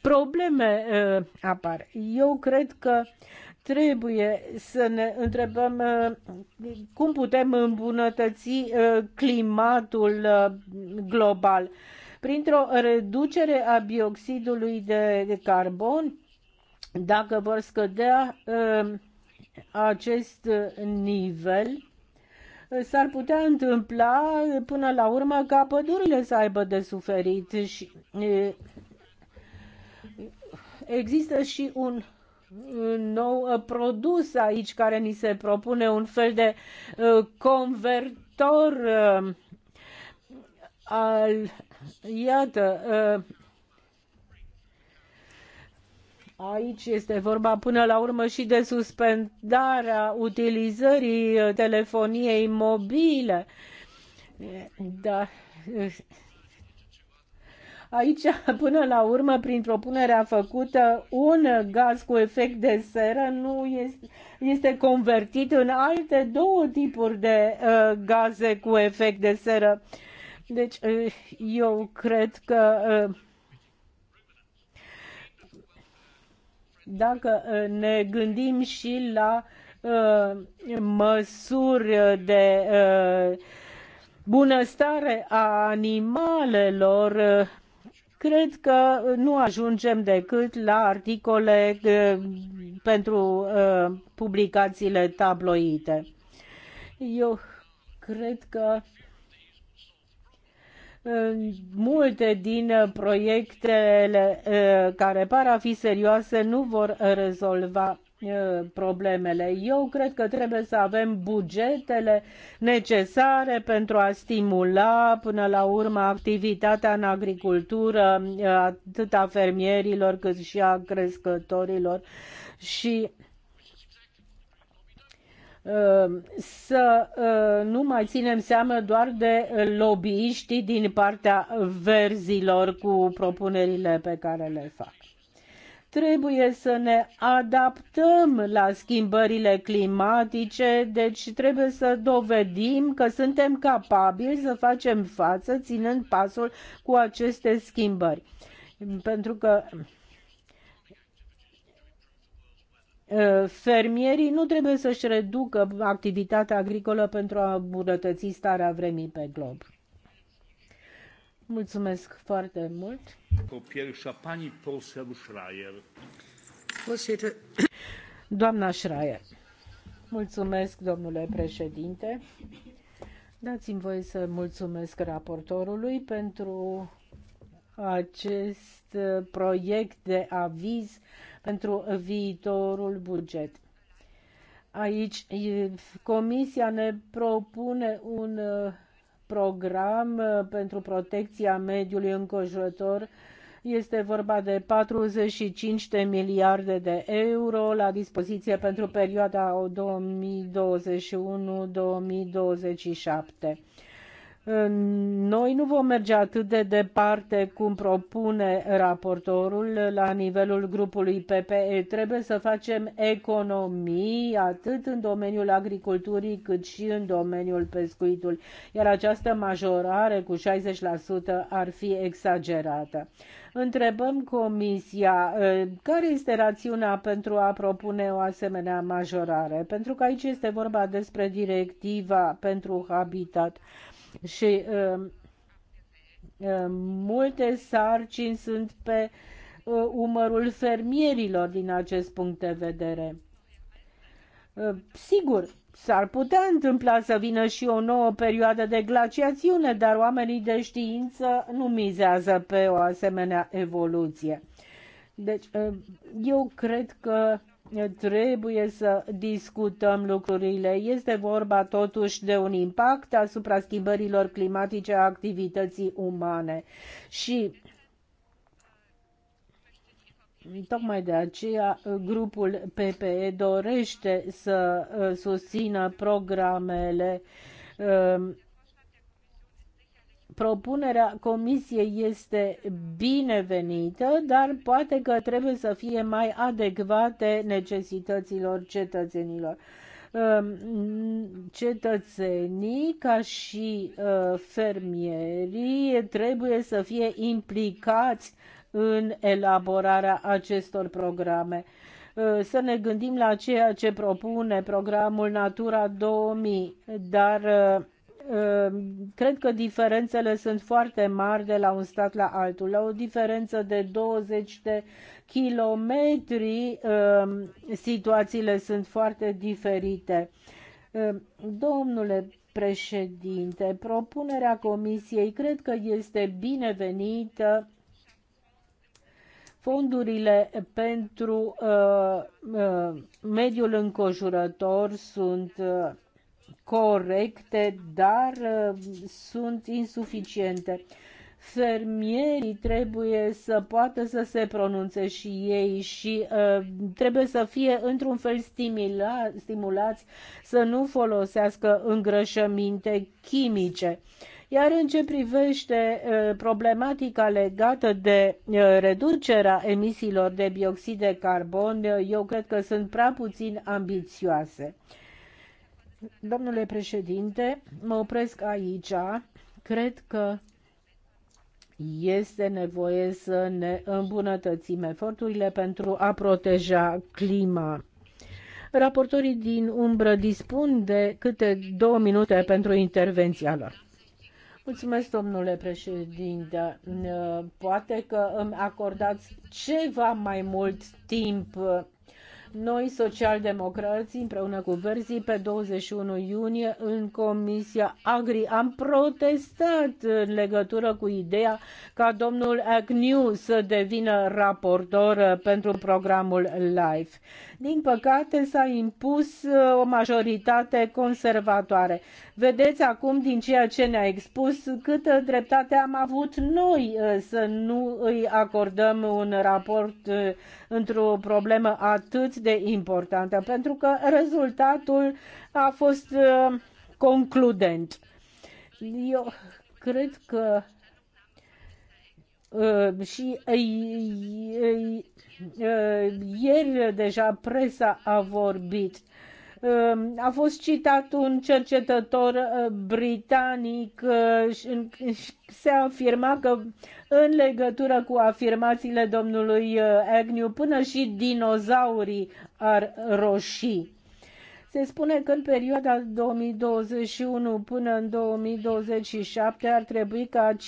probleme uh, apar. Eu cred că trebuie să ne întrebăm uh, cum putem îmbunătăți uh, climatul uh, global. Printr-o reducere a bioxidului de carbon, dacă vor scădea acest nivel, s-ar putea întâmpla până la urmă ca pădurile să aibă de suferit și există și un nou uh, produs aici care ni se propune, un fel de uh, convertor uh, al. Iată, Aici este vorba până la urmă și de suspendarea utilizării telefoniei mobile. Da, Aici, până la urmă, prin propunerea făcută, un gaz cu efect de seră nu este, este convertit în alte două tipuri de uh, gaze cu efect de seră. Deci, uh, eu cred că uh, dacă uh, ne gândim și la uh, măsuri de uh, bunăstare a animalelor, uh, Cred că uh, nu ajungem decât la articole uh, pentru uh, publicațiile tabloide. Eu cred că multe din proiectele care par a fi serioase nu vor rezolva problemele. Eu cred că trebuie să avem bugetele necesare pentru a stimula până la urmă activitatea în agricultură atât a fermierilor cât și a crescătorilor și să nu mai ținem seamă doar de lobbyiștii din partea verzilor cu propunerile pe care le fac. Trebuie să ne adaptăm la schimbările climatice, deci trebuie să dovedim că suntem capabili să facem față ținând pasul cu aceste schimbări. Pentru că ă, fermierii nu trebuie să-și reducă activitatea agricolă pentru a îmbunătăți starea vremii pe glob. Mulțumesc foarte mult. Pani poseł Schreier. Doamna Schreier. Mulțumesc, domnule președinte. Dați-mi voie să mulțumesc raportorului pentru acest proiect de aviz pentru viitorul buget. Aici Comisia ne propune un program uh, pentru protecția mediului înconjurător este vorba de 45 de miliarde de euro la dispoziție pentru perioada 2021-2027. Noi nu vom merge atât de departe cum propune raportorul la nivelul grupului PPE. Trebuie să facem economii atât în domeniul agriculturii cât și în domeniul pescuitului, iar această majorare cu 60% ar fi exagerată. Întrebăm Comisia care este rațiunea pentru a propune o asemenea majorare, pentru că aici este vorba despre directiva pentru habitat. Și um, um, multe sarcini sunt pe uh, umărul fermierilor din acest punct de vedere. Uh, sigur, s-ar putea întâmpla să vină și o nouă perioadă de glaciațiune, dar oamenii de știință nu mizează pe o asemenea evoluție. Deci, uh, eu cred că trebuie să discutăm lucrurile. Este vorba totuși de un impact asupra schimbărilor climatice a activității umane. Și Tocmai de aceea grupul PPE dorește să uh, susțină programele uh, propunerea comisiei este binevenită, dar poate că trebuie să fie mai adecvate necesităților cetățenilor um, cetățenii ca și uh, fermierii trebuie să fie implicați în elaborarea acestor programe. Uh, să ne gândim la ceea ce propune programul Natura 2000, dar uh, Ehm, cred că diferențele sunt foarte mari de la un stat la altul. La o diferență de 20 de kilometri, ehm, situațiile sunt foarte diferite. Ehm, domnule președinte, propunerea comisiei cred că este binevenită fondurile pentru uh, uh, mediul înconjurător sunt uh, corecte, dar uh, sunt insuficiente. Fermierii trebuie să poată să se pronunțe și ei și uh, trebuie să fie într-un fel stimula, stimulați să nu folosească îngrășăminte chimice. Iar în ce privește uh, problematica legată de uh, reducerea emisiilor de bioxid de carbon, eu cred că sunt prea puțin ambițioase. Domnule președinte, mă opresc aici. Cred că este nevoie să ne îmbunătățim eforturile pentru a proteja clima. Raportorii din umbră dispun de câte două minute pentru intervenția lor. Mulțumesc, domnule președinte. Poate că îmi acordați ceva mai mult timp noi, socialdemocrații, împreună cu Verzii, pe 21 iunie, în Comisia Agri, am protestat în legătură cu ideea ca domnul Agnew să devină raportor pentru programul LIFE din păcate s-a impus uh, o majoritate conservatoare. Vedeți acum din ceea ce ne-a expus câtă dreptate am avut noi uh, să nu îi acordăm un raport uh, într-o problemă atât de importantă, pentru că rezultatul a fost concludent. Eu cred că și Eh, ieri deja presa a vorbit. Eh, a fost citat un cercetător eh, britanic și se afirma că în legătură cu afirmațiile domnului Agnew, până și dinozaurii ar roșii. Se spune că în perioada 2021 până în 2027 ar trebui ca 5,4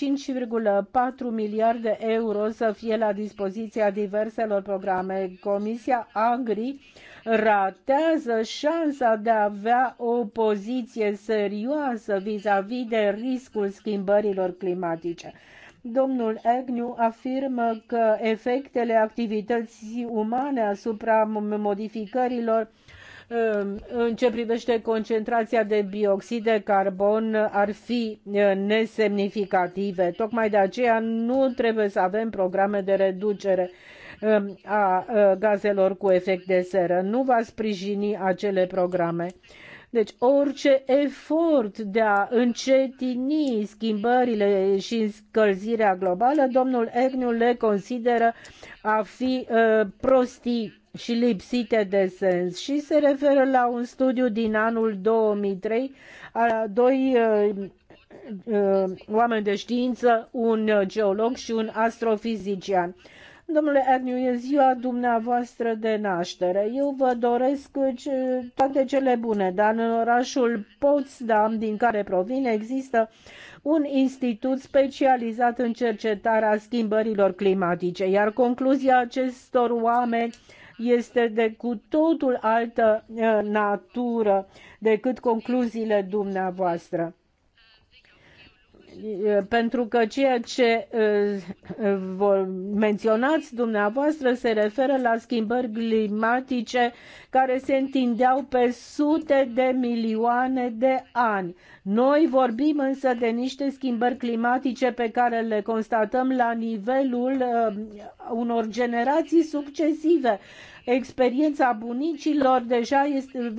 miliarde euro să fie la dispoziția diverselor programe. Comisia Agri ratează șansa de a avea o poziție serioasă vis-a-vis -vis de riscul schimbărilor climatice. Domnul Agnew afirmă că efectele activității umane asupra modificărilor în ce privește concentrația de bioxid de carbon ar fi nesemnificative. Tocmai de aceea nu trebuie să avem programe de reducere a gazelor cu efect de seră. Nu va sprijini acele programe. Deci orice efort de a încetini schimbările și încălzirea globală, domnul Agnew le consideră a fi uh, prostii și lipsite de sens și se referă la un studiu din anul 2003 a doi uh, uh, oameni de știință, un geolog și un astrofizician. Domnule Agniu, e ziua dumneavoastră de naștere. Eu vă doresc toate cele bune, dar în orașul Potsdam, din care provine, există un institut specializat în cercetarea schimbărilor climatice, iar concluzia acestor oameni uh, este de cu totul altă uh, natură decât concluziile dumneavoastră pentru că ceea ce vor menționați dumneavoastră se referă la schimbări climatice care se întindeau pe sute de milioane de ani. Noi vorbim însă de niște schimbări climatice pe care le constatăm la nivelul unor generații succesive experiența bunicilor deja este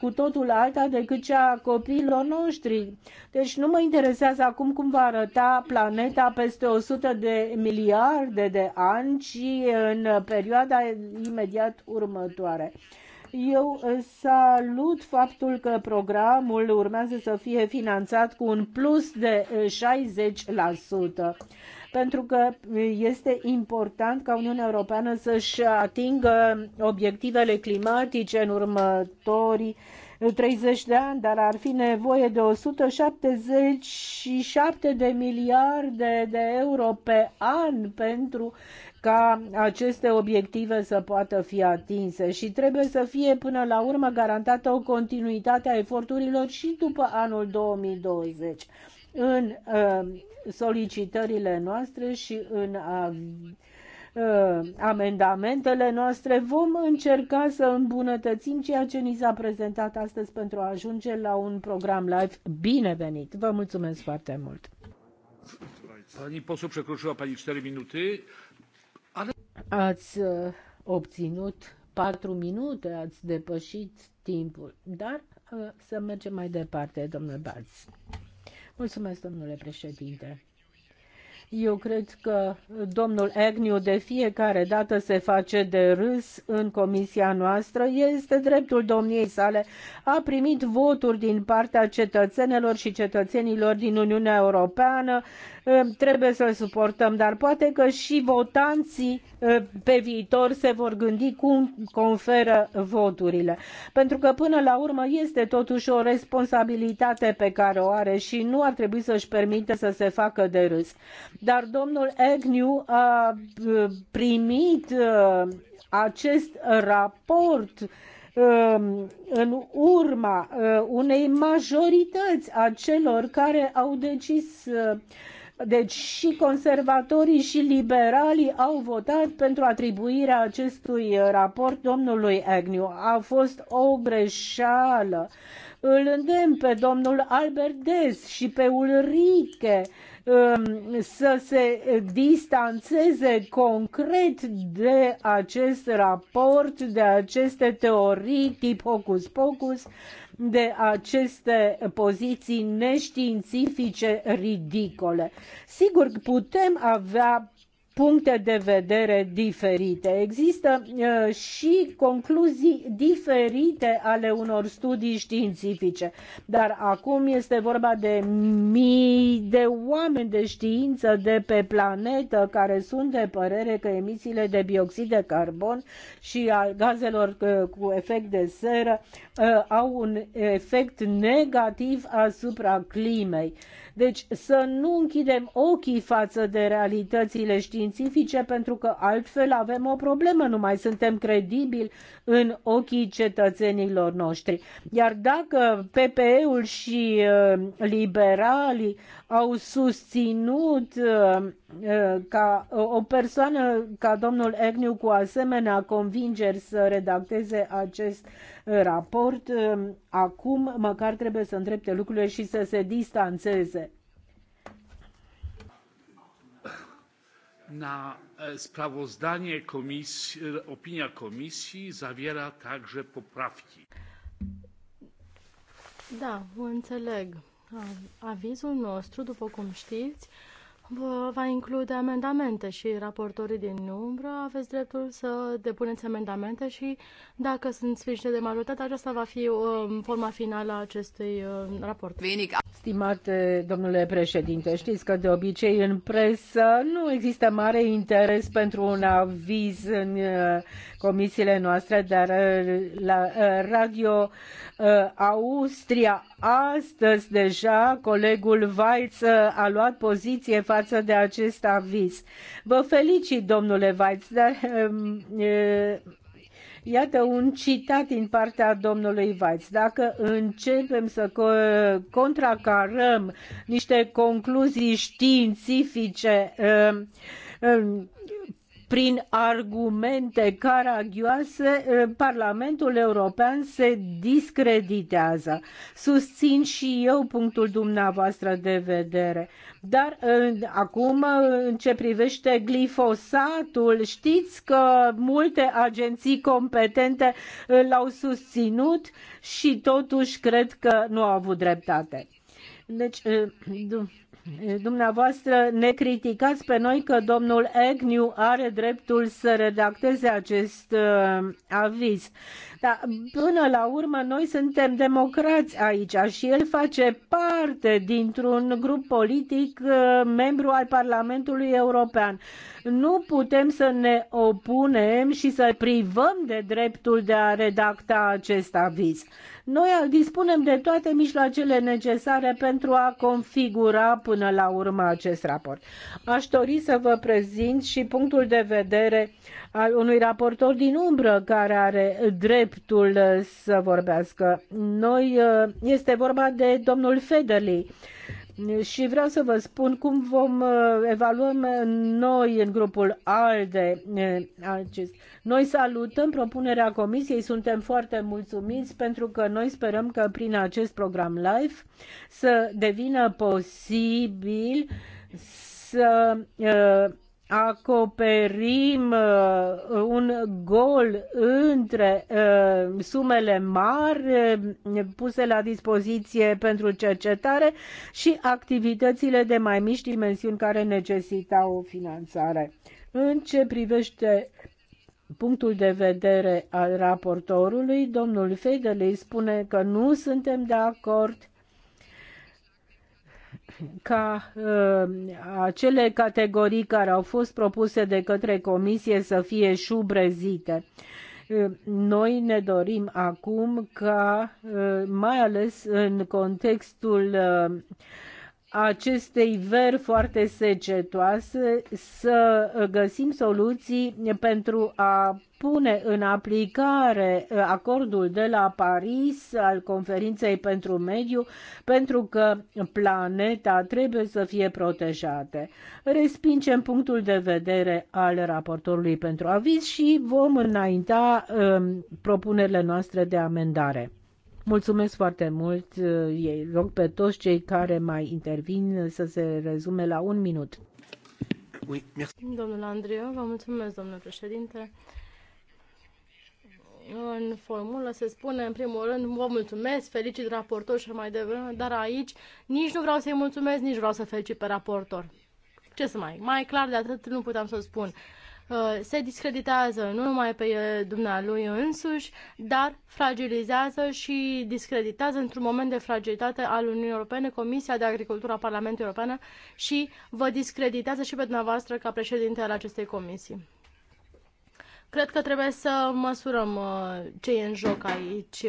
cu totul alta decât cea a copiilor noștri. Deci nu mă interesează acum cum va arăta planeta peste 100 de miliarde de ani, ci în perioada imediat următoare. Eu salut faptul că programul urmează să fie finanțat cu un plus de 60% pentru că este important ca Uniunea Europeană să-și atingă obiectivele climatice în următorii 30 de ani, dar ar fi nevoie de 177 de miliarde de euro pe an pentru ca aceste obiective să poată fi atinse și trebuie să fie până la urmă garantată o continuitate a eforturilor și după anul 2020. În uh, solicitările noastre și în a, uh, a, uh, amendamentele noastre vom încerca să îmbunătățim ceea ce ni s-a prezentat astăzi pentru a ajunge la un program live binevenit. Vă mulțumesc foarte mult! Pani posul przekroczyła Pani 4 minuty, ale... Ați uh, obținut 4 minute, ați depășit timpul, dar să mergem mai departe, domnule Balț. Mulțumesc, domnule președinte. Eu cred că domnul Agnew de fiecare dată se face de râs în comisia noastră. Este dreptul domniei sale. A primit voturi din partea cetățenilor și cetățenilor din Uniunea Europeană trebuie să-l suportăm, dar poate că și votanții pe viitor se vor gândi cum conferă voturile. Pentru că până la urmă este totuși o responsabilitate pe care o are și nu ar trebui să-și permite să se facă de râs. Dar domnul Agnew a primit acest raport în urma unei majorități a celor care au decis deci și conservatorii și liberalii au votat pentru atribuirea acestui raport domnului Agnew. A fost o greșeală. Îl îndemn pe domnul Albert Des și pe Ulrike um, să se distanțeze concret de acest raport, de aceste teorii tip hocus pocus, de aceste poziții neștiințifice ridicole. Sigur, putem avea puncte de vedere diferite. Există uh, și concluzii diferite ale unor studii științifice, dar acum este vorba de mii de oameni de știință de pe planetă care sunt de părere că emisiile de bioxid de carbon și al gazelor uh, cu efect de seră uh, au un efect negativ asupra climei. Uh, deci să nu închidem ochii față de realitățile științifice pentru că altfel avem o problemă, nu mai suntem credibili în ochii cetățenilor noștri. Iar dacă PPE-ul și uh, liberalii au susținut uh, uh, ca o persoană ca domnul Egniu cu asemenea convingeri să redacteze acest raport, acum măcar trebuie să îndrepte lucrurile și să se distanțeze. na sprawozdanie komisji, opinia komisji zawiera także poprawki. Da, înțeleg. Avizul nostru, după cum știți, va include amendamente și raportorii din umbră aveți dreptul să depuneți amendamente și dacă sunt sfârșite de majoritate, aceasta va fi uh, forma finală a acestui uh, raport. Vinic. Stimate domnule președinte, știți că de obicei în presă nu există mare interes pentru un aviz în uh, comisiile noastre, dar uh, la uh, Radio uh, Austria astăzi deja colegul Weitz a luat poziție față de acest aviz. Vă felicit, domnule Weitz, dar um, Iată un citat din partea domnului Weitz. Dacă începem să contracarăm niște concluzii științifice um, um, prin argumente caragioase, eh, Parlamentul European se discreditează. Susțin și eu punctul dumneavoastră de vedere. Dar eh, acum, eh, în ce privește glifosatul, știți că multe agenții competente l-au susținut și totuși cred că nu au avut dreptate. Deci, Dumneavoastră ne criticați pe noi că domnul Agnew are dreptul să redacteze acest uh, aviz. Dar până la urmă noi suntem democrați aici și el face parte dintr-un grup politic uh, membru al Parlamentului European. Nu putem să ne opunem și să privăm de dreptul de a redacta acest aviz. Noi dispunem de toate mijloacele necesare pentru a configura până până la urmă acest raport. Aș dori să vă prezint și punctul de vedere al unui raportor din umbră care are dreptul să vorbească. Noi uh, este vorba de domnul Federley. Și vreau să vă spun cum vom uh, evalua noi în grupul ALDE uh, acest. Noi salutăm propunerea comisiei, suntem foarte mulțumiți pentru că noi sperăm că prin acest program live să devină posibil să uh, acoperim uh, un gol între uh, sumele mari uh, puse la dispoziție pentru cercetare și activitățile de mai mici dimensiuni care necesitau o finanțare. În ce privește punctul de vedere al raportorului, domnul îi spune că nu suntem de acord ca uh, acele categorii care au fost propuse de către comisie să fie șubrezite. Uh, noi ne dorim acum ca, uh, mai ales în contextul uh, acestei veri foarte secetoase să găsim soluții pentru a pune în aplicare acordul de la Paris al conferinței pentru mediu, pentru că planeta trebuie să fie protejată. Respingem punctul de vedere al raportorului pentru aviz și vom înainta um, propunerile noastre de amendare. Mulțumesc foarte mult. Ei rog pe toți cei care mai intervin să se rezume la un minut. Domnul Andriu, vă mulțumesc, domnule președinte. În formulă se spune, în primul rând, vă mulțumesc, felicit raportor și mai devreme, dar aici nici nu vreau să-i mulțumesc, nici vreau să felicit pe raportor. Ce să mai, mai clar de atât nu puteam să spun. Uh, se discreditează nu numai pe uh, dumnealui însuși, dar fragilizează și discreditează într-un moment de fragilitate al Uniunii Europene, Comisia de Agricultură a Parlamentului European și vă discreditează și pe dumneavoastră ca președinte al acestei comisii. Cred că trebuie să măsurăm uh, ce e în joc aici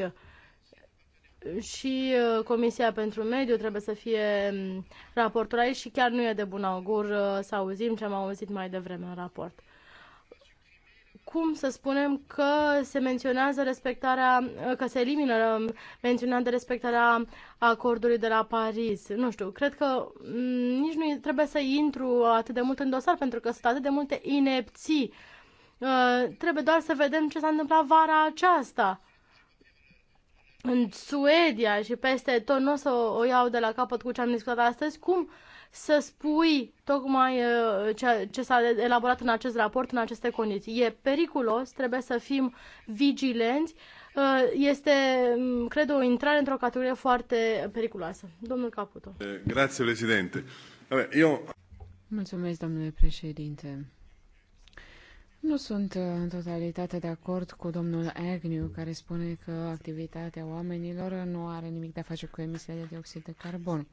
și Comisia pentru Mediu trebuie să fie um, raportul aici și chiar nu e de bun augur să auzim ce am auzit mai devreme în raport cum să spunem că se menționează respectarea, că se elimină um, mențiunea de respectarea acordului de la Paris. Nu știu, cred că mm, nici nu trebuie să intru atât de mult în dosar, pentru că sunt atât de multe inepții. Uh, trebuie doar să vedem ce s-a întâmplat vara aceasta în Suedia și peste tot, nu o să o iau de la capăt cu ce am discutat astăzi, cum să spui tocmai uh, ce s-a elaborat în acest raport, în aceste condiții. E periculos, trebuie să fim vigilenți. Uh, este, mm, cred, o intrare într-o categorie foarte periculoasă. Domnul Caputo. Eh, președinte. Eu... Mulțumesc, domnule președinte. Nu sunt uh, în totalitate de acord cu domnul Agnew, care spune că activitatea oamenilor nu are nimic de a face cu emisiile de dioxid de carbon.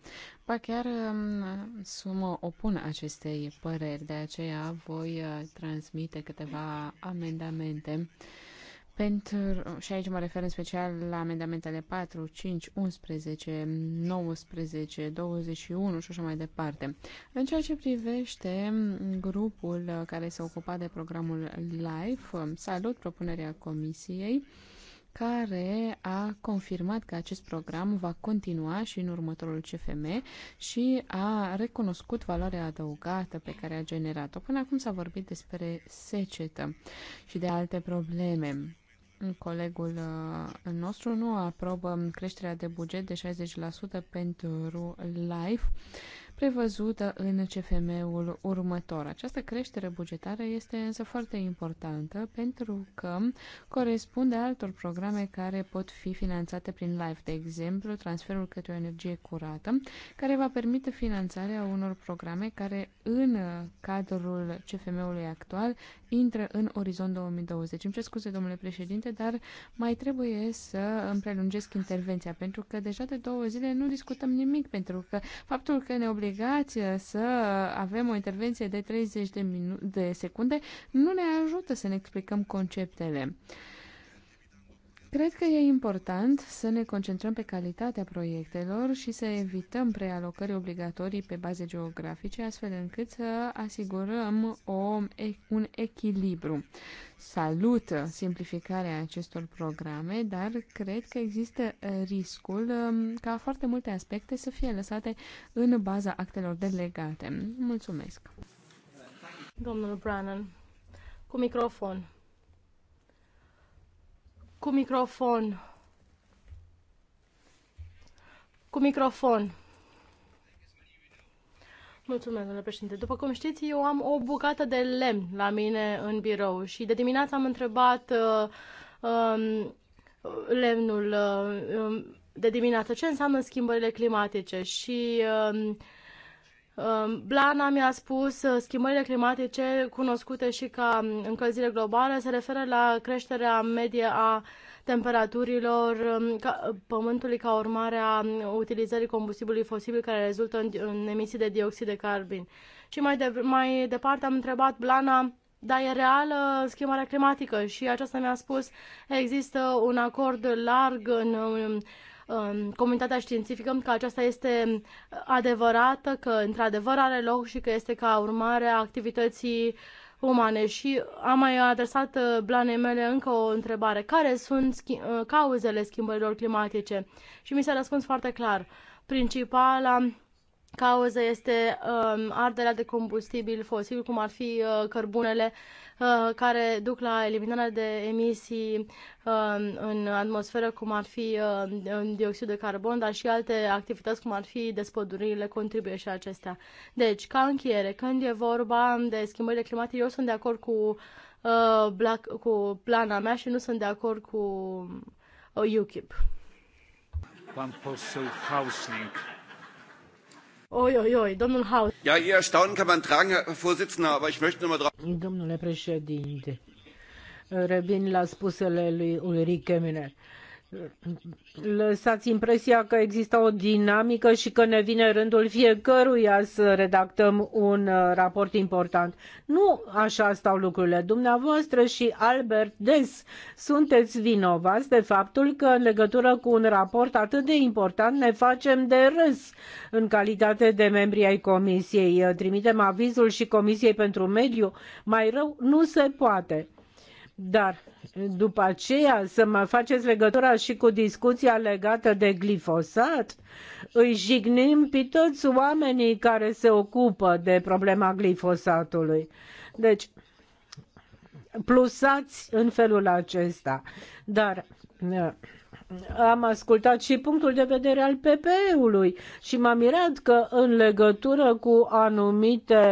Ba chiar um, mă opun acestei păreri, de aceea voi uh, transmite câteva amendamente uh, pentru, și aici mă refer în special la amendamentele 4, 5, 11, 19, 21 și așa mai departe. În ceea ce privește grupul care se ocupa de programul LIFE, salut propunerea comisiei care a confirmat că acest program va continua și în următorul CFM și a recunoscut valoarea adăugată pe care a generat-o. Până acum s-a vorbit despre secetă și de alte probleme. Colegul uh, nostru nu aprobă creșterea de buget de 60% pentru LIFE prevăzută în CFM-ul următor. Această creștere bugetară este însă foarte importantă pentru că corespunde altor programe care pot fi finanțate prin LIFE, de exemplu transferul către o energie curată, care va permite finanțarea unor programe care în cadrul CFM-ului actual intră în orizont 2020. Îmi cer scuze, domnule președinte, dar mai trebuie să îmi prelungesc intervenția, pentru că deja de două zile nu discutăm nimic, pentru că faptul că ne obligăm obligația eh, să avem o intervenție de 30 de, minu- de secunde nu ne ajută să ne explicăm conceptele. Cred că e important să ne concentrăm pe calitatea proiectelor și să evităm prealocări obligatorii pe baze geografice, astfel încât să asigurăm o, un echilibru. Salută simplificarea acestor programe, dar cred că există riscul um, ca foarte multe aspecte să fie lăsate în baza actelor delegate. Mulțumesc! Domnul Brannan, cu microfon. Cu microfon. Cu microfon. Mulțumesc, domnule președinte. După cum știți, eu am o bucată de lemn la mine în birou și de dimineață am întrebat uh, um, lemnul uh, um, de dimineață ce înseamnă schimbările climatice și uh, Um, Blana mi-a spus uh, schimbările climatice cunoscute și ca um, încălzire globală se referă la creșterea medie a temperaturilor um, ca, uh, pământului ca urmare a utilizării combustibilului fosil care rezultă în, în emisii de dioxid de carbon. Și mai, de, mai departe am întrebat Blana dar e reală schimbarea climatică și aceasta mi-a spus există un acord larg în, în um, comunitatea științifică că aceasta este adevărată, că într-adevăr are loc și că este ca urmare a activității umane. Și am mai adresat uh, blanei mele încă o întrebare. Care sunt schi- uh, cauzele schimbărilor climatice? Și mi s-a răspuns foarte clar. Principala cauza este um, arderea de combustibil fosil, cum ar fi uh, cărbunele, uh, care duc la eliminarea de emisii uh, în atmosferă, cum ar fi uh, dioxid de carbon, dar și alte activități, cum ar fi despădurile, contribuie și acestea. Deci, ca încheiere, când e vorba de schimbările climatice, eu sunt de acord cu, uh, black, cu plana mea și nu sunt de acord cu UKIP. Uh, Pan poseł Hausling. Oi, oi, oi, domnul Haus. Ja, ihr Staunen kann man tragen, Herr Vorsitzender, aber ich möchte nochmal drauf... Domnule președinte, revin la spusele lui Ulrike Miner lăsați impresia că există o dinamică și că ne vine rândul fiecăruia să redactăm un uh, raport important. Nu așa stau lucrurile. Dumneavoastră și Albert Des sunteți vinovați de faptul că în legătură cu un raport atât de important ne facem de râs în calitate de membri ai comisiei. Trimitem avizul și Comisiei pentru Mediu. Mai rău nu se poate. Dar după aceea să mă faceți legătura și cu discuția legată de glifosat, îi jignim pe toți oamenii care se ocupă de problema glifosatului. Deci, plusați în felul acesta. Dar am ascultat și punctul de vedere al PPE-ului și m-am mirat că în legătură cu anumite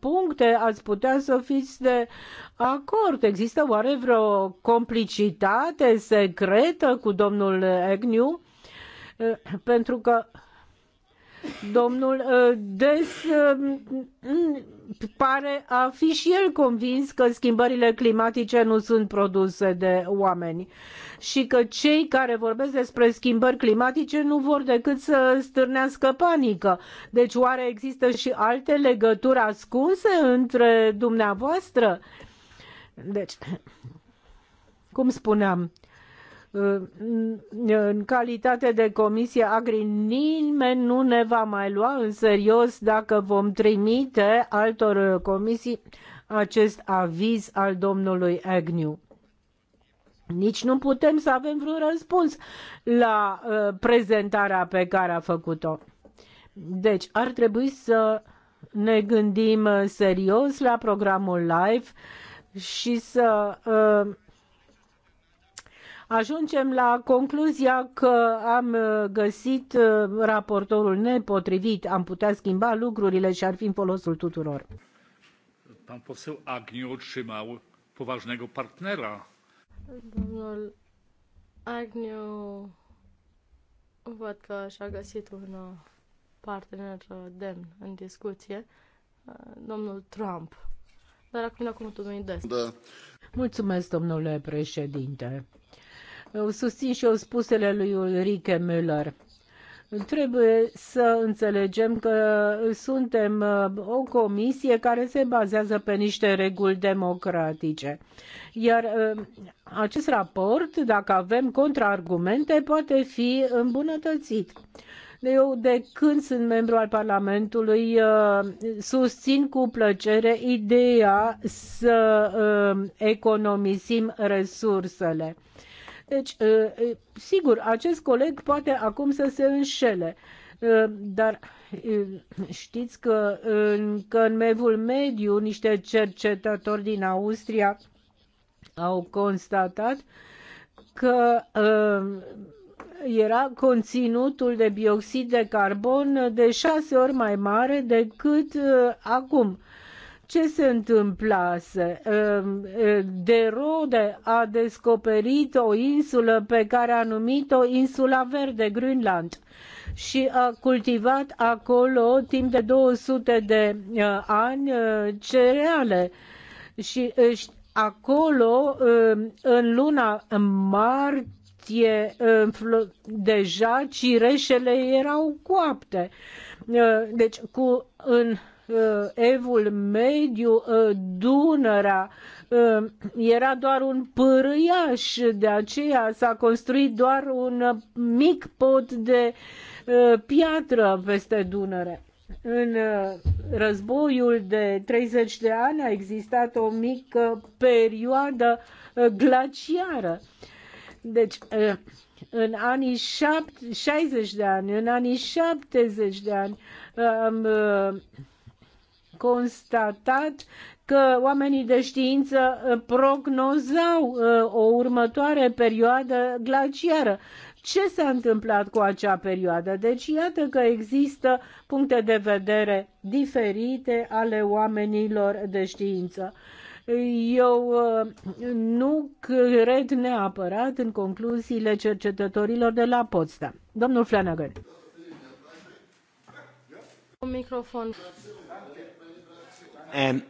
puncte ați putea să fiți de acord. Există oare vreo complicitate secretă cu domnul Agnew? Pentru că Domnul uh, Des um, mm, pare a fi și el convins că schimbările climatice nu sunt produse de oameni și că cei care vorbesc despre schimbări climatice nu vor decât să stârnească panică. Deci oare există și alte legături ascunse între dumneavoastră? Deci, cum spuneam, în calitate de comisie agri, nimeni nu ne va mai lua în serios dacă vom trimite altor comisii acest aviz al domnului Agnew. Nici nu putem să avem vreun răspuns la uh, prezentarea pe care a făcut-o. Deci, ar trebui să ne gândim uh, serios la programul live și să uh, ajungem la concluzia că am uh, găsit uh, raportorul nepotrivit, am putea schimba lucrurile și ar fi în folosul tuturor. Pan poseł Agniu otrzymał poważnego partnera. Domnul Agniu văd că și-a găsit un uh, partener demn în discuție, domnul Trump. Dar acum acum, cuvântul nu Da. Mulțumesc, domnule președinte susțin și eu spusele lui Ulrike Müller. Trebuie să înțelegem că suntem uh, o comisie care se bazează pe niște reguli democratice. Iar uh, acest raport, dacă avem contraargumente, poate fi îmbunătățit. Eu, de când sunt membru al Parlamentului, uh, susțin cu plăcere ideea să economisim resursele. Deci, uh, uh, sigur, acest coleg poate acum să se înșele uh, dar știți că, că în mevul mediu niște cercetători din Austria au constatat că era conținutul de bioxid de carbon de șase ori mai mare decât acum ce se întâmplase. Um, um, de Rode a descoperit o insulă pe care a numit-o insula verde, Greenland și a cultivat acolo timp de 200 de uh, ani uh, cereale și uh, acolo um, în luna martie deja cireșele erau coapte. Deci cu în Uh, evul Mediu, uh, Dunărea, uh, era doar un pârâiaș, de aceea s-a construit doar un mic pod de piatră peste Dunăre. În războiul de 30 de ani a existat o mică perioadă glaciară. Deci, în anii 60 de ani, în anii 70 de ani, am constatat că oamenii de știință uh, prognozau uh, o următoare perioadă glaciară. Ce s-a întâmplat cu acea perioadă? Deci iată că există puncte de vedere diferite ale oamenilor de știință. Eu uh, nu cred neapărat în concluziile cercetătorilor de la Potsdam. Domnul Flanagan. Un microfon. Um,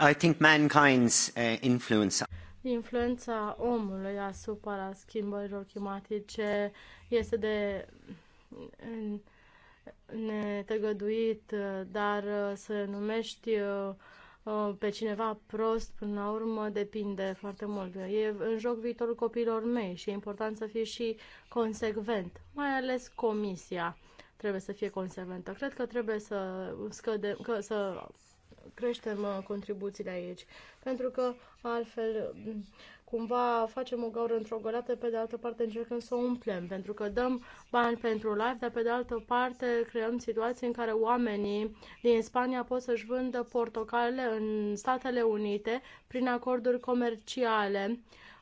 I think mankind's uh, influence influența omului asupra schimbărilor climatice este de netăgăduit, dar să numești uh, pe cineva prost, până la urmă, depinde foarte mult. E în joc viitorul copiilor mei și e important să fii și consecvent, mai ales comisia trebuie să fie consecventă. Cred că trebuie să, scădem, că, să creștem uh, contribuțiile aici, pentru că altfel cumva facem o gaură într-o găleată, pe de altă parte încercăm să o umplem, pentru că dăm bani pentru live, dar pe de altă parte creăm situații în care oamenii din Spania pot să-și vândă portocale în Statele Unite prin acorduri comerciale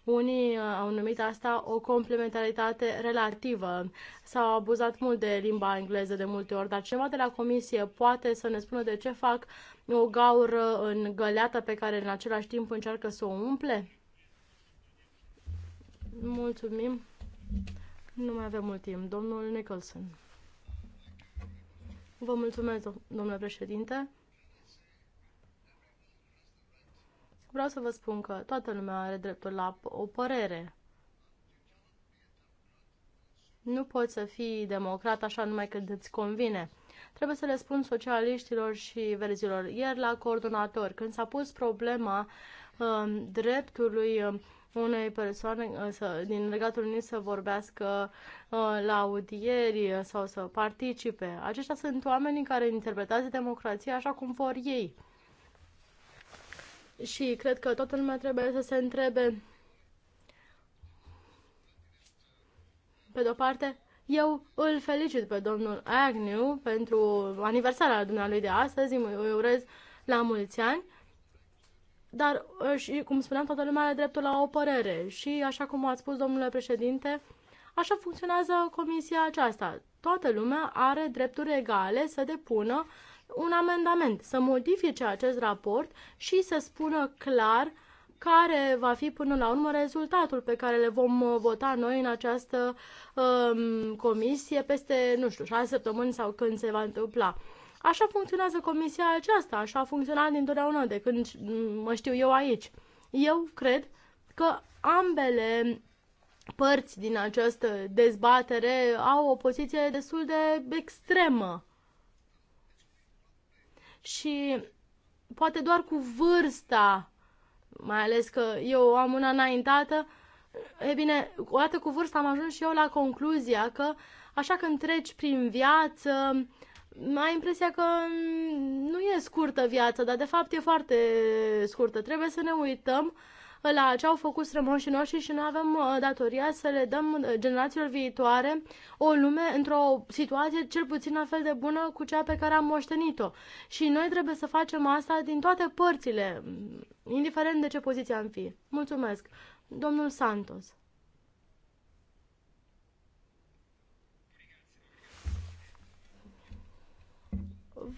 unii uh, au numit asta o complementaritate relativă. S-au abuzat mult de limba engleză de multe ori, dar cineva de la comisie poate să ne spună de ce fac o gaură în găleată pe care în același timp încearcă să o umple? Mulțumim. Nu mai avem mult timp. Domnul Nicholson. Vă mulțumesc, domnule președinte. vreau să vă spun că toată lumea are dreptul la o părere. Nu poți să fii democrat așa numai când îți convine. Trebuie să le spun socialiștilor și verzilor. Ieri la coordonator, când s-a pus problema uh, dreptului uh, unei persoane uh, să, din legatul unii să vorbească uh, la audieri uh, sau să participe. Aceștia sunt oamenii care interpretează democrația așa cum vor ei și cred că toată lumea trebuie să se întrebe pe de-o parte, eu îl felicit pe domnul Agnew pentru aniversarea dumnealui de astăzi, îi urez la mulți ani, dar, uh, și, cum spuneam, toată lumea are dreptul la o părere și, așa cum a spus, domnule președinte, așa funcționează comisia aceasta. Toată lumea are drepturi egale să depună uh, un amendament, să modifice acest raport și să spună clar care va fi până la urmă rezultatul pe care le vom uh, vota noi în această um, comisie peste, nu știu, șase săptămâni sau când se va întâmpla. Așa funcționează comisia aceasta, așa a funcționat dintotdeauna de când mă știu eu aici. Eu cred că ambele părți din această dezbatere au o poziție destul de extremă și poate doar cu vârsta, mai ales că eu am una înaintată, e bine, odată cu vârsta am ajuns și eu la concluzia că așa când treci prin viață, ai impresia că nu e scurtă viața, dar de fapt e foarte scurtă. Trebuie să ne uităm la ce au făcut strămoșii noștri și noi avem uh, datoria să le dăm uh, generațiilor viitoare o lume într-o situație cel puțin la fel de bună cu cea pe care am moștenit-o. Și noi trebuie să facem asta din toate părțile, mm, indiferent de ce poziție am fi. Mulțumesc. Domnul Santos.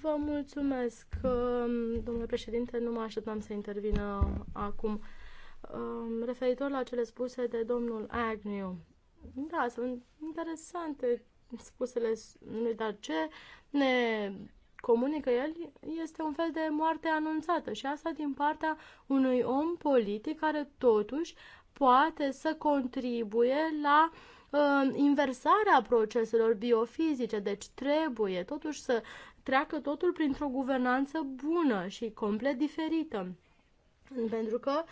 Vă mulțumesc, uh, domnule președinte, nu mă așteptam să intervină acum referitor la cele spuse de domnul Agnew. Da, sunt interesante spusele lui, dar ce ne comunică el este un fel de moarte anunțată și asta din partea unui om politic care totuși poate să contribuie la uh, inversarea proceselor biofizice, deci trebuie totuși să treacă totul printr-o guvernanță bună și complet diferită. Pentru că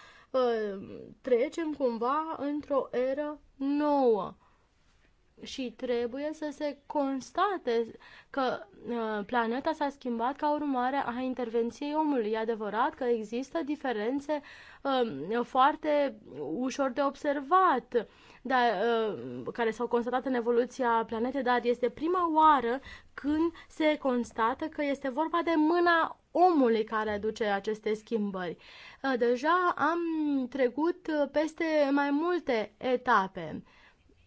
trecem cumva într-o eră nouă și trebuie să se constate că uh, planeta s-a schimbat ca urmare a intervenției omului. E adevărat că există diferențe uh, foarte ușor de observat, dar, uh, care s-au constatat în evoluția planetei, dar este prima oară când se constată că este vorba de mâna omului care aduce aceste schimbări. Uh, deja am trecut uh, peste mai multe etape.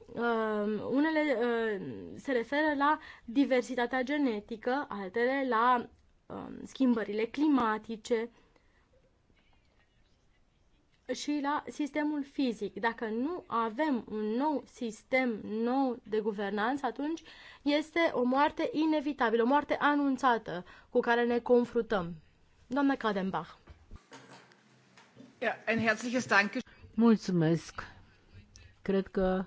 Uh, unele uh, se referă la diversitatea genetică, altele la uh, schimbările climatice, uh, și la sistemul fizic. Dacă nu avem un nou sistem nou de guvernanță, atunci este o moarte inevitabilă, o moarte anunțată cu care ne confruntăm. Doamna Kadenbach. Mulțumesc. Cred că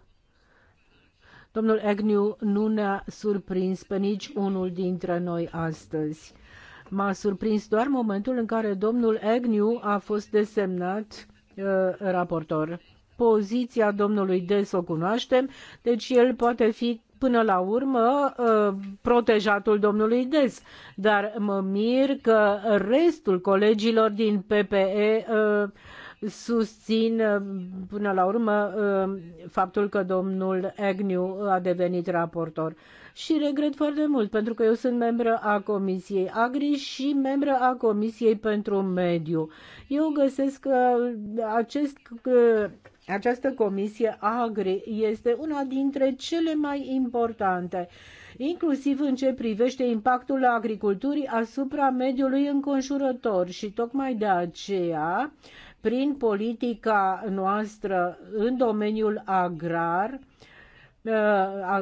domnul Agnew nu ne-a surprins pe nici unul dintre noi astăzi. M-a surprins doar momentul în care domnul Agnew a fost desemnat Uh, raportor. Poziția domnului Des o cunoaștem, deci el poate fi până la urmă uh, protejatul domnului Des. Dar mă mir că restul colegilor din PPE uh, Susțin uh, până la urmă uh, faptul că domnul Agnew a devenit raportor și regret foarte mult pentru că eu sunt membră a Comisiei Agri și membră a Comisiei pentru Mediu. Eu găsesc că acest această comisie agri este una dintre cele mai importante, inclusiv în ce privește impactul agriculturii asupra mediului înconjurător și tocmai de aceea prin politica noastră în domeniul agrar, uh,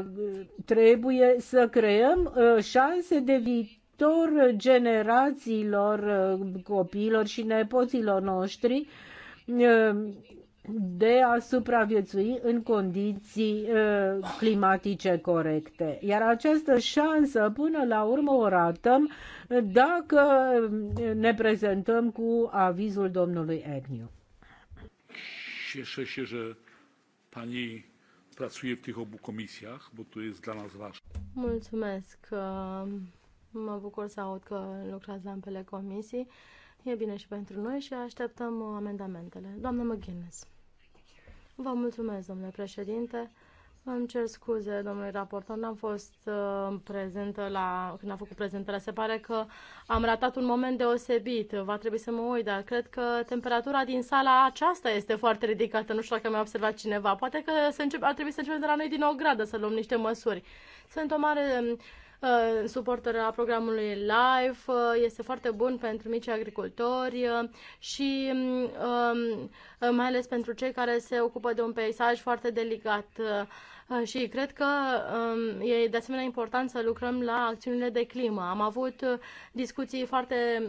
trebuie să creăm uh, șanse de viitor generațiilor uh, copiilor și nepoților noștri de a supraviețui în condiții uh, climatice corecte. Iar această șansă, până la urmă, o ratăm dacă ne prezentăm cu avizul domnului Agnew. pani pracuje w tych obu komisjach, bo to jest dla nas ważne. Mulțumesc. Mă bucur să aud că lucrați la ambele comisii. E bine și pentru noi și așteptăm uh, amendamentele. Doamna McGuinness. Vă mulțumesc, domnule președinte. Îmi cer scuze, domnule raportor, n-am fost uh, prezentă la, când am făcut prezentarea. Se pare că am ratat un moment deosebit. Va trebui să mă uit, dar cred că temperatura din sala aceasta este foarte ridicată. Nu știu dacă mi-a observat cineva. Poate că se începe, ar trebui să începem de la noi din o gradă să luăm niște măsuri. Sunt o mare Uh, suportarea programului LIFE, uh, este foarte bun pentru mici agricultori uh, și um, um, mai ales pentru cei care se ocupă de un peisaj foarte delicat. Și cred că um, e de asemenea important să lucrăm la acțiunile de climă. Am avut discuții foarte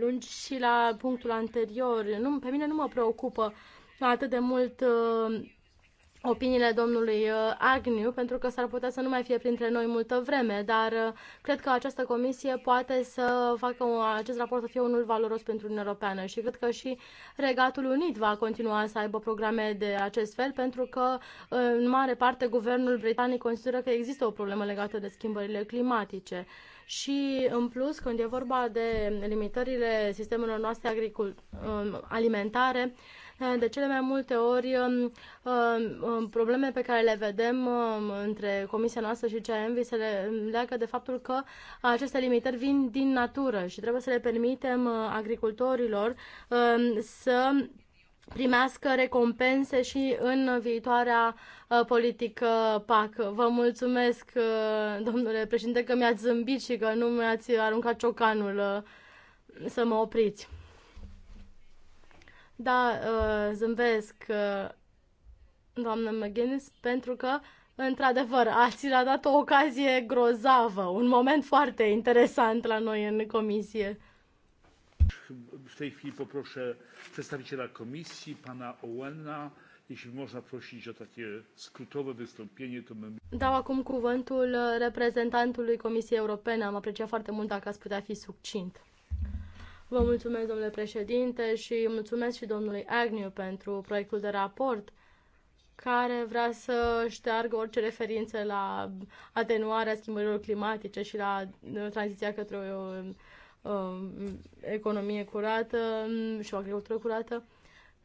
lungi și la punctul anterior. Nu, pe mine nu mă preocupă atât de mult uh, opiniile domnului uh, Agniu, pentru că s-ar putea să nu mai fie printre noi multă vreme, dar uh, cred că această comisie poate să facă acest raport să fie unul valoros pentru Uniunea Europeană și cred că și Regatul Unit va continua să aibă programe de acest fel, pentru că uh, în mare parte guvernul britanic consideră că există o problemă legată de schimbările climatice. Și, în plus, când e vorba de limitările sistemelor noastre um, alimentare, de cele mai multe ori, um, um, probleme pe care le vedem um, între comisia noastră și CAMV se le leagă de faptul că aceste limitări vin din natură și trebuie să le permitem uh, agricultorilor să primească recompense și în viitoarea uh, politică PAC. Vă mulțumesc, uh, domnule președinte, că mi-ați zâmbit și că nu mi-ați aruncat ciocanul să mă opriți. Da, uh, zâmbesc, uh, doamnă McGinnis, pentru că, într-adevăr, ați a dat o ocazie grozavă, un moment foarte interesant la noi în comisie. W tej chwili poproszę przedstawiciela komisji, pana Owena, jeśli można prosić o takie skrótowe wystąpienie, to bym... Dau acum cuvântul reprezentantului Comisiei Europene. Am apreciat foarte mult dacă ați putea fi succint. Vă mulțumesc, domnule președinte, și mulțumesc și domnului Agnew pentru proiectul de raport care vrea să șteargă orice referință la atenuarea schimbărilor climatice și la uh, tranziția către o uh, economie curată um, și o agricultură curată.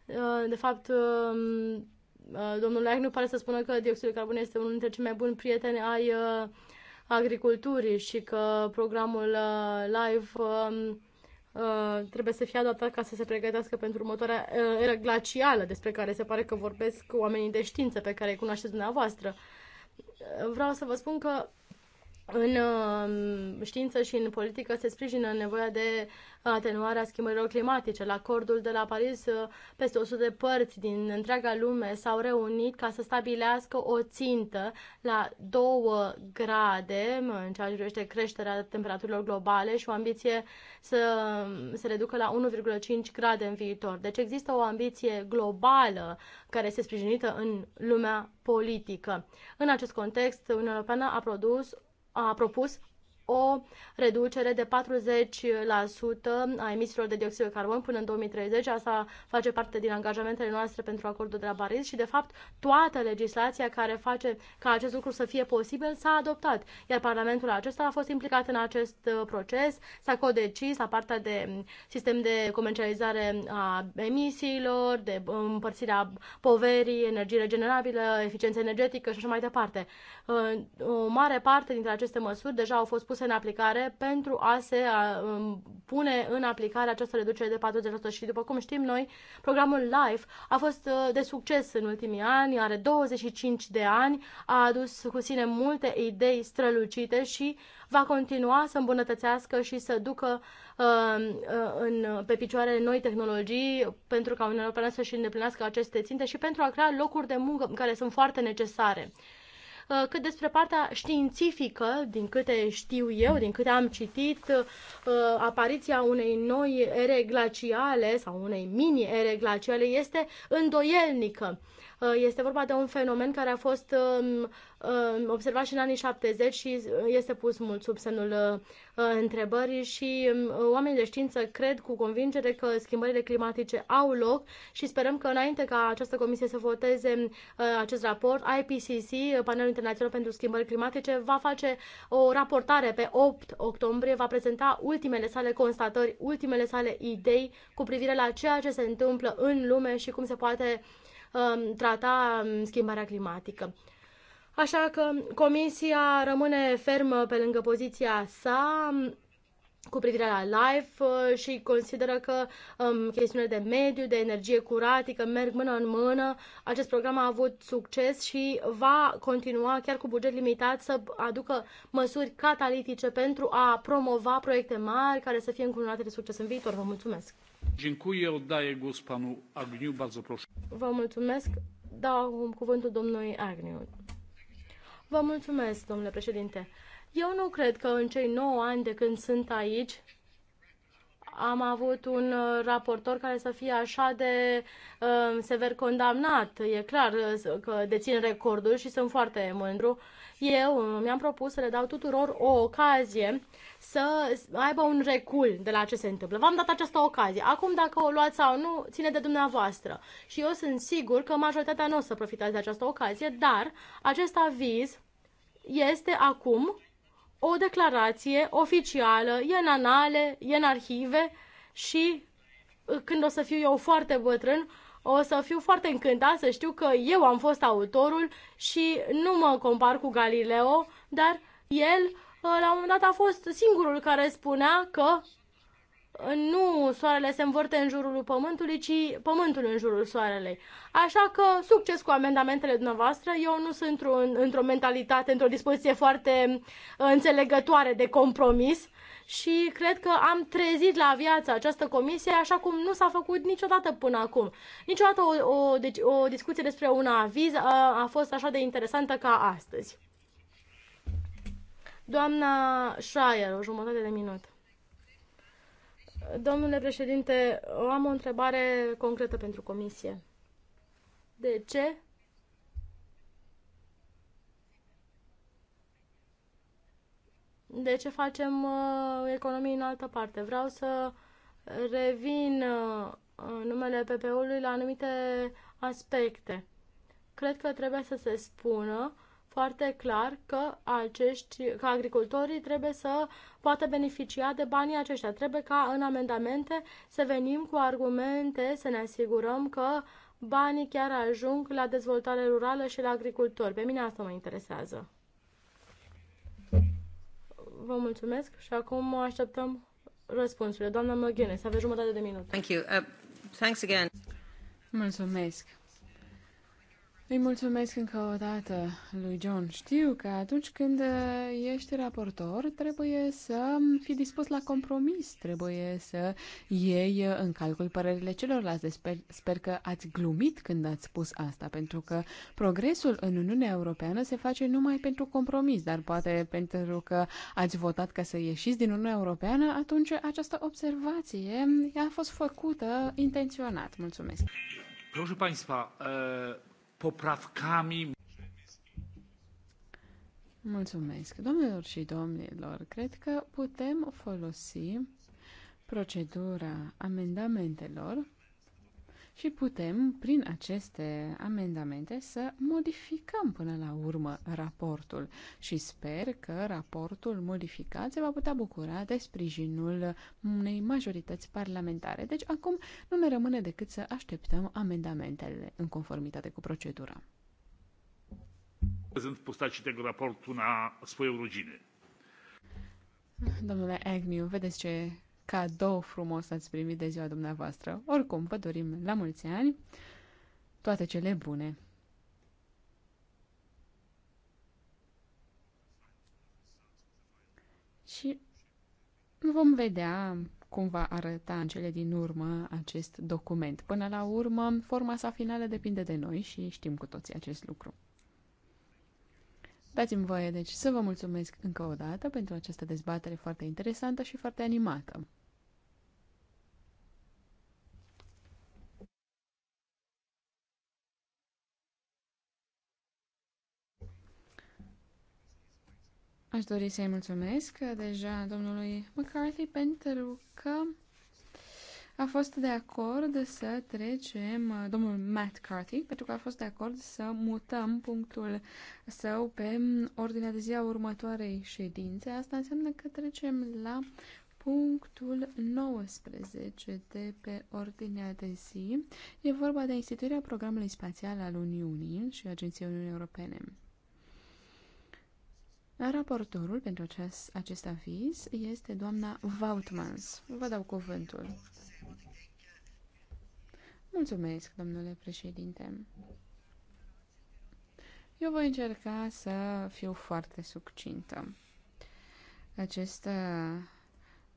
Uh, de fapt, um, domnul Agnew pare să spună că dioxidul de carbon este unul dintre cei mai buni prieteni ai agriculturii și că programul LIFE um, Uh, trebuie să fie adaptat ca să se pregătească pentru următoarea uh, era glacială despre care se pare că vorbesc oamenii de știință pe care îi cunoașteți dumneavoastră. Uh, vreau să vă spun că în um, știință și în politică se sprijină nevoia de atenuarea schimbărilor climatice. La acordul de la Paris, uh, peste 100 de părți din întreaga lume s-au reunit ca să stabilească o țintă la 2 grade în ceea ce privește creșterea temperaturilor globale și o ambiție să um, se reducă la 1,5 grade în viitor. Deci există o ambiție globală care este sprijinită în lumea politică. În acest context, Uniunea Europeană a produs a propus o reducere de 40% a emisiilor de dioxid de carbon până în 2030. Asta face parte din angajamentele noastre pentru acordul de la Paris și, de fapt, toată legislația care face ca acest lucru să fie posibil s-a adoptat. Iar Parlamentul acesta a fost implicat în acest uh, proces, s-a codecis la partea de um, sistem de comercializare a emisiilor, de um, împărțirea poverii, energie regenerabilă, eficiență energetică și așa mai departe. Uh, o mare parte dintre aceste măsuri deja au fost puse puse în aplicare pentru a se um, pune în aplicare această reducere de 40%. Și după cum știm noi, programul LIFE a fost uh, de succes în ultimii ani, are 25 de ani, a adus cu sine multe idei strălucite și va continua să îmbunătățească și să ducă um, uh, în, pe picioare noi tehnologii pentru ca Uniunea Europeană să-și îndeplinească aceste ținte și pentru a crea locuri de muncă care sunt foarte necesare. Uh, cât despre partea științifică, din câte știu eu, din câte am citit, uh, apariția unei noi ere glaciale sau unei mini-ere glaciale este îndoielnică. Uh, este vorba de un fenomen care a fost um, um, observat și în anii 70 și uh, este pus mult sub semnul uh, întrebării și um, oamenii de știință cred cu convingere că schimbările climatice au loc și sperăm că înainte ca această comisie să voteze acest raport, IPCC, Panelul Internațional pentru Schimbări Climatice, va face o raportare pe 8 octombrie, va prezenta ultimele sale constatări, ultimele sale idei cu privire la ceea ce se întâmplă în lume și cum se poate uh, Um, trata um, schimbarea climatică. Așa că comisia rămâne fermă pe lângă poziția sa um, cu privire la life uh, și consideră că um, chestiunile de mediu, de energie curatică merg mână în mână. Acest program a avut succes și va continua chiar cu buget limitat să aducă măsuri catalitice pentru a promova proiecte mari care să fie încununate de succes în viitor. Vă mulțumesc! Dziękuję, oddaję głos panu Agniu, bardzo proszę. Vă mulțumesc, dau cuvântul domnului Agniu. Vă mulțumesc, domnule președinte. Eu nu cred că în cei 9 ani de când sunt aici am avut un uh, raportor care să fie așa de uh, sever condamnat. E clar uh, că dețin recordul și sunt foarte mândru eu uh, mi-am propus să le dau tuturor o ocazie să aibă un recul de la ce se întâmplă. V-am dat această ocazie. Acum, dacă o luați sau nu, ține de dumneavoastră. Și eu sunt sigur că majoritatea nu o să profitați de această ocazie, dar acest aviz este acum o declarație oficială, e în anale, e în arhive și uh, când o să fiu eu foarte bătrân, o să fiu foarte încântat să știu că eu am fost autorul și nu mă compar cu Galileo, dar el ă, la un moment dat a fost singurul care spunea că ă, nu soarele se învârte în jurul pământului, ci pământul în jurul soarelei. Așa că succes cu amendamentele dumneavoastră. Eu nu sunt într-o, într-o mentalitate, într-o dispoziție foarte ă, înțelegătoare de compromis și cred că am trezit la viață această comisie așa cum nu s-a făcut niciodată până acum. Niciodată o, o, deci, o discuție despre un aviz a, a fost așa de interesantă ca astăzi. Doamna Schreier, o jumătate de minut. Domnule președinte, am o întrebare concretă pentru comisie. De ce de ce facem uh, economii în altă parte. Vreau să revin uh, numele ppu ului la anumite aspecte. Cred că trebuie să se spună foarte clar că acești, că agricultorii trebuie să poată beneficia de banii aceștia. Trebuie ca în amendamente să venim cu argumente, să ne asigurăm că banii chiar ajung la dezvoltare rurală și la agricultori. Pe mine asta mă interesează. Vă mulțumesc și acum așteptăm răspunsurile. Doamna McGuinness, aveți jumătate de minut. Thank you. Uh, thanks again. Mulțumesc. Îi mulțumesc încă o dată lui John. Știu că atunci când uh, ești raportor, trebuie să fii dispus la compromis, trebuie să iei uh, în calcul părerile celorlalți. Deci sper, sper că ați glumit când ați spus asta, pentru că progresul în Uniunea Europeană se face numai pentru compromis, dar poate pentru că ați votat ca să ieșiți din Uniunea Europeană, atunci această observație a fost făcută intenționat. Mulțumesc. Proszę Państwa, poprawkami. Mulțumesc. Domnilor și domnilor, cred că putem folosi procedura amendamentelor și putem, prin aceste amendamente, să modificăm până la urmă raportul și sper că raportul modificat se va putea bucura de sprijinul unei majorități parlamentare. Deci acum nu ne rămâne decât să așteptăm amendamentele în conformitate cu procedura. Prezent postaci de raportu na swoją rodzinę. Domnule Agnew, vedeți ce cadou frumos ați primit de ziua dumneavoastră. Oricum, vă dorim la mulți ani toate cele bune. Și vom vedea cum va arăta în cele din urmă acest document. Până la urmă, forma sa finală depinde de noi și știm cu toții acest lucru. Dați-mi voie, deci, să vă mulțumesc încă o dată pentru această dezbatere foarte interesantă și foarte animată. Aș dori să-i mulțumesc deja domnului McCarthy pentru că a fost de acord să trecem, uh, domnul Matt Carthy, pentru că a fost de acord să mutăm punctul său pe mm, ordinea de zi a următoarei ședințe. Asta înseamnă că trecem la punctul 19 de pe ordinea de zi. E vorba de instituirea programului spațial al Uniunii și Agenției Uniunii Europene. Raportorul pentru acest, acest aviz este doamna Vautmans. Vă dau cuvântul. Mulțumesc, domnule președinte. Eu voi încerca să fiu foarte succintă. Acest uh,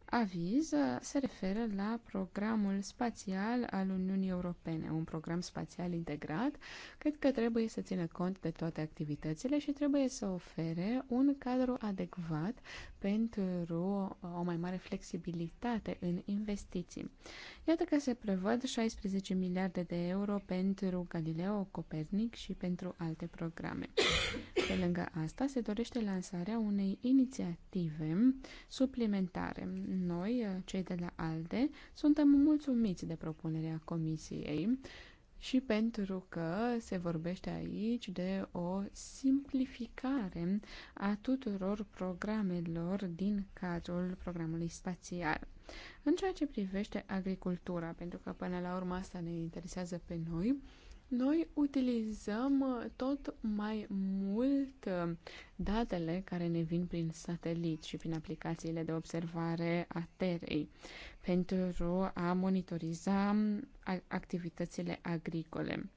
aviz uh, se referă la programul spațial al Uniunii Europene, un program spațial integrat. Cred că trebuie să țină cont de toate activitățile și trebuie să ofere un cadru adecvat pentru uh, o mai mare flexibilitate în investiții. Iată că se prevăd 16 miliarde de euro pentru Galileo, Copernic și pentru alte programe. Pe lângă asta se dorește lansarea unei inițiative suplimentare. Noi, uh, cei de la ALDE, suntem mulțumiți de propunerea Comisiei și pentru că se vorbește aici de o simplificare a tuturor programelor din cadrul programului spațial. În ceea ce privește agricultura, pentru că până la urmă asta ne interesează pe noi, noi utilizăm tot mai mult datele care ne vin prin satelit și prin aplicațiile de observare a Terei pentru a monitoriza activitățile agricole.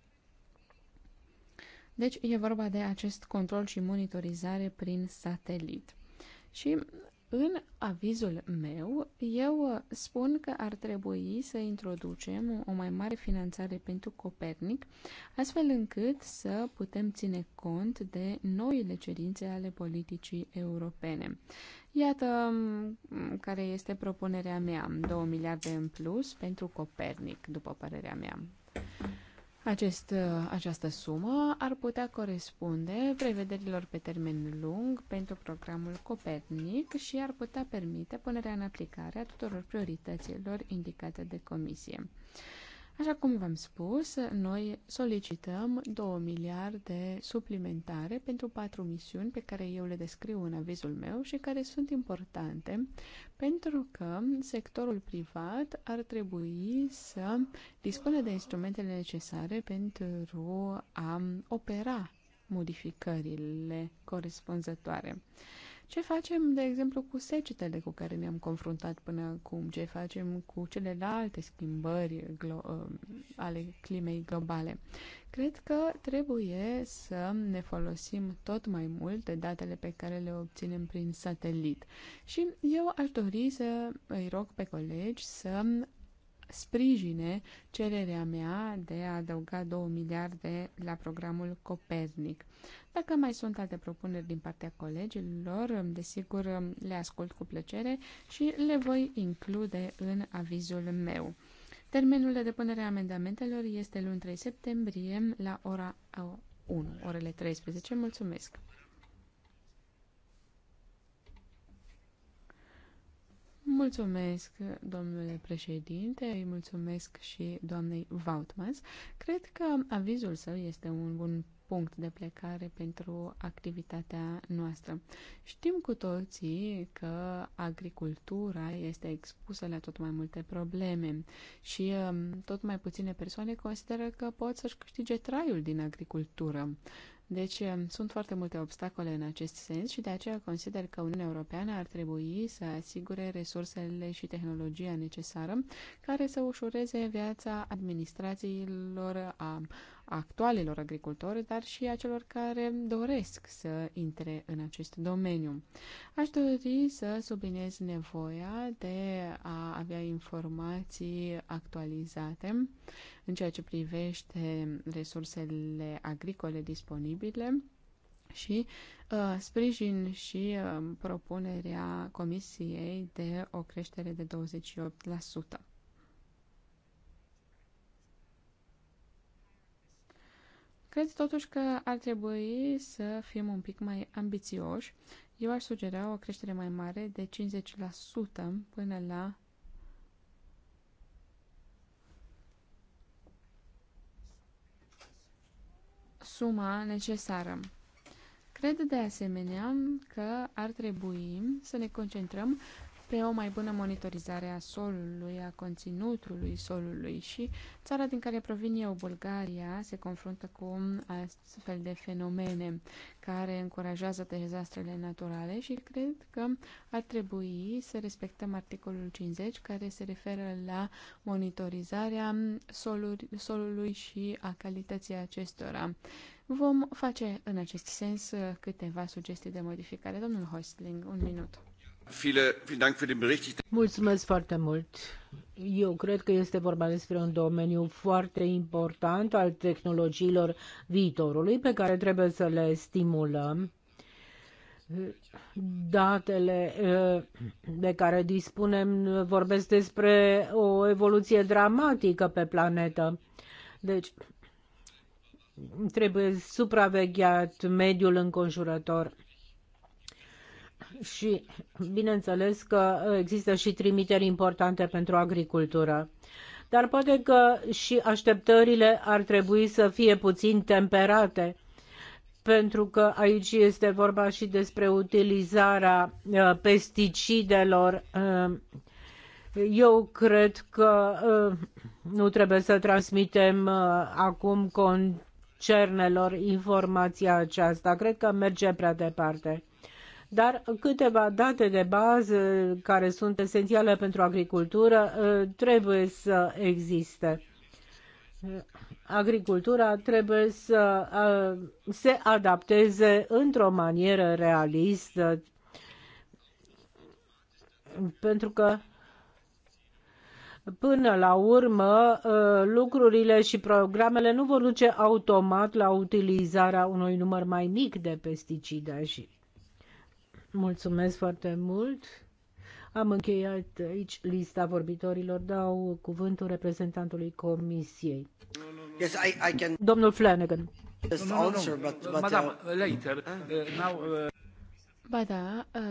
Deci e vorba de acest control și monitorizare prin satelit. Și în avizul meu, eu spun că ar trebui să introducem o mai mare finanțare pentru Copernic, astfel încât să putem ține cont de noile cerințe ale politicii europene. Iată mm, care este propunerea mea, 2 miliarde în plus pentru Copernic, după părerea mea. Acest, această sumă ar putea corespunde prevederilor pe termen lung pentru programul Copernic și ar putea permite punerea în aplicare a tuturor priorităților indicate de comisie. Așa cum v-am spus, noi solicităm 2 miliarde suplimentare pentru patru misiuni pe care eu le descriu în avizul meu și care sunt importante pentru că sectorul privat ar trebui să dispună de instrumentele necesare pentru a opera modificările corespunzătoare. Ce facem, de exemplu, cu secetele cu care ne-am confruntat până acum? Ce facem cu celelalte schimbări ă, ale climei globale? Cred că trebuie să ne folosim tot mai mult de datele pe care le obținem prin satelit. Și eu aș dori să îi rog pe colegi să sprijine cererea mea de a adăuga 2 miliarde la programul Copernic. Dacă mai sunt alte propuneri din partea colegilor, desigur le ascult cu plăcere și le voi include în avizul meu. Termenul de depunere a amendamentelor este luni 3 septembrie la ora 1, orele 13. Mulțumesc! Mulțumesc, domnule președinte, îi mulțumesc și doamnei Vautmans. Cred că avizul său este un bun punct de plecare pentru activitatea noastră. Știm cu toții că agricultura este expusă la tot mai multe probleme și um, tot mai puține persoane consideră că pot să-și câștige traiul din agricultură. Deci eh, sunt foarte multe obstacole în acest sens și de aceea consider că Uniunea Europeană ar trebui să asigure resursele și tehnologia necesară care să ușureze viața administrațiilor, a actualilor agricultori, dar și a celor care doresc să intre în acest domeniu. Aș dori să subliniez nevoia de a avea informații actualizate în ceea ce privește resursele agricole disponibile și uh, sprijin și uh, propunerea Comisiei de o creștere de 28%. Cred totuși că ar trebui să fim un pic mai ambițioși. Eu aș sugera o creștere mai mare de 50% până la suma necesară. Cred de asemenea că ar trebui să ne concentrăm spre o mai bună monitorizare a solului, a conținutului solului și țara din care provin eu, Bulgaria, se confruntă cu astfel de fenomene care încurajează dezastrele naturale și cred că ar trebui să respectăm articolul 50 care se referă la monitorizarea solului și a calității acestora. Vom face în acest sens câteva sugestii de modificare. Domnul Hostling, un minut. Mulțumesc foarte mult. Eu cred că este vorba despre un domeniu foarte important al tehnologiilor viitorului pe care trebuie să le stimulăm. Datele eh, de care dispunem vorbesc despre o evoluție dramatică pe planetă. Deci trebuie supravegheat mediul înconjurător și bineînțeles că există și trimiteri importante pentru agricultură. Dar poate că și așteptările ar trebui să fie puțin temperate, pentru că aici este vorba și despre utilizarea uh, pesticidelor. Uh, eu cred că uh, nu trebuie să transmitem acum concernelor informația aceasta. Cred că merge prea departe. Dar câteva date de bază care sunt esențiale pentru agricultură ă, trebuie să existe. Agricultura trebuie să ă, se adapteze într-o manieră realistă pentru că până la urmă ă, lucrurile și programele nu vor duce automat la utilizarea unui număr mai mic de pesticide și Mulțumesc foarte mult. Am încheiat aici lista vorbitorilor. Dau cuvântul reprezentantului Comisiei. Yes, I, I can... Domnul Flanagan. Madam, uh, uh, later. Uh, now, Ba da, uh,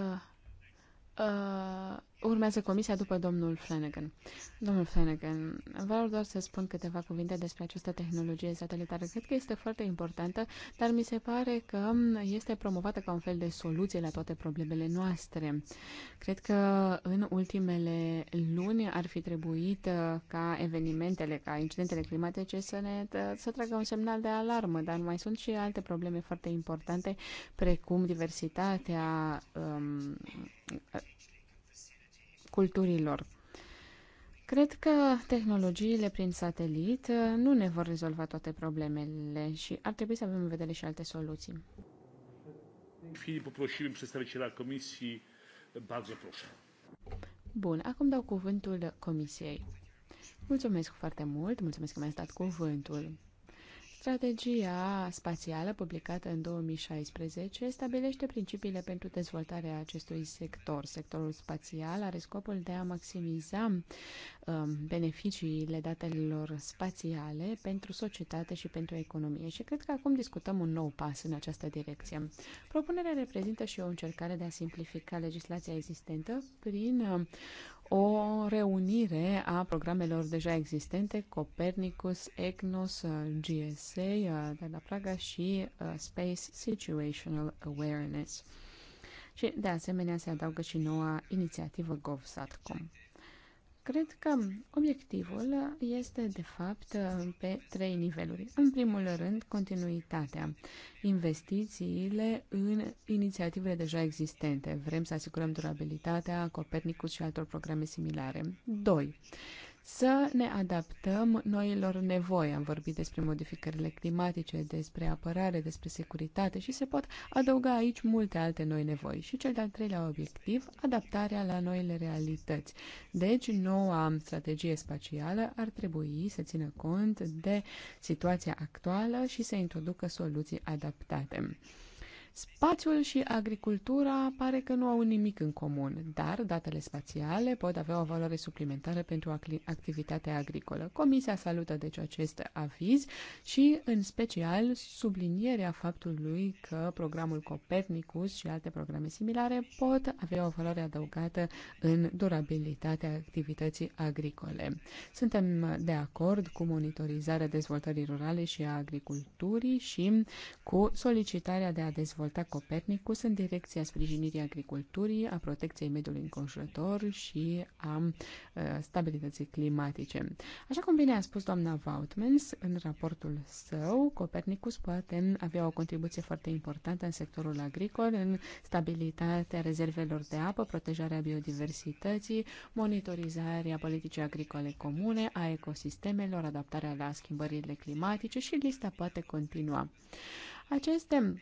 uh, Urmează comisia după domnul Flanagan. Domnul Flanagan, vreau doar să spun câteva cuvinte despre această tehnologie satelitară. Cred că este foarte importantă, dar mi se pare că este promovată ca un fel de soluție la toate problemele noastre. Cred că în ultimele luni ar fi trebuit uh, ca evenimentele, ca incidentele climatice să ne uh, să tragă un semnal de alarmă, dar mai sunt și alte probleme foarte importante, precum diversitatea um, culturilor. Cred că tehnologiile prin satelit uh, nu ne vor rezolva toate problemele și ar trebui să avem în vedere și alte soluții. Bun, acum dau cuvântul comisiei. Mulțumesc foarte mult, mulțumesc că mi-ați dat cuvântul. Strategia spațială publicată în 2016 stabilește principiile pentru dezvoltarea acestui sector. Sectorul spațial are scopul de a maximiza um, beneficiile datelor spațiale pentru societate și pentru economie și cred că acum discutăm un nou pas în această direcție. Propunerea reprezintă și o încercare de a simplifica legislația existentă prin um, o reunire a programelor deja existente, Copernicus, EGNOS, GSA, de la Praga și uh, Space Situational Awareness. Și, de asemenea, se adaugă și noua inițiativă GovSatcom. Cred că obiectivul este, de fapt, pe trei niveluri. În primul rând, continuitatea. Investițiile în inițiativele deja existente. Vrem să asigurăm durabilitatea Copernicus și altor programe similare. 2 să ne adaptăm noilor nevoi. Am vorbit despre modificările climatice, despre apărare, despre securitate și se pot adăuga aici multe alte noi nevoi. Și cel de-al treilea obiectiv, adaptarea la noile realități. Deci, noua strategie spațială ar trebui să țină cont de situația actuală și să introducă soluții adaptate. Spațiul și agricultura pare că nu au nimic în comun, dar datele spațiale pot avea o valoare suplimentară pentru activitatea agricolă. Comisia salută deci acest aviz și, în special, sublinierea faptului că programul Copernicus și alte programe similare pot avea o valoare adăugată în durabilitatea activității agricole. Suntem de acord cu monitorizarea dezvoltării rurale și a agriculturii și cu solicitarea de a dezvolta dezvolta Copernicus în direcția sprijinirii agriculturii, a protecției mediului înconjurător și a uh, stabilității climatice. Așa cum bine a spus doamna Vautmans, în raportul său, Copernicus poate avea o contribuție foarte importantă în sectorul agricol, în stabilitatea rezervelor de apă, protejarea biodiversității, monitorizarea politicii agricole comune, a ecosistemelor, adaptarea la schimbările climatice și lista poate continua. Aceste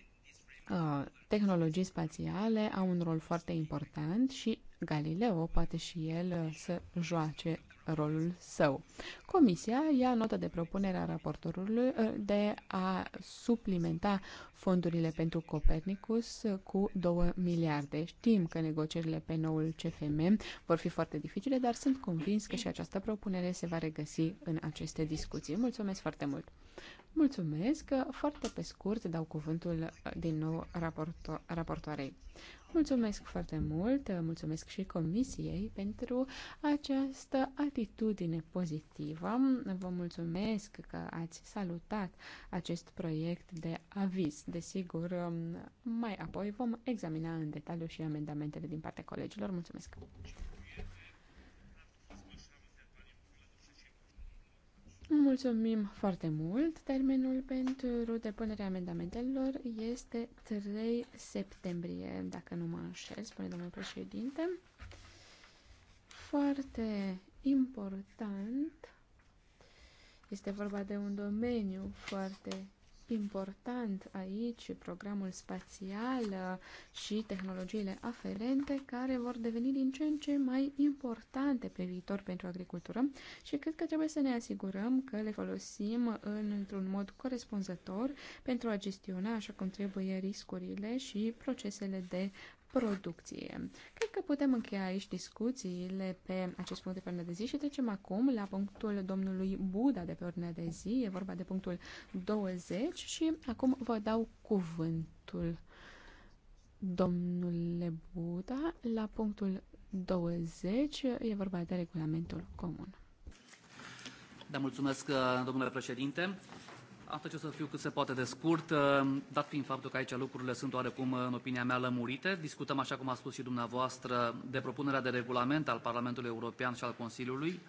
Uh, tehnologii spațiale au un rol foarte important și Galileo poate și el uh, să joace rolul său. Comisia ia notă de propunerea raportorului uh, de a suplimenta fondurile pentru Copernicus cu 2 miliarde. Știm că negocierile pe noul CFM vor fi foarte dificile, dar sunt convins că și această propunere se va regăsi în aceste discuții. Mulțumesc foarte mult! Mulțumesc. Foarte pe scurt dau cuvântul din nou raporto- raportoarei. Mulțumesc foarte mult, mulțumesc și Comisiei pentru această atitudine pozitivă. Vă mulțumesc că ați salutat acest proiect de aviz. Desigur, mai apoi vom examina în detaliu și amendamentele din partea colegilor. Mulțumesc! Mulțumim foarte mult. Termenul pentru depunerea amendamentelor este 3 septembrie, dacă nu mă înșel, spune domnul președinte. Foarte important. Este vorba de un domeniu foarte important aici programul spațial uh, și tehnologiile aferente care vor deveni din ce în ce mai importante pe viitor pentru agricultură și cred că trebuie să ne asigurăm că le folosim în, într-un mod corespunzător pentru a gestiona așa cum trebuie riscurile și procesele de producție. Cred că putem încheia aici discuțiile pe acest punct de pe de zi și trecem acum la punctul domnului Buda de pe ordinea de zi. E vorba de punctul 20 și acum vă dau cuvântul. Domnule Buda, la punctul 20 e vorba de regulamentul comun. Da, mulțumesc, domnule președinte. Astăzi o să fiu cât se poate de scurt, ehm, dat fiind faptul că aici lucrurile sunt oarecum, în opinia mea, lămurite. Discutăm, așa cum a spus și dumneavoastră, de propunerea de regulament al Parlamentului European și al Consiliului,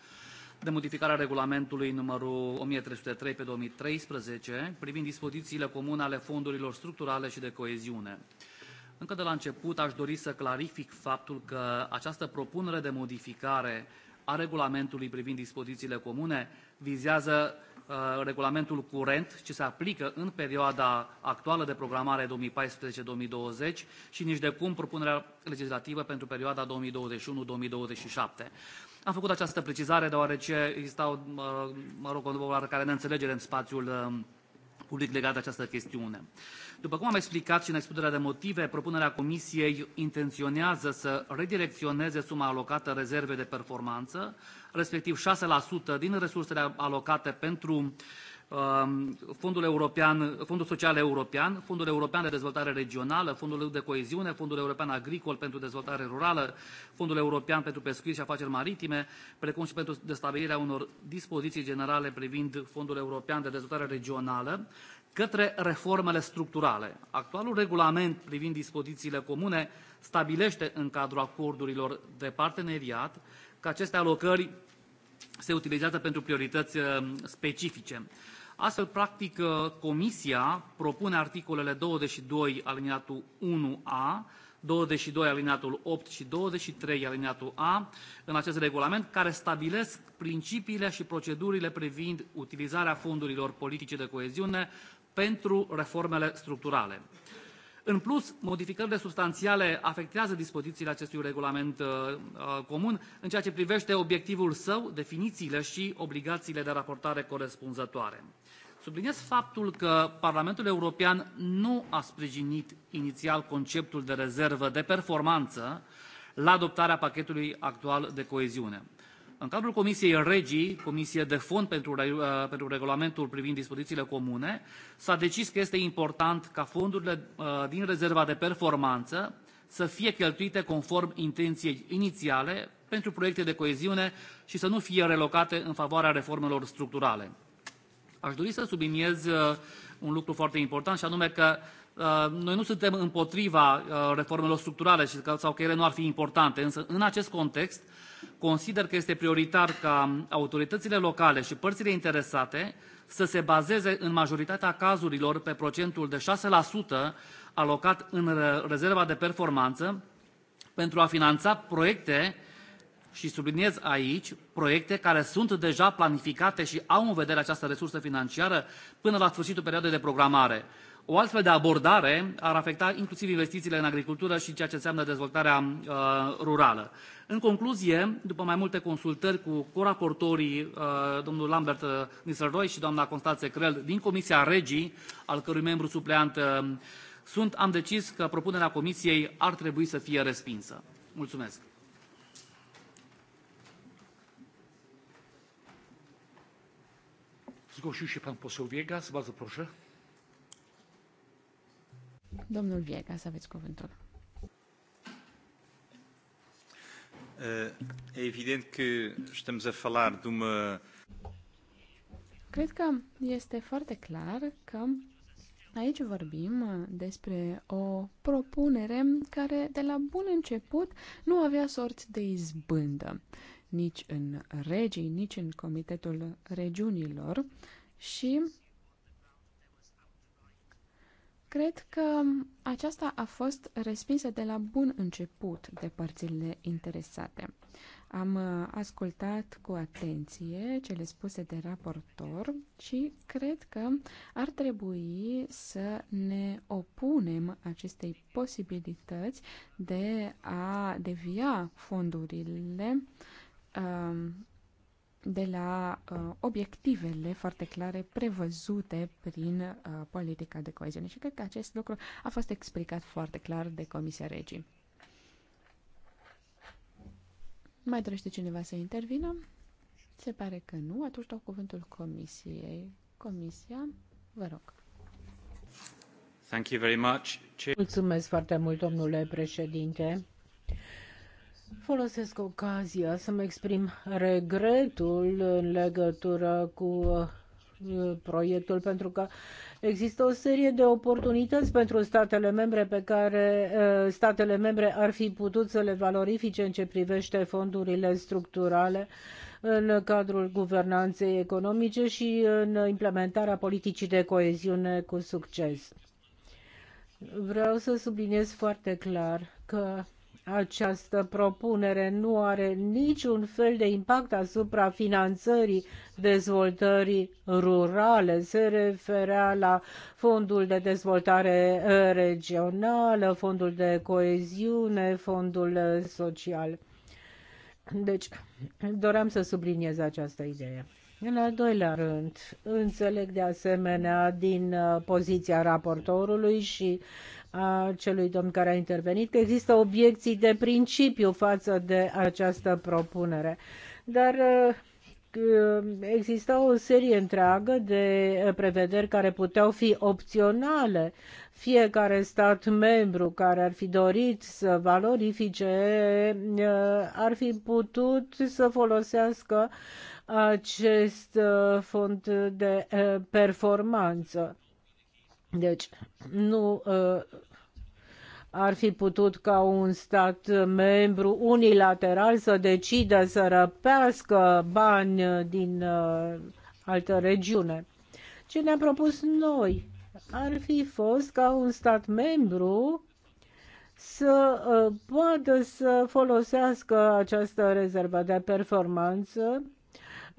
de modificarea regulamentului numărul 1303 pe 2013, privind dispozițiile comune ale fondurilor structurale și de coeziune. Încă de la început aș dori să clarific faptul că această propunere de modificare a regulamentului privind dispozițiile comune vizează Uh, regulamentul curent, ce se aplică în perioada actuală de programare 2014-2020 și nici de cum propunerea legislativă pentru perioada 2021-2027. Am făcut această precizare deoarece existau, uh, mă rog, o care neînțelegere în spațiul uh, public legat de această chestiune. După cum am explicat și în expunerea de motive, propunerea Comisiei intenționează să redirecționeze suma alocată rezerve de performanță, respectiv 6% din resursele alocate pentru Um, Fondul, European, Fondul Social European, Fondul European de Dezvoltare Regională, Fondul de Coeziune, Fondul European Agricol pentru Dezvoltare Rurală, Fondul European pentru Pescuit și Afaceri Maritime, precum și pentru stabilirea unor dispoziții generale privind Fondul European de Dezvoltare Regională, către reformele structurale. Actualul regulament privind dispozițiile comune stabilește în cadrul acordurilor de parteneriat că aceste alocări se utilizează pentru priorități uh, specifice. Astfel, practic, uh, Comisia propune articolele 22 aliniatul 1A, 22 alineatul 8 și 23 alineatul A în acest regulament, care stabilesc principiile și procedurile privind utilizarea fondurilor politice de coeziune pentru reformele structurale în plus modificările substanțiale afectează dispozițiile acestui regulament uh, uh, comun în ceea ce privește obiectivul său definițiile și obligațiile de raportare corespunzătoare. subliniez faptul că parlamentul european nu a sprijinit inițial conceptul de rezervă de performanță la adoptarea pachetului actual de coeziune. În cadrul Comisiei Regii, Comisie de Fond pentru, uh, pentru regulamentul privind dispozițiile comune, s-a decis că este important ca fondurile uh, din rezerva de performanță să fie cheltuite conform intenției inițiale pentru proiecte de coeziune și să nu fie relocate în favoarea reformelor structurale. Aș dori să subliniez uh, un lucru foarte important și anume că noi nu suntem împotriva reformelor structurale și că sau că ele nu ar fi importante, însă în acest context consider că este prioritar ca autoritățile locale și părțile interesate să se bazeze în majoritatea cazurilor pe procentul de 6% alocat în rezerva de performanță pentru a finanța proiecte și subliniez aici proiecte care sunt deja planificate și au în vedere această resursă financiară până la sfârșitul perioadei de programare. O altfel de abordare ar afecta inclusiv investițiile în agricultură și ceea ce înseamnă dezvoltarea uh, rurală. În concluzie, după mai multe consultări cu coraportorii, uh, domnul Lambert uh, Nisleroy și doamna Constanțe Crel din Comisia Regii, al cărui membru supleant uh, sunt, am decis că propunerea Comisiei ar trebui să fie respinsă. Mulțumesc! Zgłosił și pan poseł Wiegas. vă proszę. Domnul Viega, să aveți cuvântul. Eh, e evident că estamos a falar de uma... Cred că este foarte clar că aici vorbim eh, despre o propunere care de la bun început nu avea sorți de izbândă, nici în regii, nici în Comitetul Regiunilor și Cred că aceasta a fost respinsă de la bun început de părțile interesate. Am uh, ascultat cu atenție cele spuse de raportor și cred că ar trebui să ne opunem acestei posibilități de a devia fondurile um, de la uh, obiectivele foarte clare prevăzute prin uh, politica de coeziune. Și cred că acest lucru a fost explicat foarte clar de Comisia Regii. Mai dorește cineva să intervină? Se pare că nu. Atunci dau cuvântul Comisiei. Comisia, vă rog. Thank you very much. Mulțumesc foarte mult, domnule președinte. Folosesc ocazia să-mi exprim regretul în legătură cu uh, proiectul pentru că există o serie de oportunități pentru statele membre pe care uh, statele membre ar fi putut să le valorifice în ce privește fondurile structurale în cadrul guvernanței economice și în implementarea politicii de coeziune cu succes. Vreau să subliniez foarte clar că această propunere nu are niciun fel de impact asupra finanțării dezvoltării rurale. Se referea la fondul de dezvoltare eh, regională, fondul de coeziune, fondul eh, social. Deci, doream să subliniez această idee. În al doilea rând, înțeleg de asemenea din eh, poziția raportorului și a celui domn care a intervenit că există obiecții de principiu față de această propunere. Dar uh, exista o serie întreagă de prevederi care puteau fi opționale. Fiecare stat membru care ar fi dorit să valorifice uh, ar fi putut să folosească acest uh, fond de performanță. Deci, nu uh, ar fi putut ca un stat membru unilateral să decidă să răpească bani din uh, altă regiune. Ce ne-am propus noi ar fi fost ca un stat membru să uh, poată să folosească această rezervă de performanță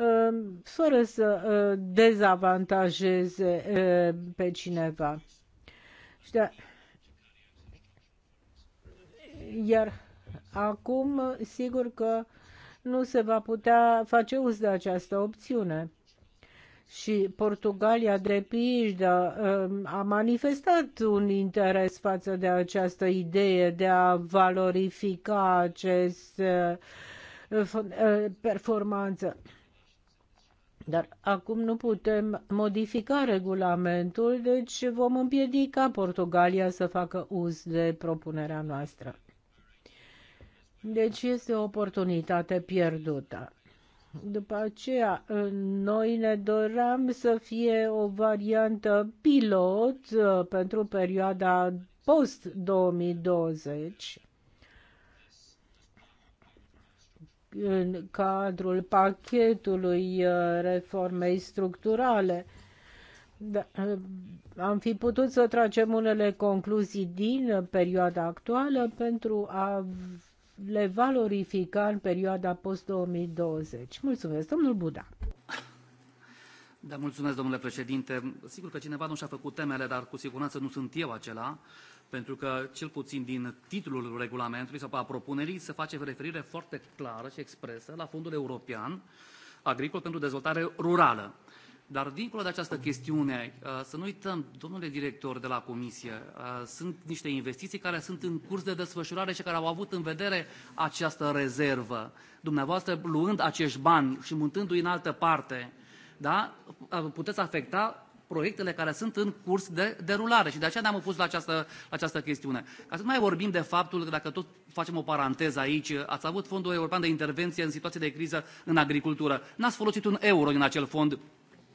Um, fără să uh, dezavantajeze uh, pe cineva. Da, iar acum, sigur că nu se va putea face uz de această opțiune. Și Portugalia, de pildă, um, a manifestat un interes față de această idee de a valorifica acest uh, performanță. Dar acum nu putem modifica regulamentul, deci vom împiedica Portugalia să facă uz de propunerea noastră. Deci este o oportunitate pierdută. După aceea, noi ne doream să fie o variantă pilot uh, pentru perioada post-2020 în cadrul pachetului uh, reformei structurale. Da, uh, am fi putut să tragem unele concluzii din perioada actuală pentru a le valorifica în perioada post-2020. Mulțumesc, domnul Buda. Da, mulțumesc, domnule președinte. Sigur că cineva nu și-a făcut temele, dar cu siguranță nu sunt eu acela pentru că, cel puțin din titlul regulamentului sau a propunerii, se face referire foarte clară și expresă la Fondul European Agricol pentru Dezvoltare Rurală. Dar, dincolo de această chestiune, uh, să nu uităm, domnule director de la Comisie, uh, sunt niște investiții care sunt în curs de desfășurare și care au avut în vedere această rezervă. Dumneavoastră, luând acești bani și mutându-i în altă parte, da, uh, puteți afecta proiectele care sunt în curs de derulare. Și de aceea ne-am opus la această, la această chestiune. Ca să nu mai vorbim de faptul că dacă tot facem o paranteză aici, ați avut Fondul European de Intervenție în situații de criză în agricultură. N-ați folosit un euro din acel fond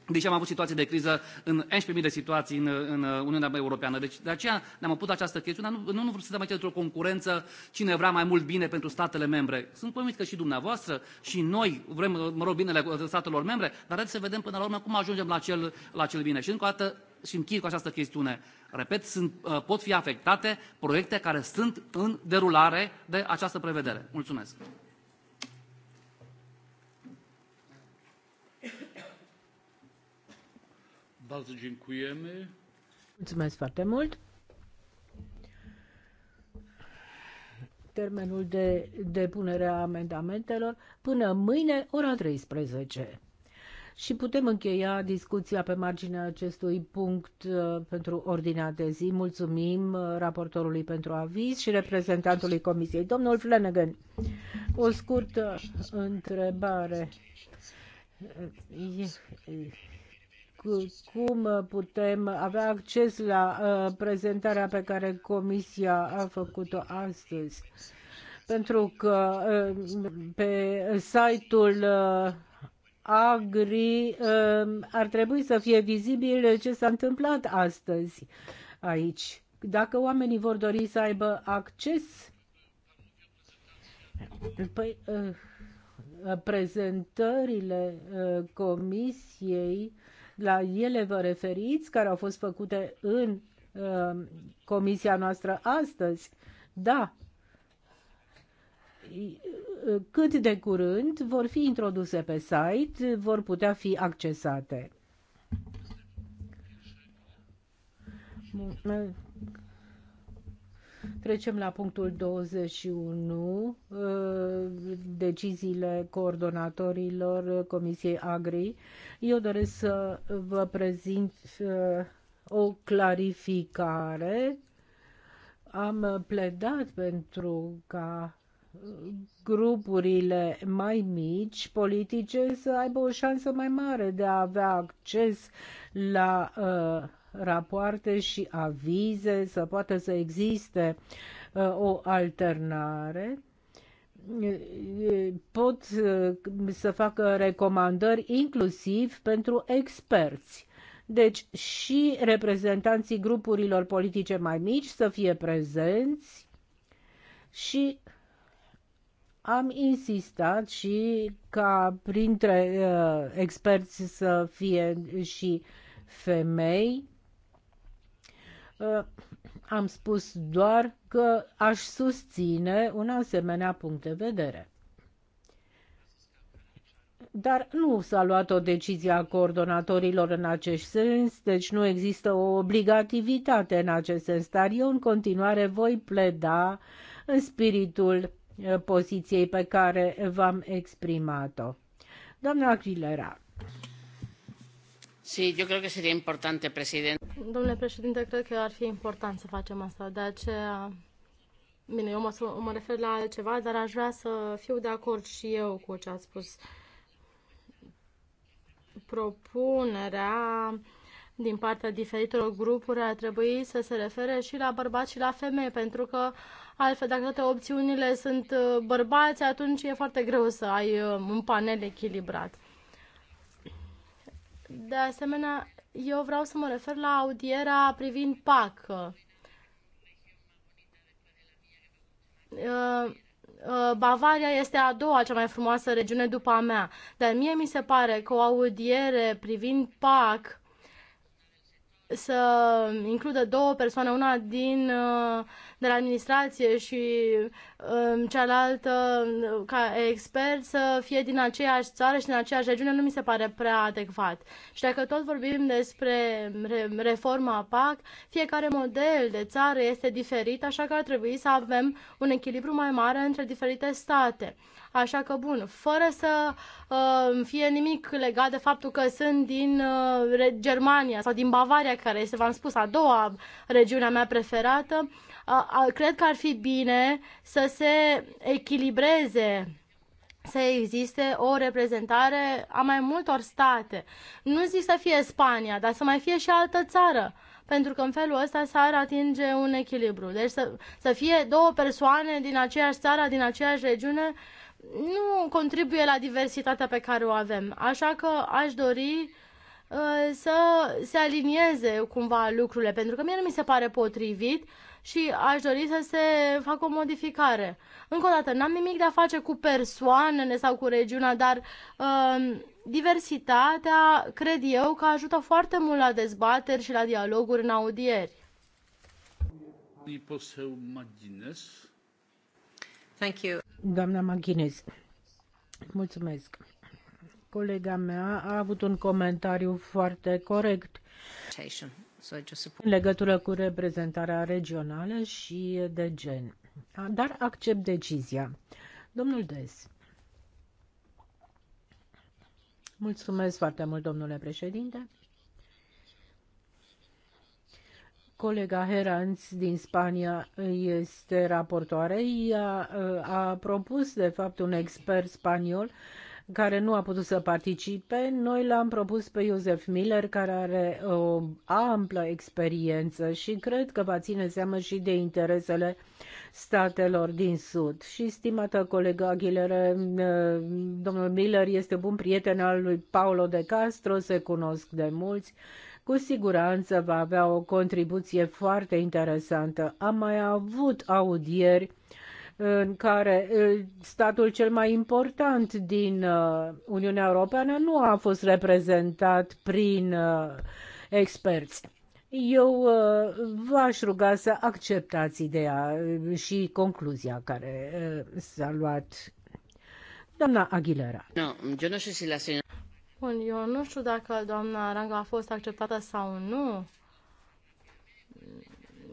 deci am avut situații de criză în 11.000 de situații în, în uh, Uniunea Europeană. Deci de aceea ne-am pus această chestiune. Nu, nu, nu suntem aici într-o concurență cine vrea mai mult bine pentru statele membre. Sunt convins că și dumneavoastră și noi vrem, uh, mă rog, binele statelor membre, dar haideți să vedem până la urmă cum ajungem la cel, la cel bine. Și încă o dată și închid cu această chestiune. Repet, sunt, uh, pot fi afectate proiecte care sunt în derulare de această prevedere. Mulțumesc! Mulțumesc foarte mult. Termenul de depunere a amendamentelor până mâine, ora 13. Și putem încheia discuția pe marginea acestui punct uh, pentru ordinea de zi. Mulțumim uh, raportorului pentru aviz și reprezentantului Comisiei. Domnul Flanagan, o scurtă întrebare cum putem avea acces la uh, prezentarea pe care Comisia a făcut-o astăzi. Pentru că uh, pe site-ul uh, Agri ar trebui să fie vizibil ce s-a întâmplat astăzi aici. Dacă oamenii vor dori să aibă acces, păi, prezentările comisiei la ele vă referiți, care au fost făcute în uh, comisia noastră astăzi. Da, uh, cât de curând vor fi introduse pe site, vor putea fi accesate. Uh, Trecem la punctul 21, uh, deciziile coordonatorilor Comisiei Agri. Eu doresc să vă prezint uh, o clarificare. Am pledat pentru ca uh, grupurile mai mici politice să aibă o șansă mai mare de a avea acces la uh, rapoarte și avize, să poată să existe uh, o alternare uh, pot uh, să facă recomandări inclusiv pentru experți. Deci și reprezentanții grupurilor politice mai mici să fie prezenți și am insistat și ca printre uh, experți să fie și femei am spus doar că aș susține un asemenea punct de vedere. Dar nu s-a luat o decizie a coordonatorilor în acest sens, deci nu există o obligativitate în acest sens, dar eu în continuare voi pleda în spiritul eh, poziției pe care v-am exprimat-o. Doamna Aguilera, Sí, yo creo que sería importante, Domnule președinte, cred că ar fi important să facem asta. De aceea, bine, eu mă, mă refer la altceva, dar aș vrea să fiu de acord și eu cu ce ați spus. Propunerea din partea diferitelor grupuri ar trebui să se refere și la bărbați și la femei, pentru că altfel, dacă toate opțiunile sunt uh, bărbați, atunci e foarte greu să ai uh, un panel echilibrat. De asemenea, eu vreau să mă refer la audiera privind PAC. Uh, uh, Bavaria este a doua cea mai frumoasă regiune după a mea, dar mie mi se pare că o audiere privind PAC să includă două persoane, una din uh, de la administrație și um, cealaltă um, ca expert să fie din aceeași țară și din aceeași regiune nu mi se pare prea adecvat. Și dacă tot vorbim despre reforma PAC, fiecare model de țară este diferit, așa că ar trebui să avem un echilibru mai mare între diferite state. Așa că, bun, fără să uh, fie nimic legat de faptul că sunt din uh, Germania sau din Bavaria, care este, v-am spus, a doua regiunea mea preferată, uh, cred că ar fi bine să se echilibreze să existe o reprezentare a mai multor state. Nu zic să fie Spania, dar să mai fie și altă țară pentru că în felul ăsta s-ar atinge un echilibru. Deci să, să fie două persoane din aceeași țară, din aceeași regiune, nu contribuie la diversitatea pe care o avem. Așa că aș dori uh, să se alinieze cumva lucrurile, pentru că mie nu mi se pare potrivit și aș dori să se facă o modificare. Încă o dată, n-am nimic de a face cu persoanele sau cu regiunea, dar uh, diversitatea, cred eu, că ajută foarte mult la dezbateri și la dialoguri în audieri. Thank you. Doamna Maghinez, mulțumesc. Colega mea a avut un comentariu foarte corect în legătură cu reprezentarea regională și de gen. Dar accept decizia. Domnul Des. Mulțumesc foarte mult, domnule președinte. Colega Heranz din Spania este raportoare. Ea a propus, de fapt, un expert spaniol care nu a putut să participe. Noi l-am propus pe Iosef Miller, care are uh, o amplă experiență și cred că va ține seamă și de interesele statelor din Sud. Și, stimată colegă Aguilera, uh, domnul Miller este bun prieten al lui Paolo de Castro, se cunosc de mulți cu siguranță va avea o contribuție foarte interesantă. Am mai avut audieri uh, în care statul cel mai important din Uniunea Europeană nu a fost reprezentat prin experți. Eu v-aș ruga să acceptați ideea și concluzia care s-a luat. Doamna Aguilera. No, si la Bun, eu nu știu dacă doamna Ranga a fost acceptată sau nu.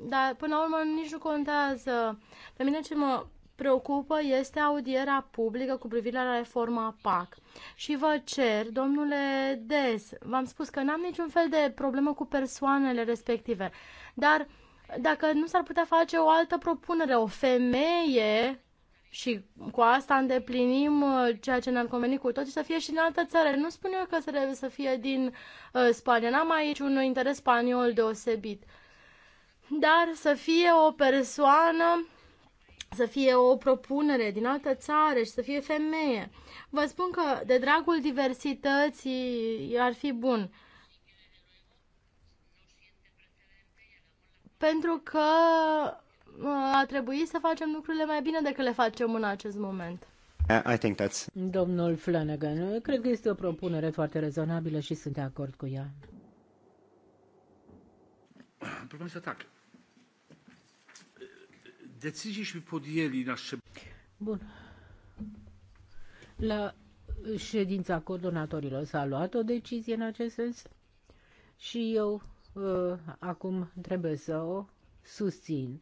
Dar, până la urmă, nici nu contează. Pe mine ce mă preocupă este audierea publică cu privire la reforma PAC. Și vă cer, domnule Des, v-am spus că n-am niciun fel de problemă cu persoanele respective, dar dacă nu s-ar putea face o altă propunere, o femeie și cu asta îndeplinim uh, ceea ce ne ar conveni cu toții, să fie și din altă țară. Nu spun eu că trebuie să fie din uh, Spania. N-am aici un interes spaniol deosebit. Dar să fie o persoană să fie o propunere din altă țară și să fie femeie. Vă spun că de dragul diversității ar fi bun. Pentru că uh, a trebuit să facem lucrurile mai bine decât le facem în acest moment. I think that's... Domnul Flanagan, cred că este o propunere foarte rezonabilă și sunt de acord cu ea. Problema este tak. Deciziiśmy podjęli na Bun. La ședința coordonatorilor s-a luat o decizie în acest sens și eu uh, acum trebuie să o susțin.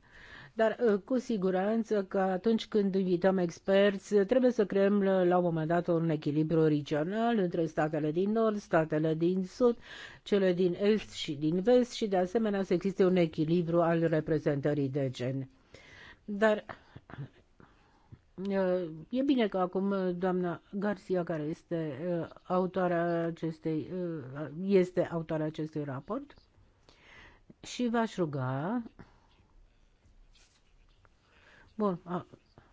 Dar uh, cu siguranță că atunci când invităm experți, uh, trebuie să creăm uh, la un moment dat un echilibru regional între statele din nord, statele din sud, cele din est și din vest și de asemenea să existe un echilibru al reprezentării de gen. Dar uh, e bine că acum doamna Garcia, care este uh, autoarea acestei, uh, este autoarea acestui raport și v-aș ruga Bun, a,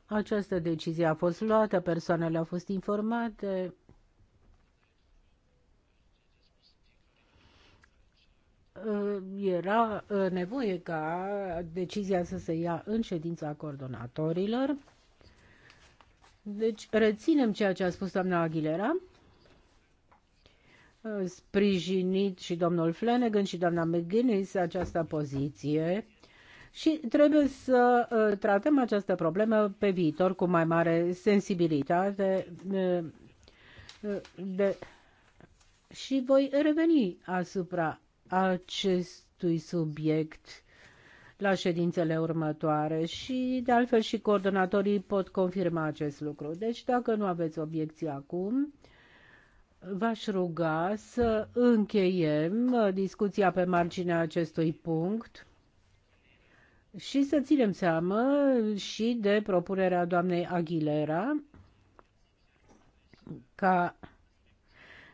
această decizie a fost luată, persoanele au fost informate, Uh, era uh, nevoie ca decizia să se ia în ședința coordonatorilor. Deci reținem ceea ce a spus doamna Aguilera, uh, sprijinit și domnul Flanagan și doamna McGuinness această poziție și trebuie să tratăm această problemă pe viitor cu mai mare sensibilitate de, de, și voi reveni asupra acestui subiect la ședințele următoare și, de altfel, și coordonatorii pot confirma acest lucru. Deci, dacă nu aveți obiecții acum, v-aș ruga să încheiem uh, discuția pe marginea acestui punct și să ținem seamă și de propunerea doamnei Aguilera ca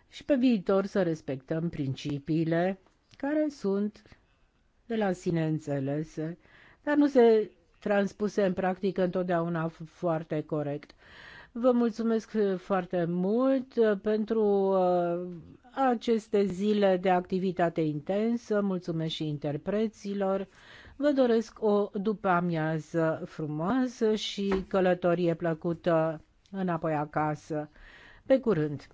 și pe viitor să respectăm principiile care sunt de la sine înțelese, dar nu se transpuse în practică întotdeauna foarte corect. Vă mulțumesc foarte mult uh, pentru uh, aceste zile de activitate intensă, mulțumesc și interpreților. Vă doresc o după amiază frumoasă și călătorie plăcută înapoi acasă. Pe curând!